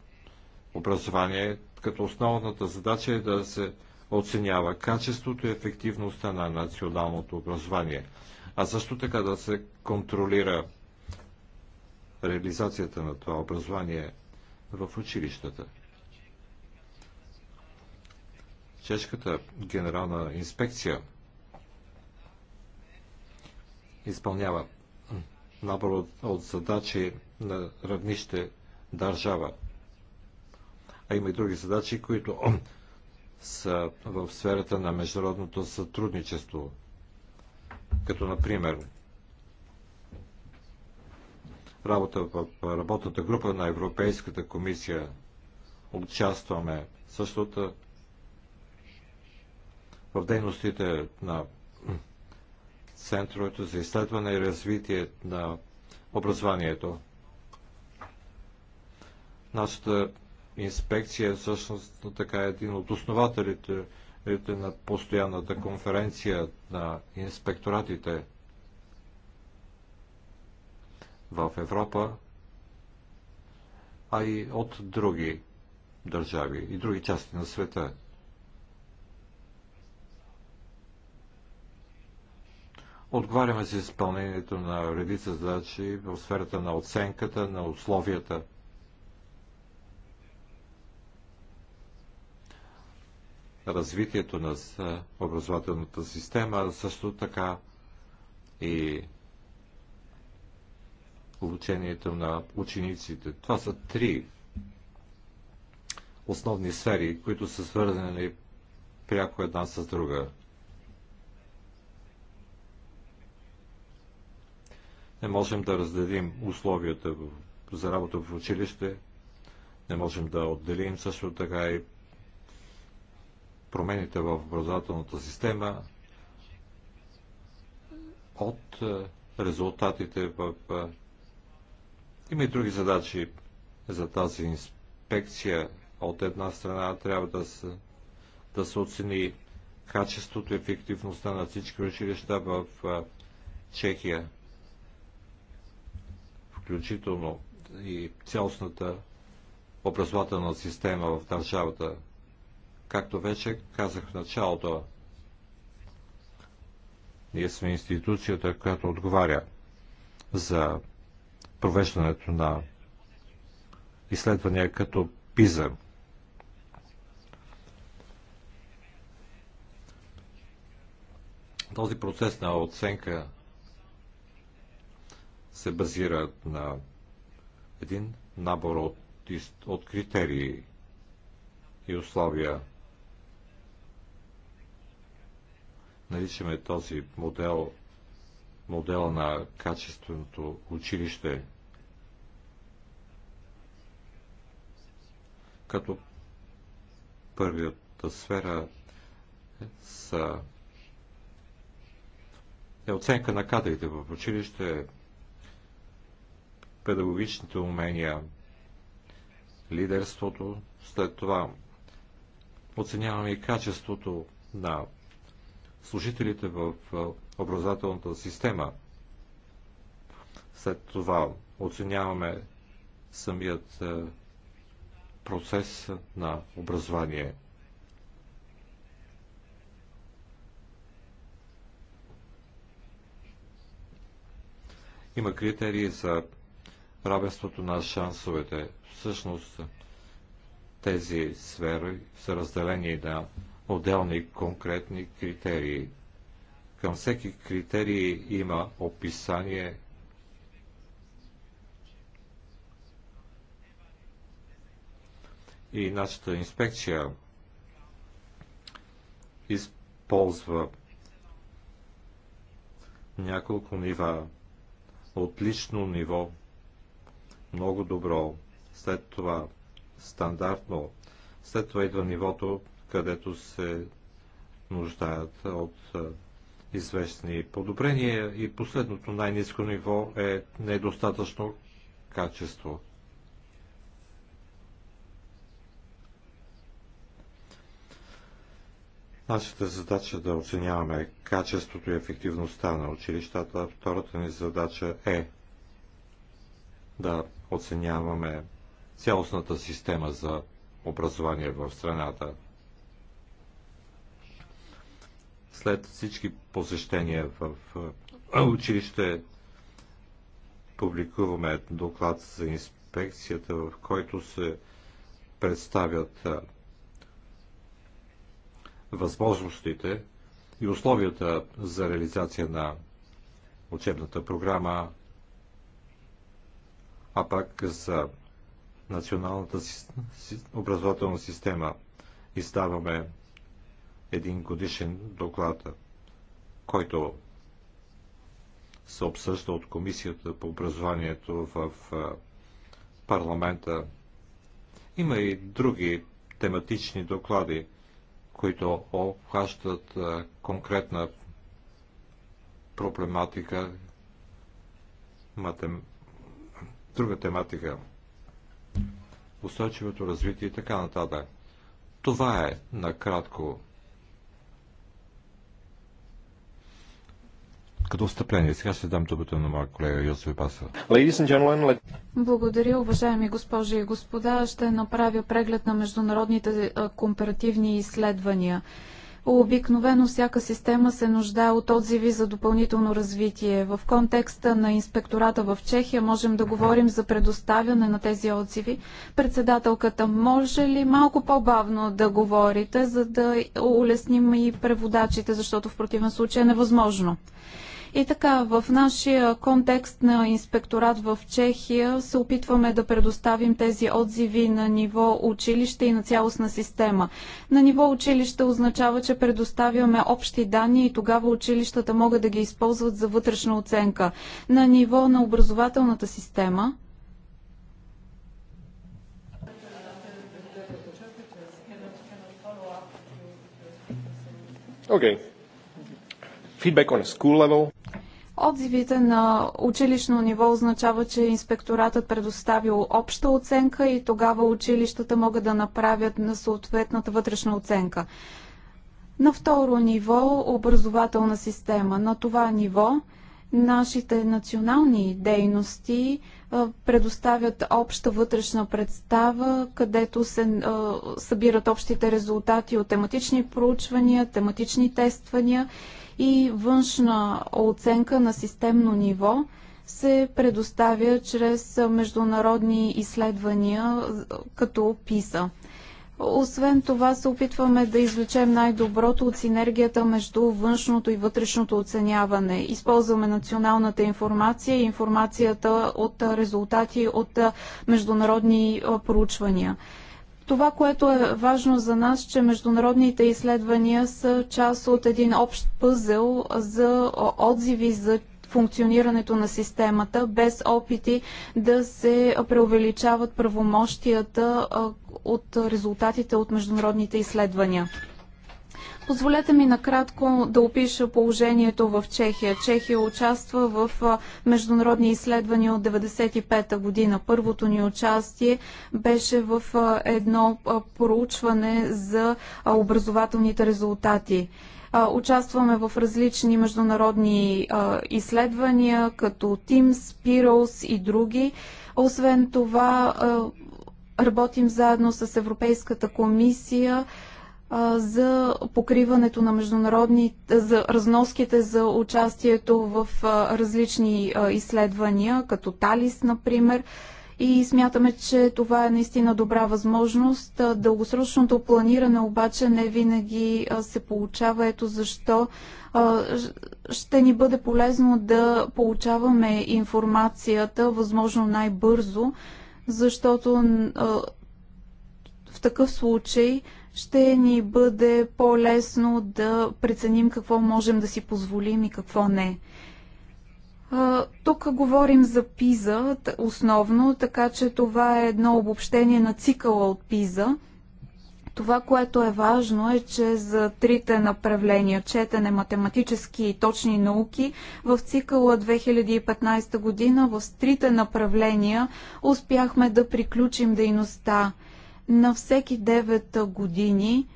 образование, като основната задача е да се оценява качеството и ефективността на националното образование, а също така да се контролира реализацията на това образование в училищата. Чешката генерална инспекция изпълнява набор от, от задачи на равнище държава, а има и други задачи, които са в сферата на международното сътрудничество. Като, например, работа в работната група на Европейската комисия. Участваме същото в дейностите на Центровете за изследване и развитие на образованието. Нашата инспекция всъщност така е един от основателите е на постоянната конференция на инспекторатите в Европа, а и от други държави и други части на света. Отговаряме с изпълнението на редица задачи в сферата на оценката, на условията развитието на образователната система, също така и обучението на учениците. Това са три основни сфери, които са свързани пряко една с друга. Не можем да разделим условията за работа в училище, не можем да отделим също така и промените в образователната система от е, резултатите в... Е, има и други задачи за тази инспекция. От една страна трябва да се, да се оцени качеството и ефективността на всички училища в е, Чехия, включително и цялостната образователна система в държавата Както вече казах в началото, ние сме институцията, която отговаря за провеждането на изследвания като ПИЗА. Този процес на оценка се базира на един набор от, от критерии и условия – наричаме този модел модела на качественото училище. Като първията сфера са е оценка на кадрите в училище, педагогичните умения, лидерството, след това оценяваме и качеството на служителите в образователната система. След това оценяваме самият процес на образование. Има критерии за равенството на шансовете. Всъщност тези сфери са разделени на да отделни конкретни критерии. Към всеки критерий има описание и нашата инспекция използва няколко нива. Отлично ниво, много добро, след това стандартно, след това идва нивото където се нуждаят от известни подобрения и последното най-низко ниво е недостатъчно качество. Нашата задача е да оценяваме качеството и ефективността на училищата. Втората ни задача е да оценяваме цялостната система за образование в страната след всички посещения в училище публикуваме доклад за инспекцията, в който се представят възможностите и условията за реализация на учебната програма, а пак за националната образователна система издаваме един годишен доклад, който се обсъжда от Комисията по образованието в парламента. Има и други тематични доклади, които обхващат конкретна проблематика, матем... друга тематика, устойчивото развитие и така нататък. Това е накратко като встъпление. Сега ще дам думата на моя колега Йосиф Паса. Благодаря, уважаеми госпожи и господа. Ще направя преглед на международните е, компаративни изследвания. Обикновено всяка система се нуждае от отзиви за допълнително развитие. В контекста на инспектората в Чехия можем да говорим за предоставяне на тези отзиви. Председателката, може ли малко по-бавно да говорите, за да улесним и преводачите, защото в противен случай е невъзможно. И така, в нашия контекст на инспекторат в Чехия се опитваме да предоставим тези отзиви на ниво училище и на цялостна система. На ниво училище означава, че предоставяме общи данни и тогава училищата могат да ги използват за вътрешна оценка. На ниво на образователната система Okay. Feedback on a school level. Отзивите на училищно ниво означава, че инспекторатът предоставил обща оценка и тогава училищата могат да направят на съответната вътрешна оценка. На второ ниво образователна система. На това ниво нашите национални дейности предоставят обща вътрешна представа, където се събират общите резултати от тематични проучвания, тематични тествания и външна оценка на системно ниво се предоставя чрез международни изследвания като ПИСА. Освен това се опитваме да извлечем най-доброто от синергията между външното и вътрешното оценяване. Използваме националната информация и информацията от резултати от международни проучвания. Това, което е важно за нас, че международните изследвания са част от един общ пъзел за отзиви за функционирането на системата, без опити да се преувеличават правомощията от резултатите от международните изследвания. Позволете ми накратко да опиша положението в Чехия. Чехия участва в международни изследвания от 1995 година. Първото ни участие беше в едно проучване за образователните резултати. Участваме в различни международни изследвания, като ТИМС, ПИРОС и други. Освен това, работим заедно с Европейската комисия за покриването на международни, за разноските за участието в различни изследвания, като Талис, например. И смятаме, че това е наистина добра възможност. Дългосрочното планиране обаче не винаги се получава. Ето защо ще ни бъде полезно да получаваме информацията възможно най-бързо, защото в такъв случай ще ни бъде по-лесно да преценим какво можем да си позволим и какво не. Тук говорим за Пиза основно, така че това е едно обобщение на цикъла от Пиза. Това, което е важно е, че за трите направления четене, математически и точни науки в цикъла 2015 година в трите направления успяхме да приключим дейността на всеки 9 години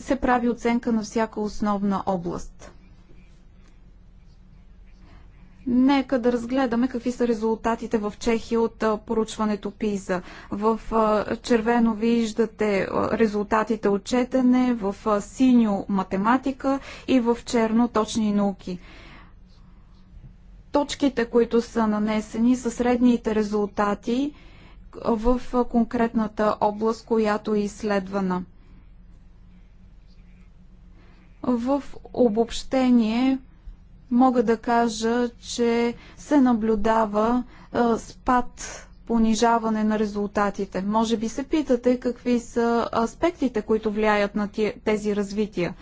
се прави оценка на всяка основна област. Нека да разгледаме какви са резултатите в Чехия от поручването ПИЗА. В червено виждате резултатите от четене, в синьо математика и в черно точни науки. Точките, които са нанесени, са средните резултати в конкретната област, която е изследвана. В обобщение мога да кажа, че се наблюдава спад понижаване на резултатите. Може би се питате какви са аспектите, които влияят на тези развития.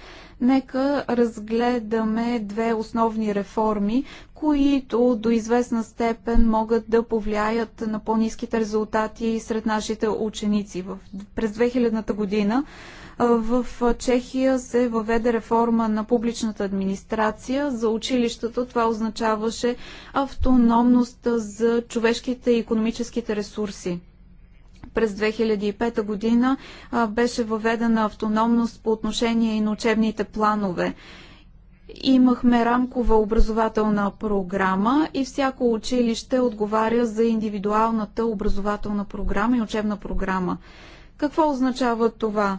Нека разгледаме две основни реформи, които до известна степен могат да повлияят на по-низките резултати сред нашите ученици. В, през 2000-та година в Чехия се въведе реформа на публичната администрация за училищата. Това означаваше автономност за човешките и економическите ресурси. През 2005 година беше въведена автономност по отношение и на учебните планове имахме рамкова образователна програма и всяко училище отговаря за индивидуалната образователна програма и учебна програма. Какво означава това?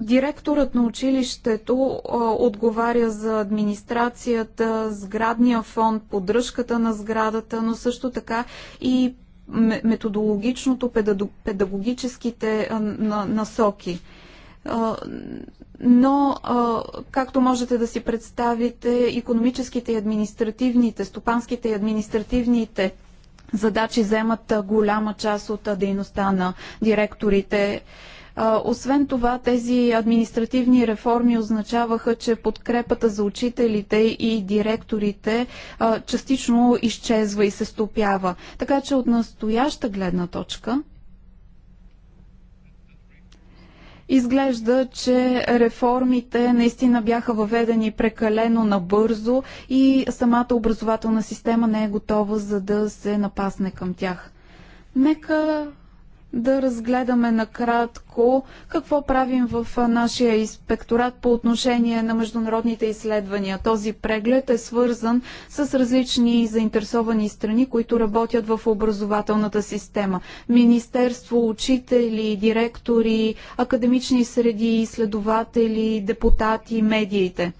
Директорът на училището отговаря за администрацията, сградния фонд, поддръжката на сградата, но също така и методологичното, педагогическите насоки. Но, както можете да си представите, економическите и административните, стопанските и административните задачи вземат голяма част от дейността на директорите освен това, тези административни реформи означаваха, че подкрепата за учителите и директорите частично изчезва и се стопява. Така че от настояща гледна точка Изглежда, че реформите наистина бяха въведени прекалено набързо и самата образователна система не е готова за да се напасне към тях. Нека да разгледаме накратко какво правим в нашия инспекторат по отношение на международните изследвания. Този преглед е свързан с различни заинтересовани страни, които работят в образователната система. Министерство, учители, директори, академични среди, изследователи, депутати, медиите.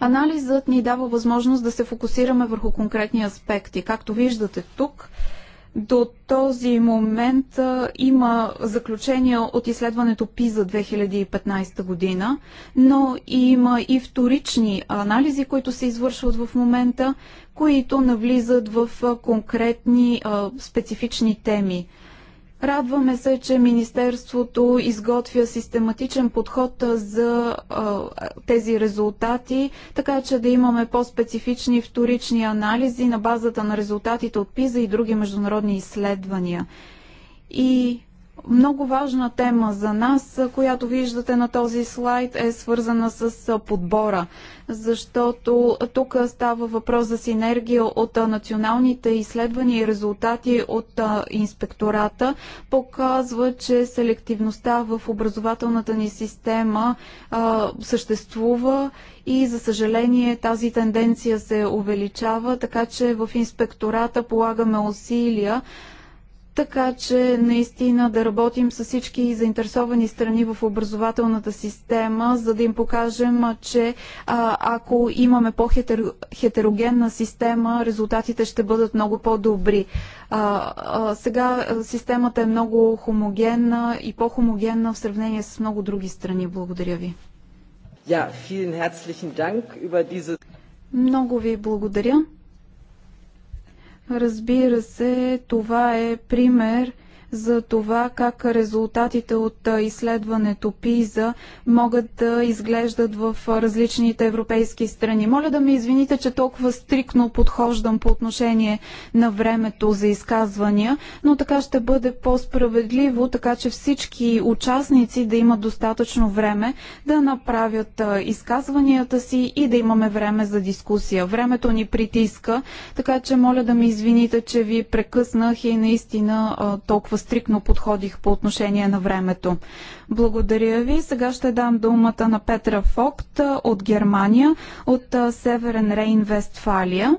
Анализът ни дава възможност да се фокусираме върху конкретни аспекти. Както виждате тук, до този момент а, има заключения от изследването ПИЗА 2015 година, но има и вторични анализи, които се извършват в момента, които навлизат в конкретни а, специфични теми. Радваме се, че Министерството изготвя систематичен подход за а, тези резултати, така че да имаме по-специфични вторични анализи на базата на резултатите от ПИЗа и други международни изследвания. И много важна тема за нас, която виждате на този слайд, е свързана с подбора, защото тук става въпрос за синергия от националните изследвания и резултати от инспектората. Показва, че селективността в образователната ни система съществува и за съжаление тази тенденция се увеличава, така че в инспектората полагаме усилия така че наистина да работим с всички заинтересовани страни в образователната система, за да им покажем, че а, ако имаме по-хетерогенна система, резултатите ще бъдат много по-добри. сега системата е много хомогенна и по-хомогенна в сравнение с много други страни. Благодаря ви. diese... Много ви благодаря. Разбира се, това е пример за това как резултатите от изследването ПИЗА могат да изглеждат в различните европейски страни. Моля да ме извините, че толкова стрикно подхождам по отношение на времето за изказвания, но така ще бъде по-справедливо, така че всички участници да имат достатъчно време да направят изказванията си и да имаме време за дискусия. Времето ни притиска, така че моля да ме извините, че ви прекъснах и наистина толкова стрикно подходих по отношение на времето. Благодаря ви. Сега ще дам думата на Петра Фокт от Германия, от Северен Рейн, Вестфалия.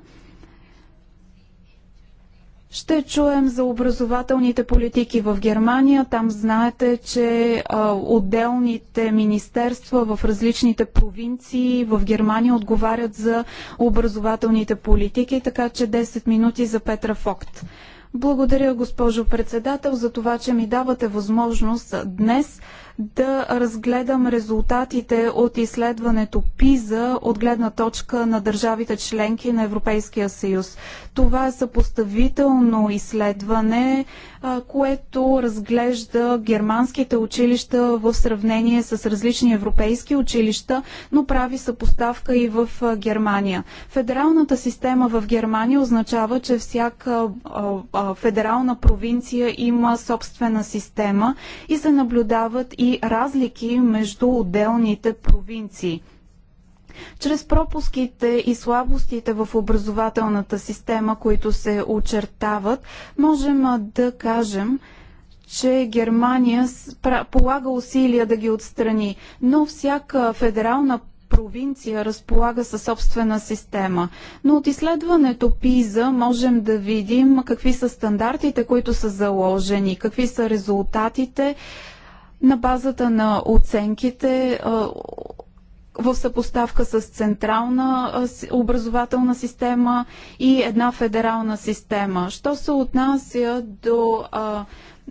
Ще чуем за образователните политики в Германия. Там знаете, че отделните министерства в различните провинции в Германия отговарят за образователните политики, така че 10 минути за Петра Фокт. Благодаря, госпожо председател, за това, че ми давате възможност днес да разгледам резултатите от изследването ПИЗА от гледна точка на държавите членки на Европейския съюз. Това е съпоставително изследване, което разглежда германските училища в сравнение с различни европейски училища, но прави съпоставка и в Германия. Федералната система в Германия означава, че всяка федерална провинция има собствена система и се наблюдават и разлики между отделните провинции. Чрез пропуските и слабостите в образователната система, които се очертават, можем да кажем, че Германия полага усилия да ги отстрани, но всяка федерална провинция разполага със собствена система. Но от изследването ПИЗА можем да видим какви са стандартите, които са заложени, какви са резултатите, на базата на оценките в съпоставка с централна образователна система и една федерална система. Що се отнася до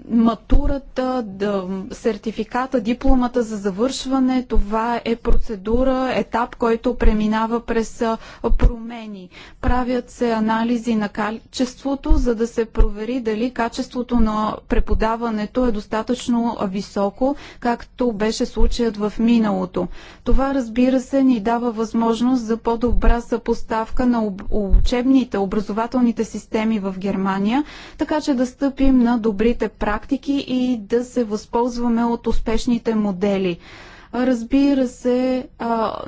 матурата, да, сертификата, дипломата за завършване, това е процедура, етап, който преминава през промени. Правят се анализи на качеството, за да се провери дали качеството на преподаването е достатъчно високо, както беше случаят в миналото. Това, разбира се, ни дава възможност за по-добра съпоставка на учебните, образователните системи в Германия, така че да стъпим на добрите практики практики и да се възползваме от успешните модели. Разбира се,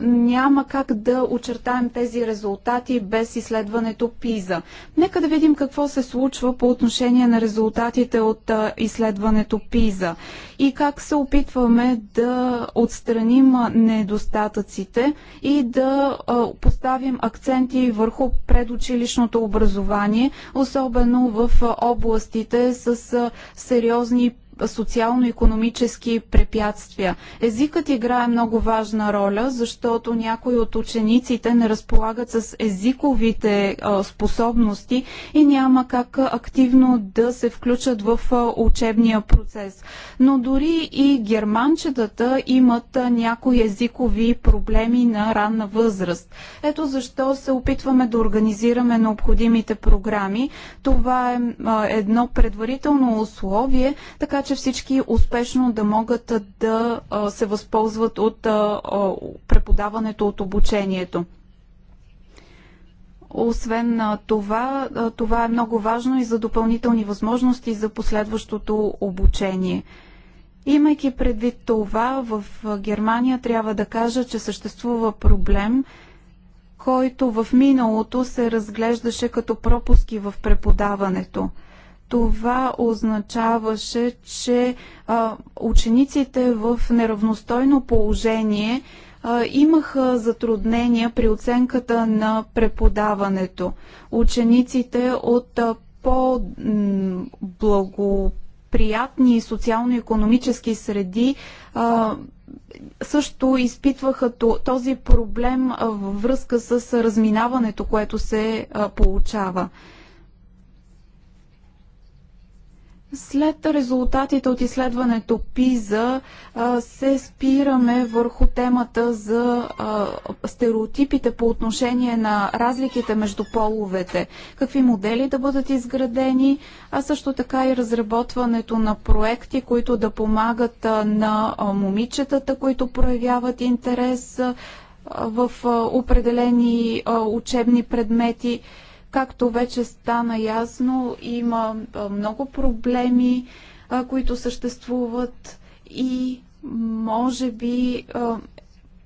няма как да очертаем тези резултати без изследването ПИЗА. Нека да видим какво се случва по отношение на резултатите от изследването ПИЗА и как се опитваме да отстраним недостатъците и да поставим акценти върху предучилищното образование, особено в областите с сериозни социално-економически препятствия. Езикът играе много важна роля, защото някои от учениците не разполагат с езиковите е, способности и няма как активно да се включат в е, учебния процес. Но дори и германчетата имат е, някои езикови проблеми на ранна възраст. Ето защо се опитваме да организираме необходимите програми. Това е едно предварително условие, така че че всички успешно да могат да се възползват от преподаването, от обучението. Освен това, това е много важно и за допълнителни възможности за последващото обучение. Имайки предвид това, в Германия трябва да кажа, че съществува проблем, който в миналото се разглеждаше като пропуски в преподаването – това означаваше, че а, учениците в неравностойно положение а, имаха затруднения при оценката на преподаването. Учениците от по-благоприятни социално-економически среди а, също изпитваха този проблем във връзка с разминаването, което се получава. След резултатите от изследването ПИЗА се спираме върху темата за стереотипите по отношение на разликите между половете, какви модели да бъдат изградени, а също така и разработването на проекти, които да помагат на момичетата, които проявяват интерес в определени учебни предмети. Както вече стана ясно, има много проблеми, които съществуват и може би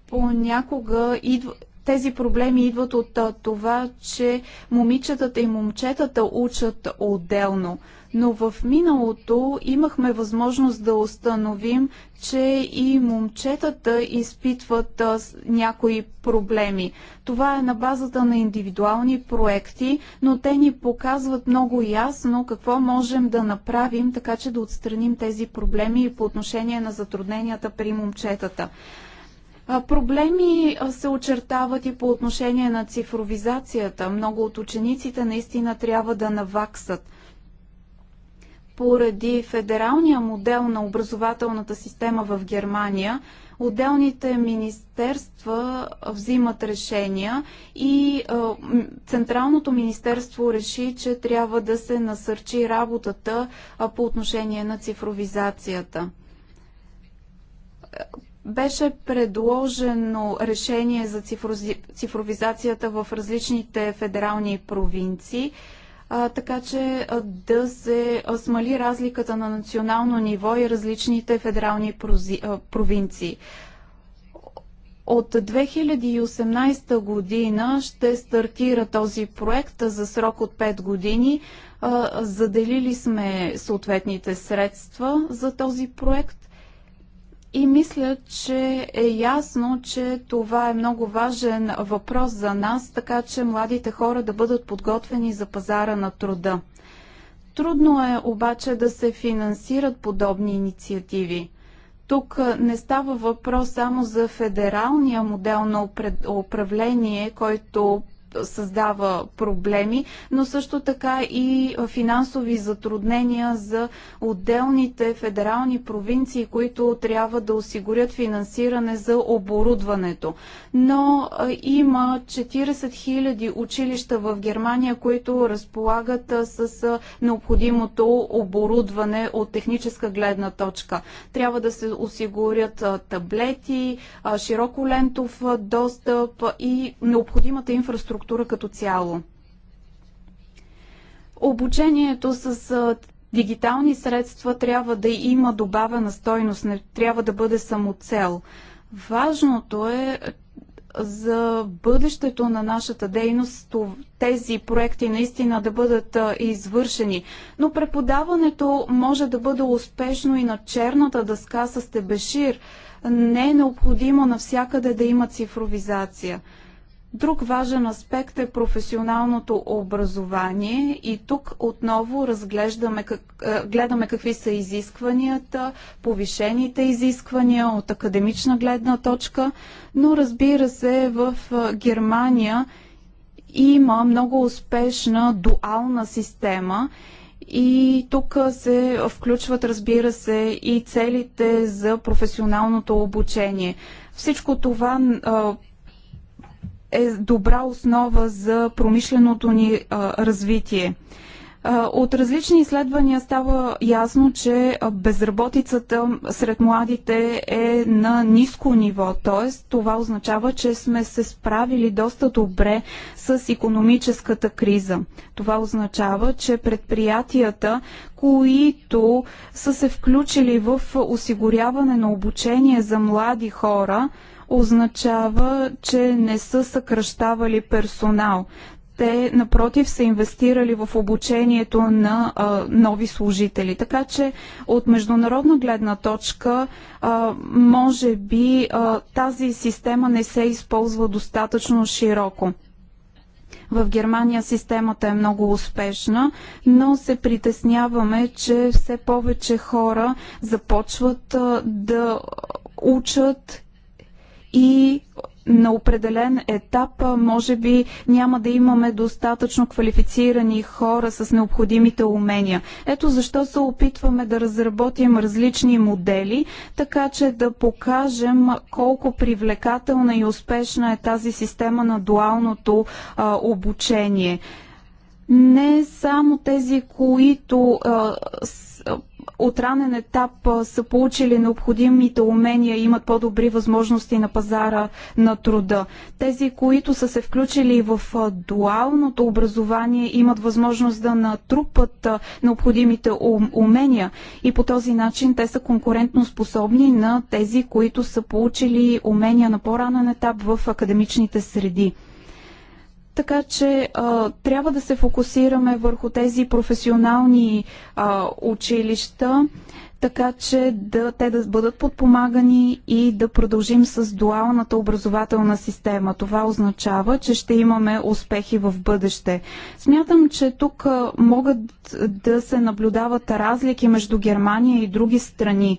понякога идва, тези проблеми идват от това, че момичетата и момчетата учат отделно но в миналото имахме възможност да установим, че и момчетата изпитват а, някои проблеми. Това е на базата на индивидуални проекти, но те ни показват много ясно какво можем да направим, така че да отстраним тези проблеми и по отношение на затрудненията при момчетата. Проблеми се очертават и по отношение на цифровизацията. Много от учениците наистина трябва да наваксат поради федералния модел на образователната система в Германия, отделните министерства взимат решения и а, Централното министерство реши, че трябва да се насърчи работата а, по отношение на цифровизацията. Беше предложено решение за цифровизацията в различните федерални провинции а, така че а, да се смали разликата на национално ниво и различните федерални прози, а, провинции. От 2018 година ще стартира този проект за срок от 5 години. Заделили сме съответните средства за този проект и мисля, че е ясно, че това е много важен въпрос за нас, така че младите хора да бъдат подготвени за пазара на труда. Трудно е обаче да се финансират подобни инициативи. Тук не става въпрос само за федералния модел на управление, който създава проблеми, но също така и финансови затруднения за отделните федерални провинции, които трябва да осигурят финансиране за оборудването. Но има 40 000 училища в Германия, които разполагат с необходимото оборудване от техническа гледна точка. Трябва да се осигурят таблети, широколентов достъп и необходимата инфраструктура структура като цяло. Обучението с дигитални средства трябва да има добавена стойност, не трябва да бъде самоцел. Важното е за бъдещето на нашата дейност тези проекти наистина да бъдат извършени. Но преподаването може да бъде успешно и на черната дъска с Тебешир. Не е необходимо навсякъде да има цифровизация. Друг важен аспект е професионалното образование и тук отново разглеждаме как, е, гледаме какви са изискванията, повишените изисквания от академична гледна точка, но разбира се в е, Германия има много успешна дуална система и тук се включват, разбира се, и целите за професионалното обучение. Всичко това е, е добра основа за промишленото ни а, развитие. От различни изследвания става ясно, че безработицата сред младите е на ниско ниво, т.е. това означава, че сме се справили доста добре с економическата криза. Това означава, че предприятията, които са се включили в осигуряване на обучение за млади хора, означава, че не са съкръщавали персонал. Те, напротив, са инвестирали в обучението на а, нови служители. Така че от международна гледна точка, а, може би а, тази система не се използва достатъчно широко. В Германия системата е много успешна, но се притесняваме, че все повече хора започват да учат и на определен етап може би няма да имаме достатъчно квалифицирани хора с необходимите умения. Ето защо се опитваме да разработим различни модели, така че да покажем колко привлекателна и успешна е тази система на дуалното а, обучение не само тези, които а, от ранен етап са получили необходимите умения и имат по-добри възможности на пазара на труда. Тези, които са се включили в дуалното образование, имат възможност да натрупат необходимите умения и по този начин те са конкурентно способни на тези, които са получили умения на по-ранен етап в академичните среди. Така че а, трябва да се фокусираме върху тези професионални а, училища, така че да, те да бъдат подпомагани и да продължим с дуалната образователна система. Това означава, че ще имаме успехи в бъдеще. Смятам, че тук могат да се наблюдават разлики между Германия и други страни.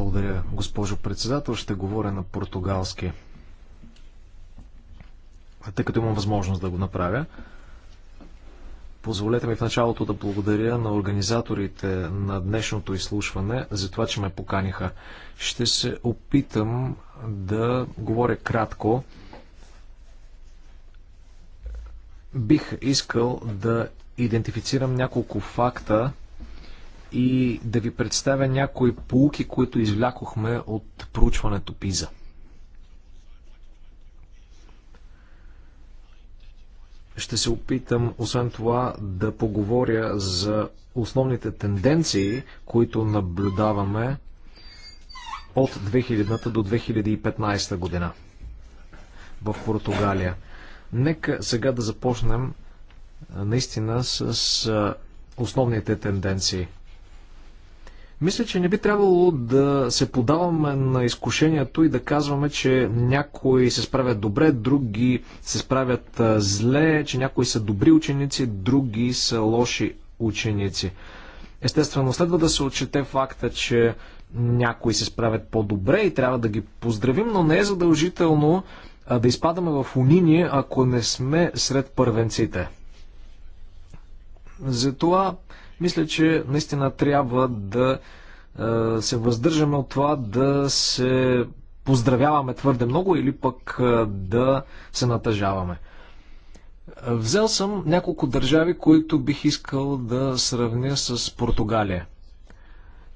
Благодаря, госпожо председател. Ще говоря на португалски. Тъй като имам възможност да го направя. Позволете ми в началото да благодаря на организаторите на днешното изслушване за това, че ме поканиха. Ще се опитам да говоря кратко. Бих искал да идентифицирам няколко факта, и да ви представя някои полуки, които извлякохме от проучването ПИЗА. Ще се опитам, освен това, да поговоря за основните тенденции, които наблюдаваме от 2000 до 2015 година в Португалия. Нека сега да започнем наистина с основните тенденции – мисля, че не би трябвало да се подаваме на изкушението и да казваме, че някои се справят добре, други се справят зле, че някои са добри ученици, други са лоши ученици. Естествено, следва да се отчете факта, че някои се справят по-добре и трябва да ги поздравим, но не е задължително да изпадаме в Унини, ако не сме сред първенците. Затова мисля, че наистина трябва да е, се въздържаме от това да се поздравяваме твърде много или пък е, да се натъжаваме. Взел съм няколко държави, които бих искал да сравня с Португалия.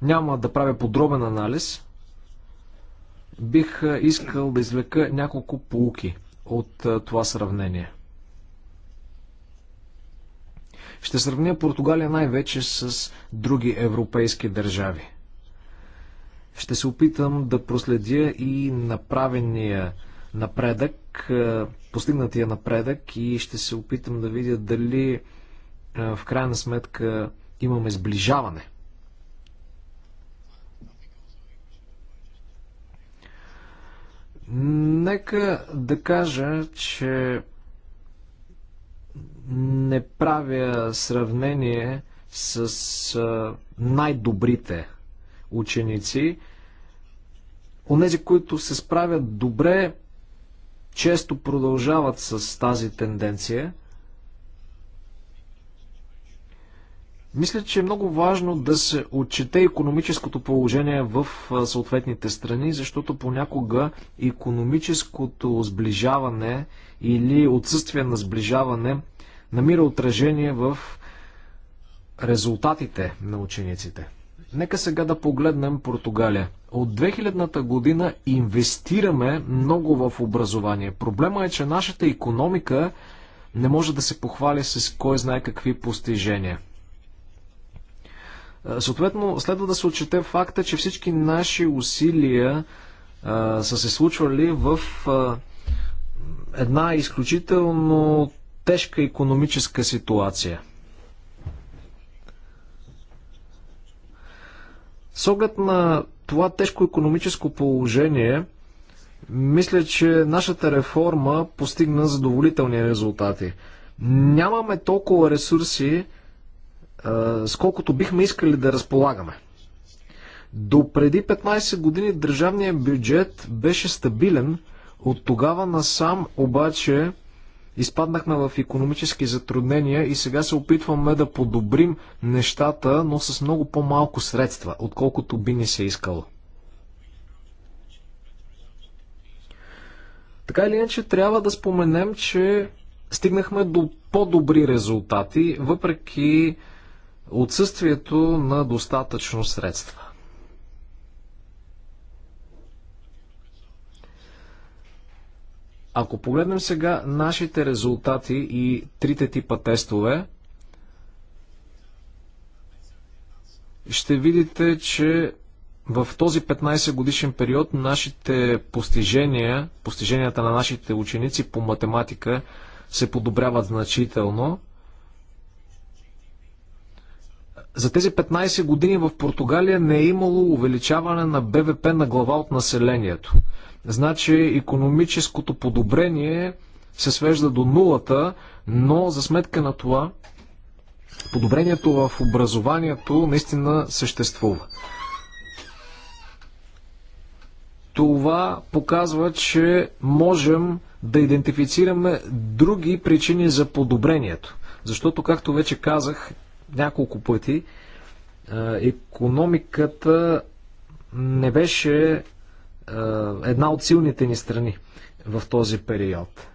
Няма да правя подробен анализ. Бих е, искал да извлека няколко полуки от това сравнение – ще сравня Португалия най-вече с други европейски държави. Ще се опитам да проследя и направения напредък, е, постигнатия напредък и ще се опитам да видя дали е, в крайна сметка имаме сближаване. Нека да кажа, че не правя сравнение с най-добрите ученици. Онези, които се справят добре, често продължават с тази тенденция. Мисля, че е много важно да се отчете економическото положение в съответните страни, защото понякога економическото сближаване или отсъствие на сближаване намира отражение в резултатите на учениците. Нека сега да погледнем Португалия. От 2000-та година инвестираме много в образование. Проблема е, че нашата економика не може да се похвали с кой знае какви постижения. Е, съответно, следва да се отчете факта, че всички наши усилия а, е, са се случвали в а, е, една изключително тежка економическа ситуация. С оглед на това тежко економическо положение, мисля, че нашата реформа постигна задоволителни резултати. Нямаме толкова ресурси, сколкото бихме искали да разполагаме. До преди 15 години държавният бюджет беше стабилен, от тогава насам обаче Изпаднахме в економически затруднения и сега се опитваме да подобрим нещата, но с много по-малко средства, отколкото би ни се искало. Така или иначе, трябва да споменем, че стигнахме до по-добри резултати, въпреки отсъствието на достатъчно средства. Ако погледнем сега нашите резултати и трите типа тестове, ще видите, че в този 15 годишен период нашите постижения, постиженията на нашите ученици по математика се подобряват значително – за тези 15 години в Португалия не е имало увеличаване на БВП на глава от населението. Значи економическото подобрение се свежда до нулата, но за сметка на това подобрението в образованието наистина съществува. Това показва, че можем да идентифицираме други причини за подобрението. Защото, както вече казах, няколко пъти, економиката не беше една от силните ни страни в този период.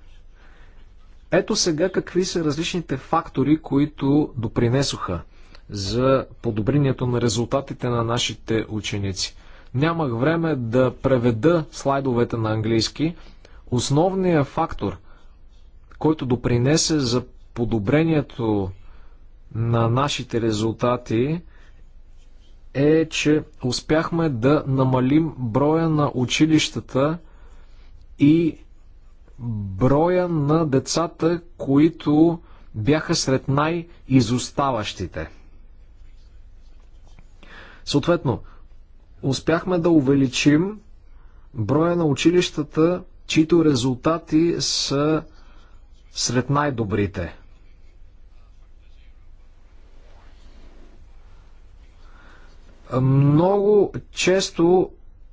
Ето сега какви са различните фактори, които допринесоха за подобрението на резултатите на нашите ученици. Нямах време да преведа слайдовете на английски. Основният фактор, който допринесе за подобрението на нашите резултати е, че успяхме да намалим броя на училищата и броя на децата, които бяха сред най-изоставащите. Съответно, успяхме да увеличим броя на училищата, чието резултати са сред най-добрите. Много често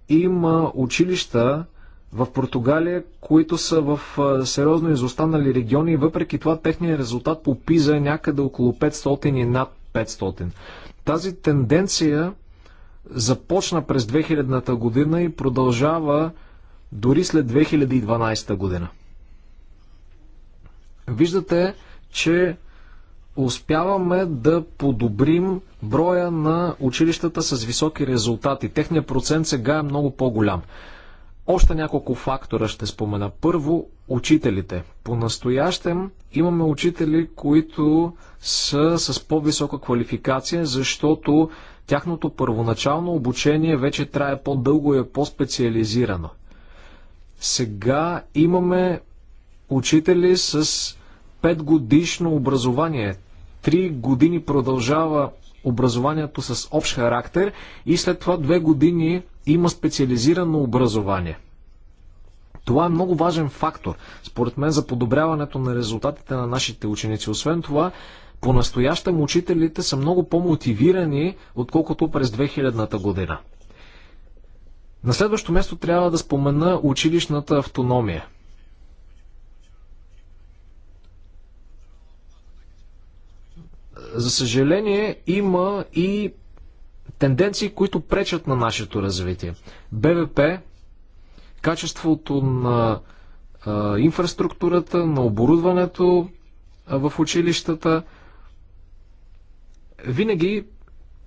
има училища в Португалия, които са в сериозно изостанали региони и въпреки това техният резултат по ПИЗа е някъде около 500 и над 500. Тази тенденция започна през 2000-та година и продължава дори след 2012 година. Виждате, че успяваме да подобрим броя на училищата с високи резултати. Техният процент сега е много по-голям. Още няколко фактора ще спомена. Първо, учителите. По-настоящем имаме учители, които са с по-висока квалификация, защото тяхното първоначално обучение вече трае по-дълго и е по-специализирано. Сега имаме учители с 5 годишно образование. Три години продължава образованието с общ характер и след това две години има специализирано образование. Това е много важен фактор, според мен, за подобряването на резултатите на нашите ученици. Освен това, по-настоящем учителите са много по-мотивирани, отколкото през 2000-та година. На следващо място трябва да спомена училищната автономия – За съжаление, има и тенденции, които пречат на нашето развитие. БВП, качеството на а, инфраструктурата, на оборудването а, в училищата, винаги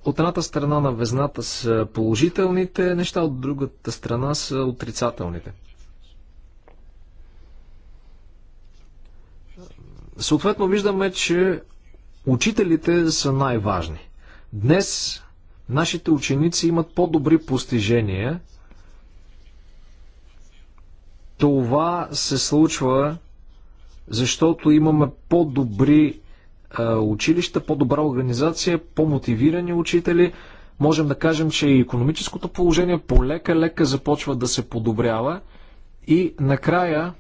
от едната страна на везната са положителните неща, от другата страна са отрицателните. Съответно виждаме, че Учителите са най-важни. Днес нашите ученици имат по-добри постижения. Това се случва, защото имаме по-добри училища, по-добра организация, по-мотивирани учители. Можем да кажем, че и економическото положение полека-лека започва да се подобрява. И накрая,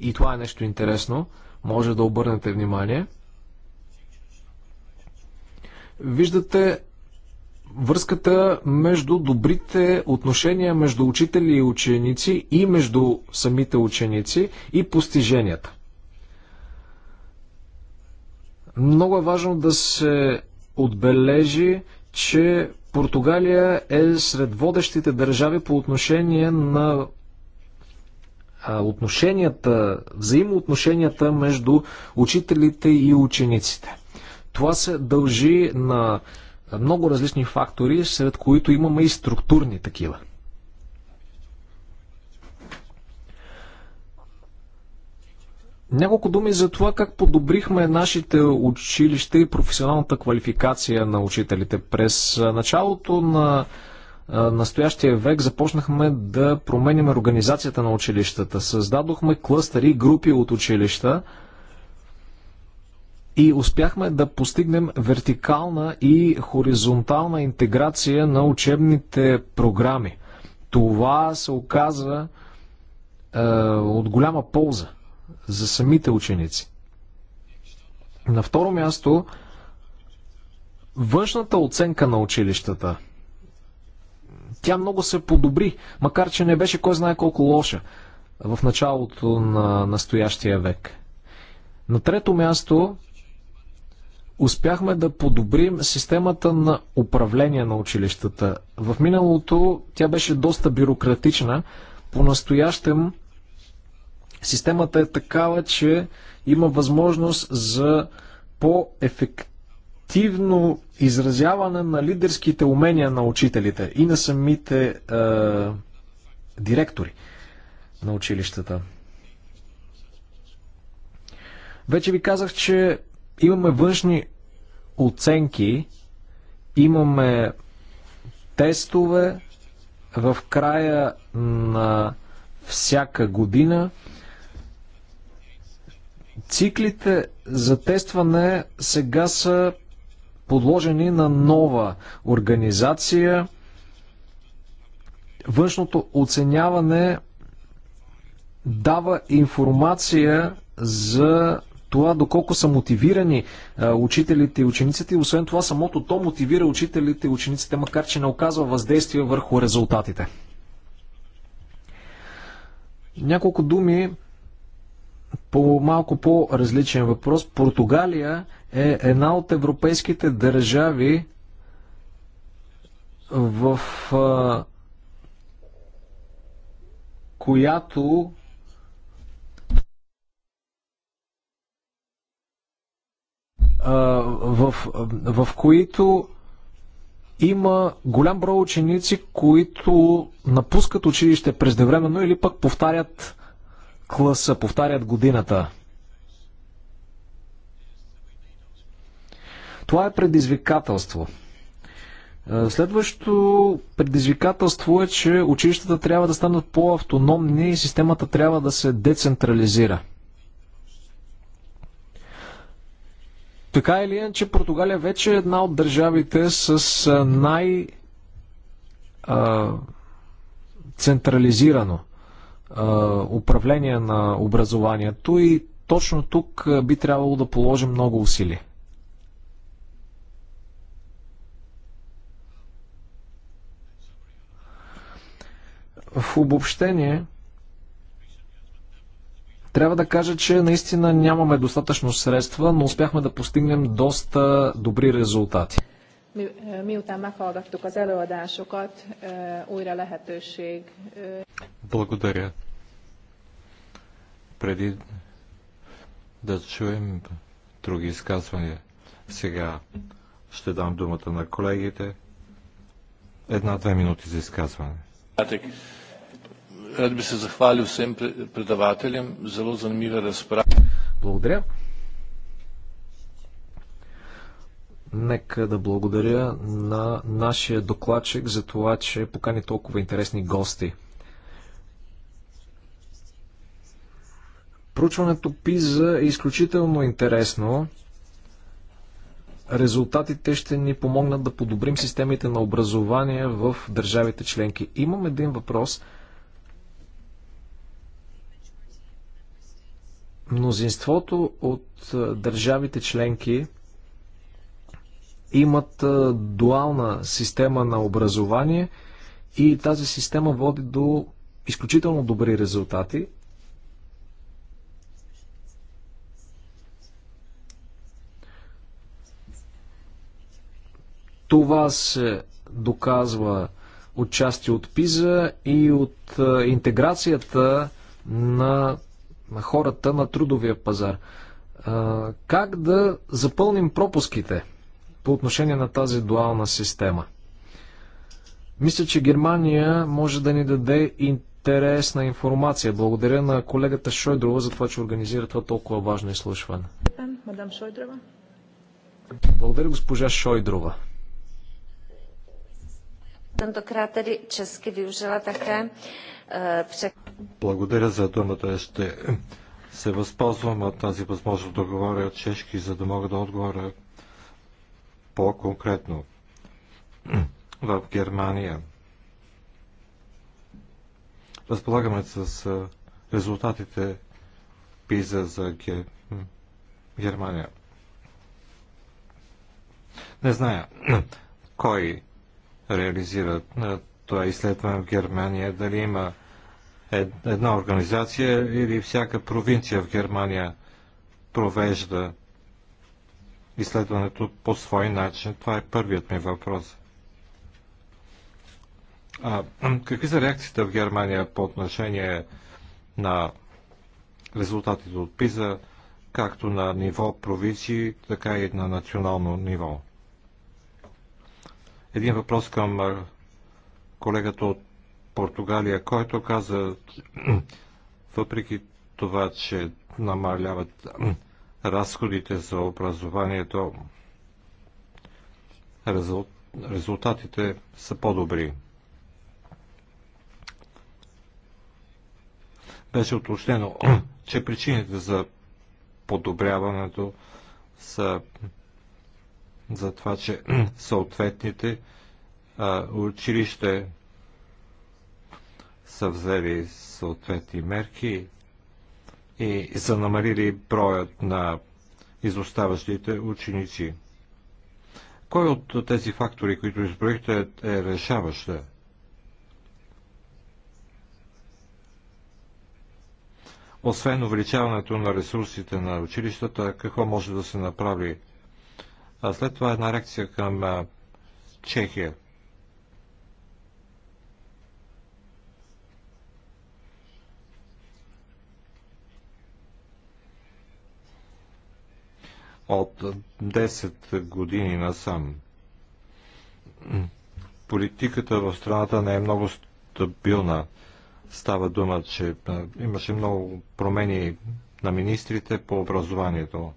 и това е нещо интересно, може да обърнете внимание – Виждате връзката между добрите отношения между учители и ученици и между самите ученици и постиженията. Много е важно да се отбележи, че Португалия е сред водещите държави по отношение на отношенията, взаимоотношенията между учителите и учениците. Това се дължи на много различни фактори, сред които имаме и структурни такива. Няколко думи за това как подобрихме нашите училища и професионалната квалификация на учителите. През началото на настоящия век започнахме да променим организацията на училищата. Създадохме клъстери, групи от училища, и успяхме да постигнем вертикална и хоризонтална интеграция на учебните програми. Това се оказа е, от голяма полза за самите ученици. На второ място, външната оценка на училищата. Тя много се подобри, макар че не беше кой знае колко лоша в началото на настоящия век. На трето място, успяхме да подобрим системата на управление на училищата. В миналото тя беше доста бюрократична. По-настоящем системата е такава, че има възможност за по-ефективно изразяване на лидерските умения на учителите и на самите е, директори на училищата. Вече ви казах, че Имаме външни оценки, имаме тестове в края на всяка година. Циклите за тестване сега са подложени на нова организация. Външното оценяване дава информация за това доколко са мотивирани а, учителите и учениците и освен това самото то мотивира учителите и учениците, макар че не оказва въздействие върху резултатите. Няколко думи по малко по-различен въпрос. Португалия е една от европейските държави в а, която в, в които има голям брой ученици, които напускат училище преждевременно или пък повтарят класа, повтарят годината. Това е предизвикателство. Следващото предизвикателство е, че училищата трябва да станат по-автономни и системата трябва да се децентрализира – Така или иначе, Португалия вече е една от държавите с най- централизирано управление на образованието и точно тук би трябвало да положим много усилия. В обобщение трябва да кажа, че наистина нямаме достатъчно средства, но успяхме да постигнем доста добри резултати. Е, е, е. Благодаря. Преди да чуем други изказвания, сега ще дам думата на колегите. Една-две минути за изказване. Рад би се захвалил всем предавателям. Зало занимива разправа. Благодаря. Нека да благодаря на нашия докладчик за това, че покани толкова интересни гости. Проучването ПИЗА е изключително интересно. Резултатите ще ни помогнат да подобрим системите на образование в държавите членки. Имам един въпрос – Мнозинството от държавите членки имат дуална система на образование и тази система води до изключително добри резултати. Това се доказва отчасти от ПИЗа и от интеграцията на на хората на трудовия пазар. Как да запълним пропуските по отношение на тази дуална система? Мисля, че Германия може да ни даде интересна информация. Благодаря на колегата Шойдрова за това, че организира това толкова важно изслушване. Мадам Шойдрова. Благодаря, госпожа Шойдрова. Tentokrát tedy česky využila také благодаря за думата. Ще се възползвам от тази възможност да говоря от чешки, за да мога да отговоря по-конкретно. В Германия разполагаме с резултатите ПИЗА за Германия. Не зная кой реализира това изследване в Германия, дали има една организация или всяка провинция в Германия провежда изследването по свой начин. Това е първият ми въпрос. А, какви са реакциите в Германия по отношение на резултатите от ПИЗа, както на ниво провинции, така и на национално ниво? Един въпрос към колегата от Португалия, който каза, въпреки това, че намаляват разходите за образованието, резултатите са по-добри. Беше уточнено, че причините за подобряването са за това, че съответните училище са взели съответни мерки и са намалили броят на изоставащите ученици. Кой от тези фактори, които изброихте, е решаваща? Освен увеличаването на ресурсите на училищата, какво може да се направи? А след това една реакция към Чехия. от 10 години насам. Политиката в страната не е много стабилна. Става дума, че имаше много промени на министрите по образованието.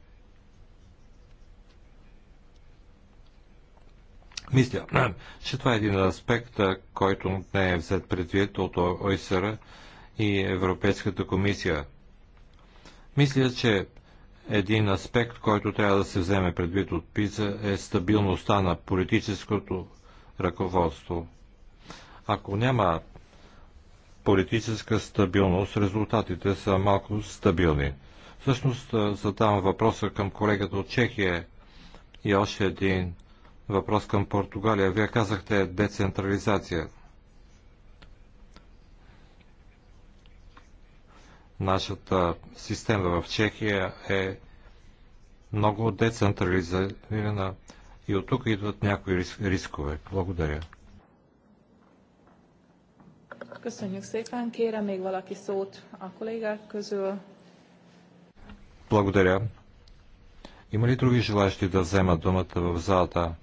Мисля, че това е един аспект, който не е взет предвид от ОИСР и Европейската комисия. Мисля, че един аспект, който трябва да се вземе предвид от ПИЗА е стабилността на политическото ръководство. Ако няма политическа стабилност, резултатите са малко стабилни. Всъщност задавам въпроса към колегата от Чехия и още един въпрос към Португалия. Вие казахте децентрализация. Нашата система в Чехия е много децентрализирана и от тук идват някои рискове. Благодаря. Благодаря. Има ли други желащи да вземат думата в залата?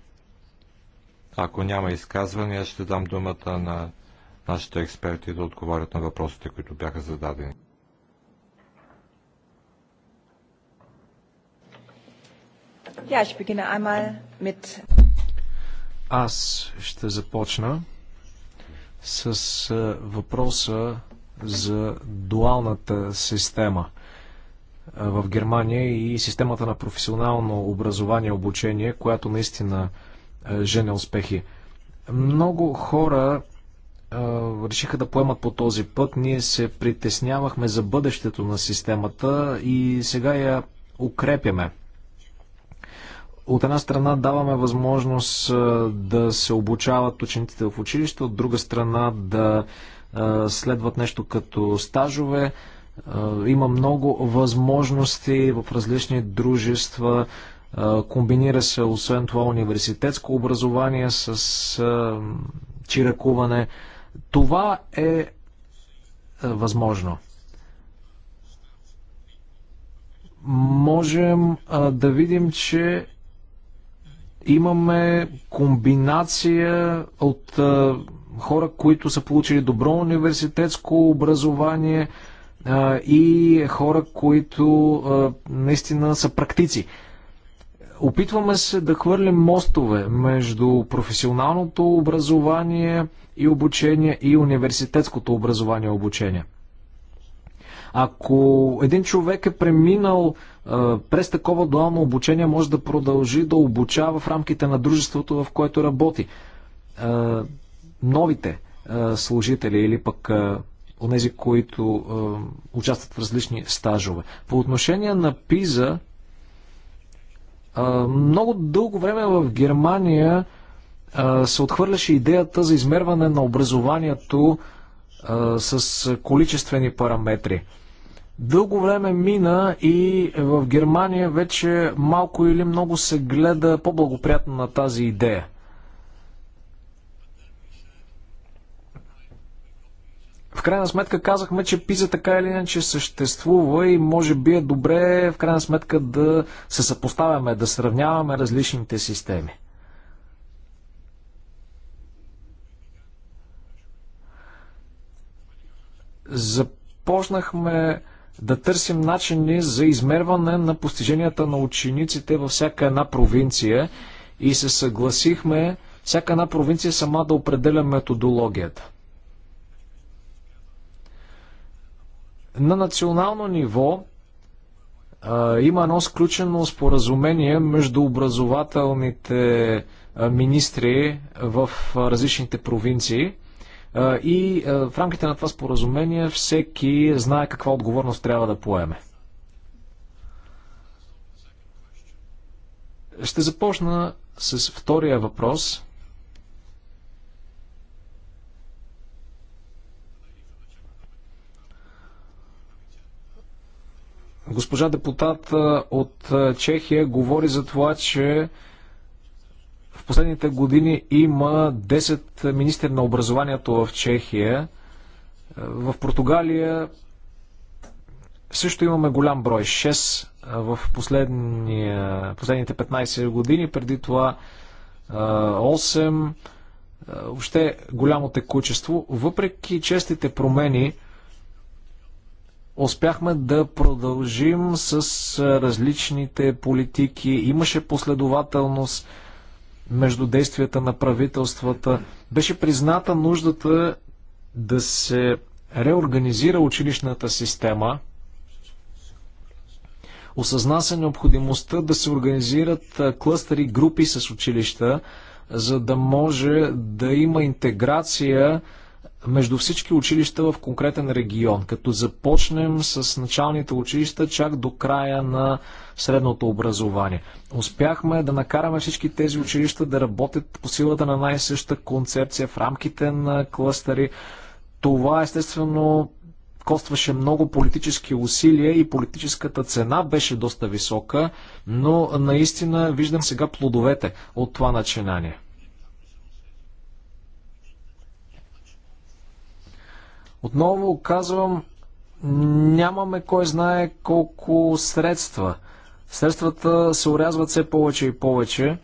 Ако няма изказвания, ще дам думата на нашите експерти да отговорят на въпросите, които бяха зададени. Аз ще започна с въпроса за дуалната система в Германия и системата на професионално образование и обучение, която наистина жене успехи. Много хора решиха да поемат по този път. Ние се притеснявахме за бъдещето на системата и сега я укрепяме. От една страна даваме възможност да се обучават учениците в училище, от друга страна да следват нещо като стажове. Има много възможности в различни дружества. Комбинира се освен това университетско образование с чиракуване. Това е възможно. Можем да видим, че Имаме комбинация от хора, които са получили добро университетско образование и хора, които наистина са практици. Опитваме се да хвърлим мостове между професионалното образование и обучение и университетското образование и обучение. Ако един човек е преминал през такова дуално обучение може да продължи да обучава в рамките на дружеството, в което работи. Новите служители или пък онези, които участват в различни стажове. По отношение на ПИЗа, много дълго време в Германия се отхвърляше идеята за измерване на образованието с количествени параметри. Дълго време мина и в Германия вече малко или много се гледа по-благоприятно на тази идея. В крайна сметка казахме, че пиза така или иначе съществува и може би е добре в крайна сметка да се съпоставяме, да сравняваме различните системи. Започнахме да търсим начини за измерване на постиженията на учениците във всяка една провинция и се съгласихме всяка една провинция сама да определя методологията. На национално ниво а, има едно сключено споразумение между образователните министри в различните провинции и в рамките на това споразумение всеки знае каква отговорност трябва да поеме. Ще започна с втория въпрос. Госпожа депутат от Чехия говори за това, че в последните години има 10 министър на образованието в Чехия. Е, в Португалия също имаме голям брой 6 е, в последните 15 години, преди това 8 е, още голямо текучество. Въпреки честите промени, успяхме да продължим с различните политики. Имаше последователност между действията на правителствата. Беше призната нуждата да се реорганизира училищната система. Осъзна се необходимостта да се организират клъстери групи с училища, за да може да има интеграция между всички училища в конкретен регион, като започнем с началните училища чак до края на средното образование. Успяхме да накараме всички тези училища да работят по силата на най-съща концепция в рамките на клъстери. Това естествено костваше много политически усилия и политическата цена беше доста висока, но наистина виждам сега плодовете от това начинание. Отново казвам, нямаме кой знае колко средства. Средствата се урязват все повече и повече.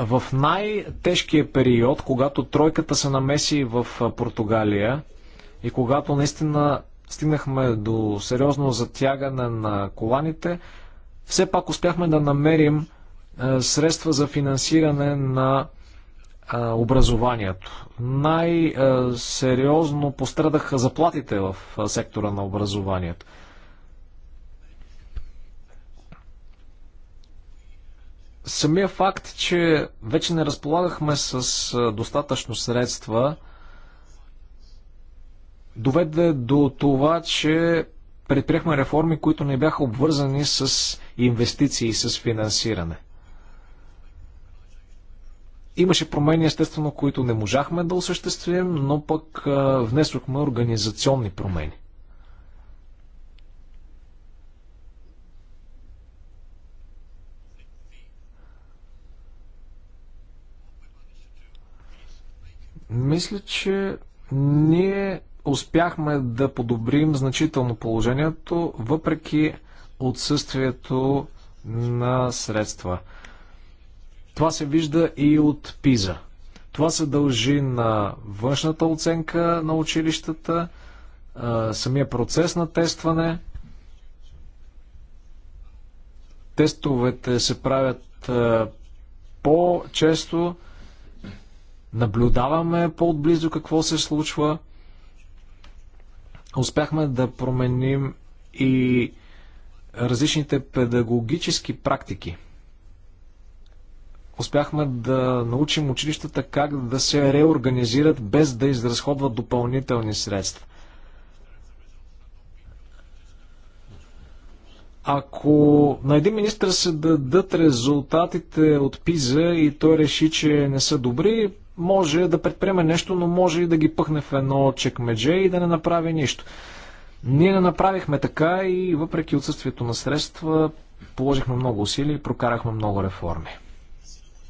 В най-тежкия период, когато тройката се намеси в Португалия и когато наистина стигнахме до сериозно затягане на коланите, все пак успяхме да намерим средства за финансиране на образованието. Най-сериозно пострадаха заплатите в сектора на образованието. Самия факт, че вече не разполагахме с достатъчно средства, доведе до това, че предприехме реформи, които не бяха обвързани с инвестиции и с финансиране. Имаше промени, естествено, които не можахме да осъществим, но пък внесохме организационни промени. Мисля, че ние успяхме да подобрим значително положението, въпреки отсъствието на средства. Това се вижда и от ПИЗа. Това се дължи на външната оценка на училищата, самия процес на тестване. Тестовете се правят по-често. Наблюдаваме по-отблизо какво се случва. Успяхме да променим и различните педагогически практики успяхме да научим училищата как да се реорганизират без да изразходват допълнителни средства. Ако на един министр се дадат резултатите от ПИЗа и той реши, че не са добри, може да предприеме нещо, но може и да ги пъхне в едно чекмедже и да не направи нищо. Ние не направихме така и въпреки отсъствието на средства, положихме много усилия и прокарахме много реформи.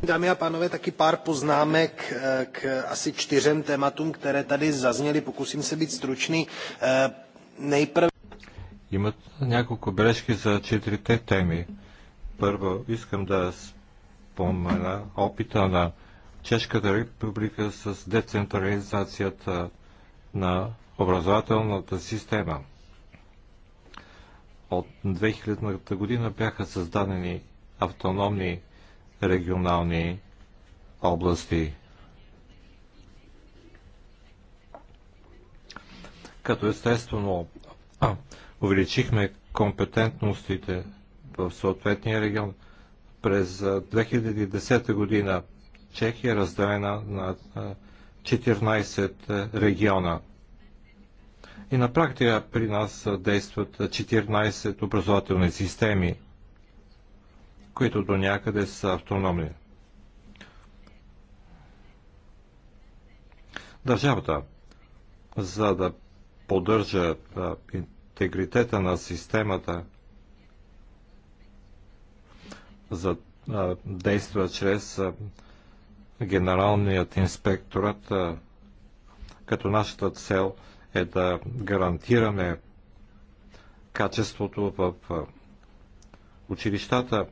Dámy a pánové, taky pár poznámek eh, k asi čtyřem tématům, které tady zazněly. Pokusím se být stručný. Eh, nejprve... Има няколко бележки за четирите теми. Първо, искам да спомена опита на Чешката република с децентрализацията на образователната система. От 2000 година бяха създадени автономни регионални области. Като естествено а, увеличихме компетентностите в съответния регион. През 2010 година Чехия е разделена на 14 региона. И на практика при нас действат 14 образователни системи – които до някъде са автономни. Държавата, за да поддържа интегритета на системата, за действа чрез генералният инспекторът, като нашата цел е да гарантираме качеството в училищата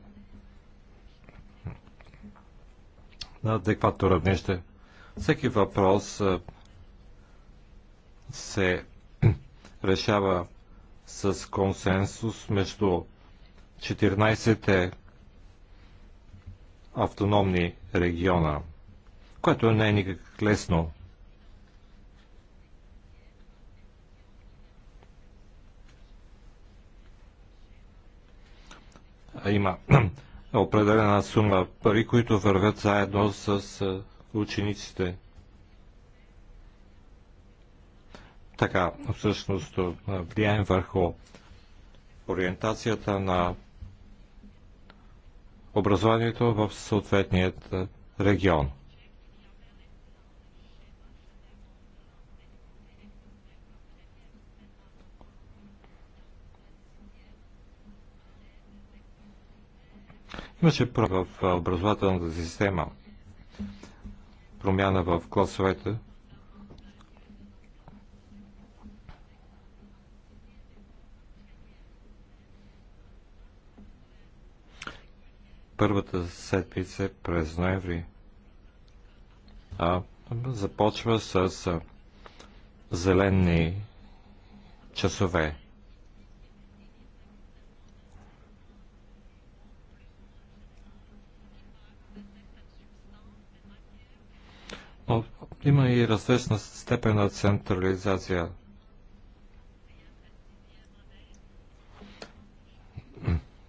на адекватно равнище. Всеки въпрос се решава с консенсус между 14-те автономни региона, което не е никак лесно. Има определена сума пари, които вървят заедно с учениците. Така, всъщност, влияем върху ориентацията на образованието в съответният регион. Имаше в образователната система промяна в класовете. Първата седмица през ноември а, започва с зелени часове. Има и различна степен на централизация.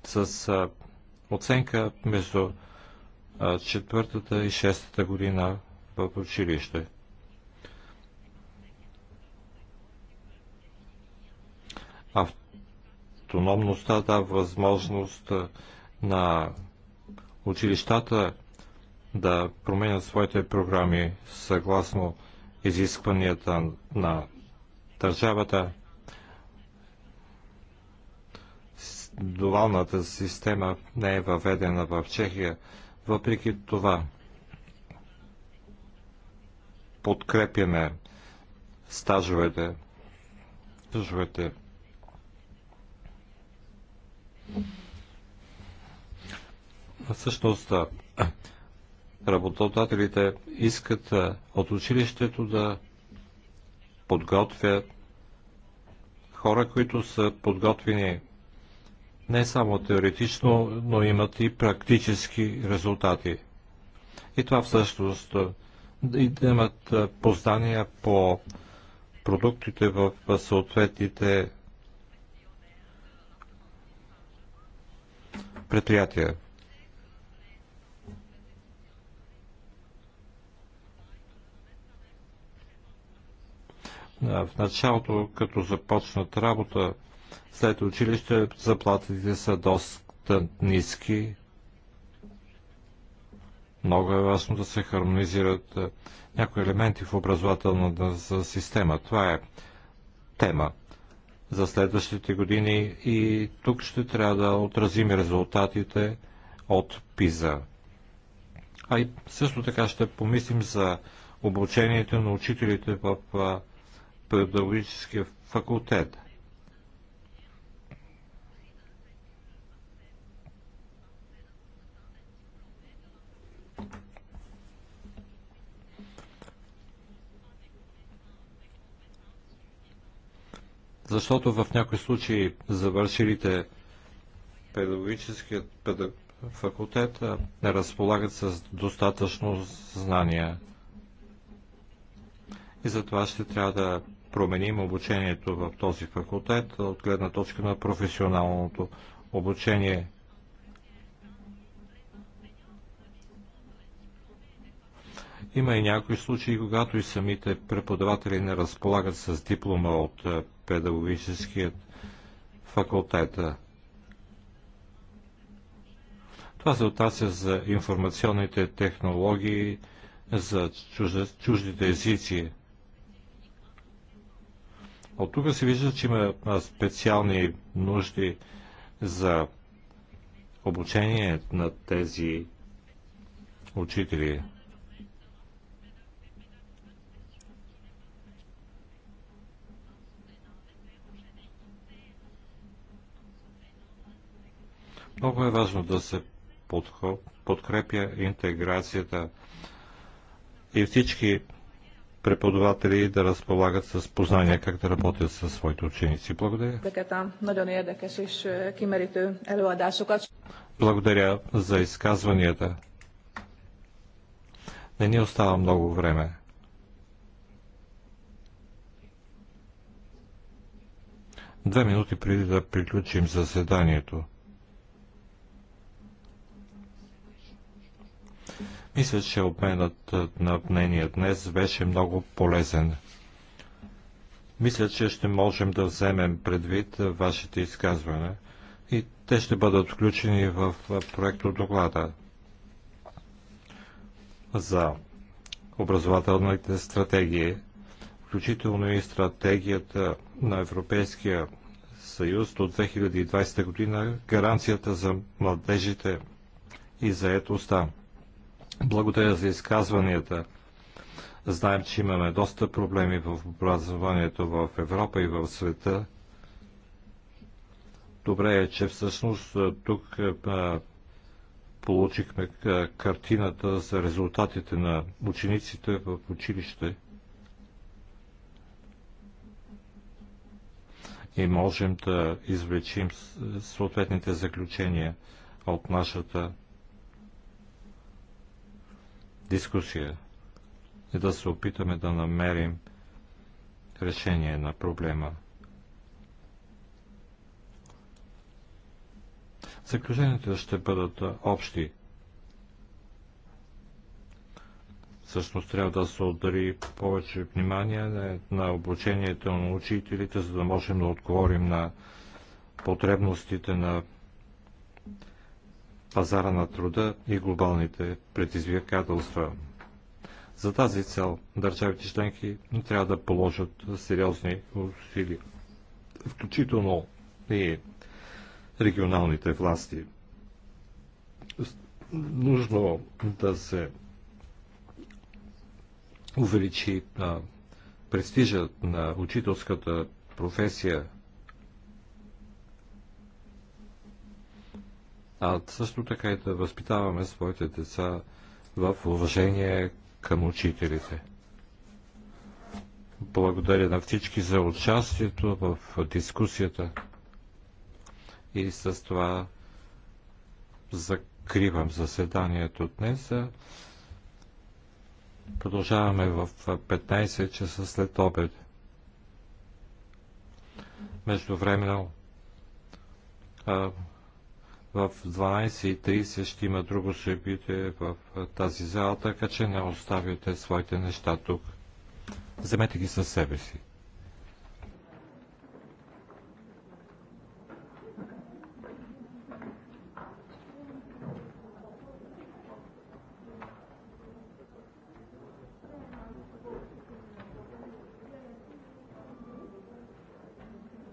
С оценка между четвъртата и шестата година в училище. Автономността дава възможност на училищата да променят своите програми съгласно изискванията на държавата. Дуалната система не е въведена в Чехия. Въпреки това, подкрепяме стажовете. стажовете. Всъщност, работодателите искат от училището да подготвя хора, които са подготвени не само теоретично, но имат и практически резултати. И това всъщност и да имат познания по продуктите в съответните предприятия. В началото, като започнат работа след училище, заплатите са доста ниски. Много е важно да се хармонизират някои елементи в образователната система. Това е тема за следващите години и тук ще трябва да отразим резултатите от ПИЗА. А и също така ще помислим за обучението на учителите в педагогическия факултет. Защото в някои случаи завършилите педагогическият педагог факултет не разполагат с достатъчно знания. И затова ще трябва да променим обучението в този факултет от гледна точка на професионалното обучение. Има и някои случаи, когато и самите преподаватели не разполагат с диплома от е, педагогическият факултет. Това се отнася за информационните технологии, за чуждите езици. От тук се вижда, че има специални нужди за обучение на тези учители. Много е важно да се подкрепя интеграцията и всички преподаватели да разполагат с познания как да работят със своите ученици. Благодаря. Е, Благодаря за изказванията. Не ни остава много време. Две минути преди да приключим заседанието. Мисля, че обменът на мнение днес беше много полезен. Мисля, че ще можем да вземем предвид вашите изказване и те ще бъдат включени в проекто доклада за образователните стратегии, включително и стратегията на Европейския съюз до 2020 година, гаранцията за младежите и заедостта. Благодаря за изказванията. Знаем, че имаме доста проблеми в образованието в Европа и в света. Добре е, че всъщност тук получихме картината за резултатите на учениците в училище. И можем да извлечим съответните заключения от нашата дискусия и е да се опитаме да намерим решение на проблема. Заключенията ще бъдат общи. Всъщност трябва да се отдари повече внимание на обучението на учителите, за да можем да отговорим на потребностите на пазара на труда и глобалните предизвикателства. За тази цел държавите членки трябва да положат сериозни усилия, включително и регионалните власти. Нужно да се увеличи а, престижа на учителската професия а също така и да възпитаваме своите деца в уважение към учителите. Благодаря на всички за участието в дискусията и с това закривам заседанието днес. Продължаваме в 15 часа след обед. Междувременно в 12.30 ще има друго събитие в тази зала, така че не оставяйте своите неща тук. Вземете ги със себе си.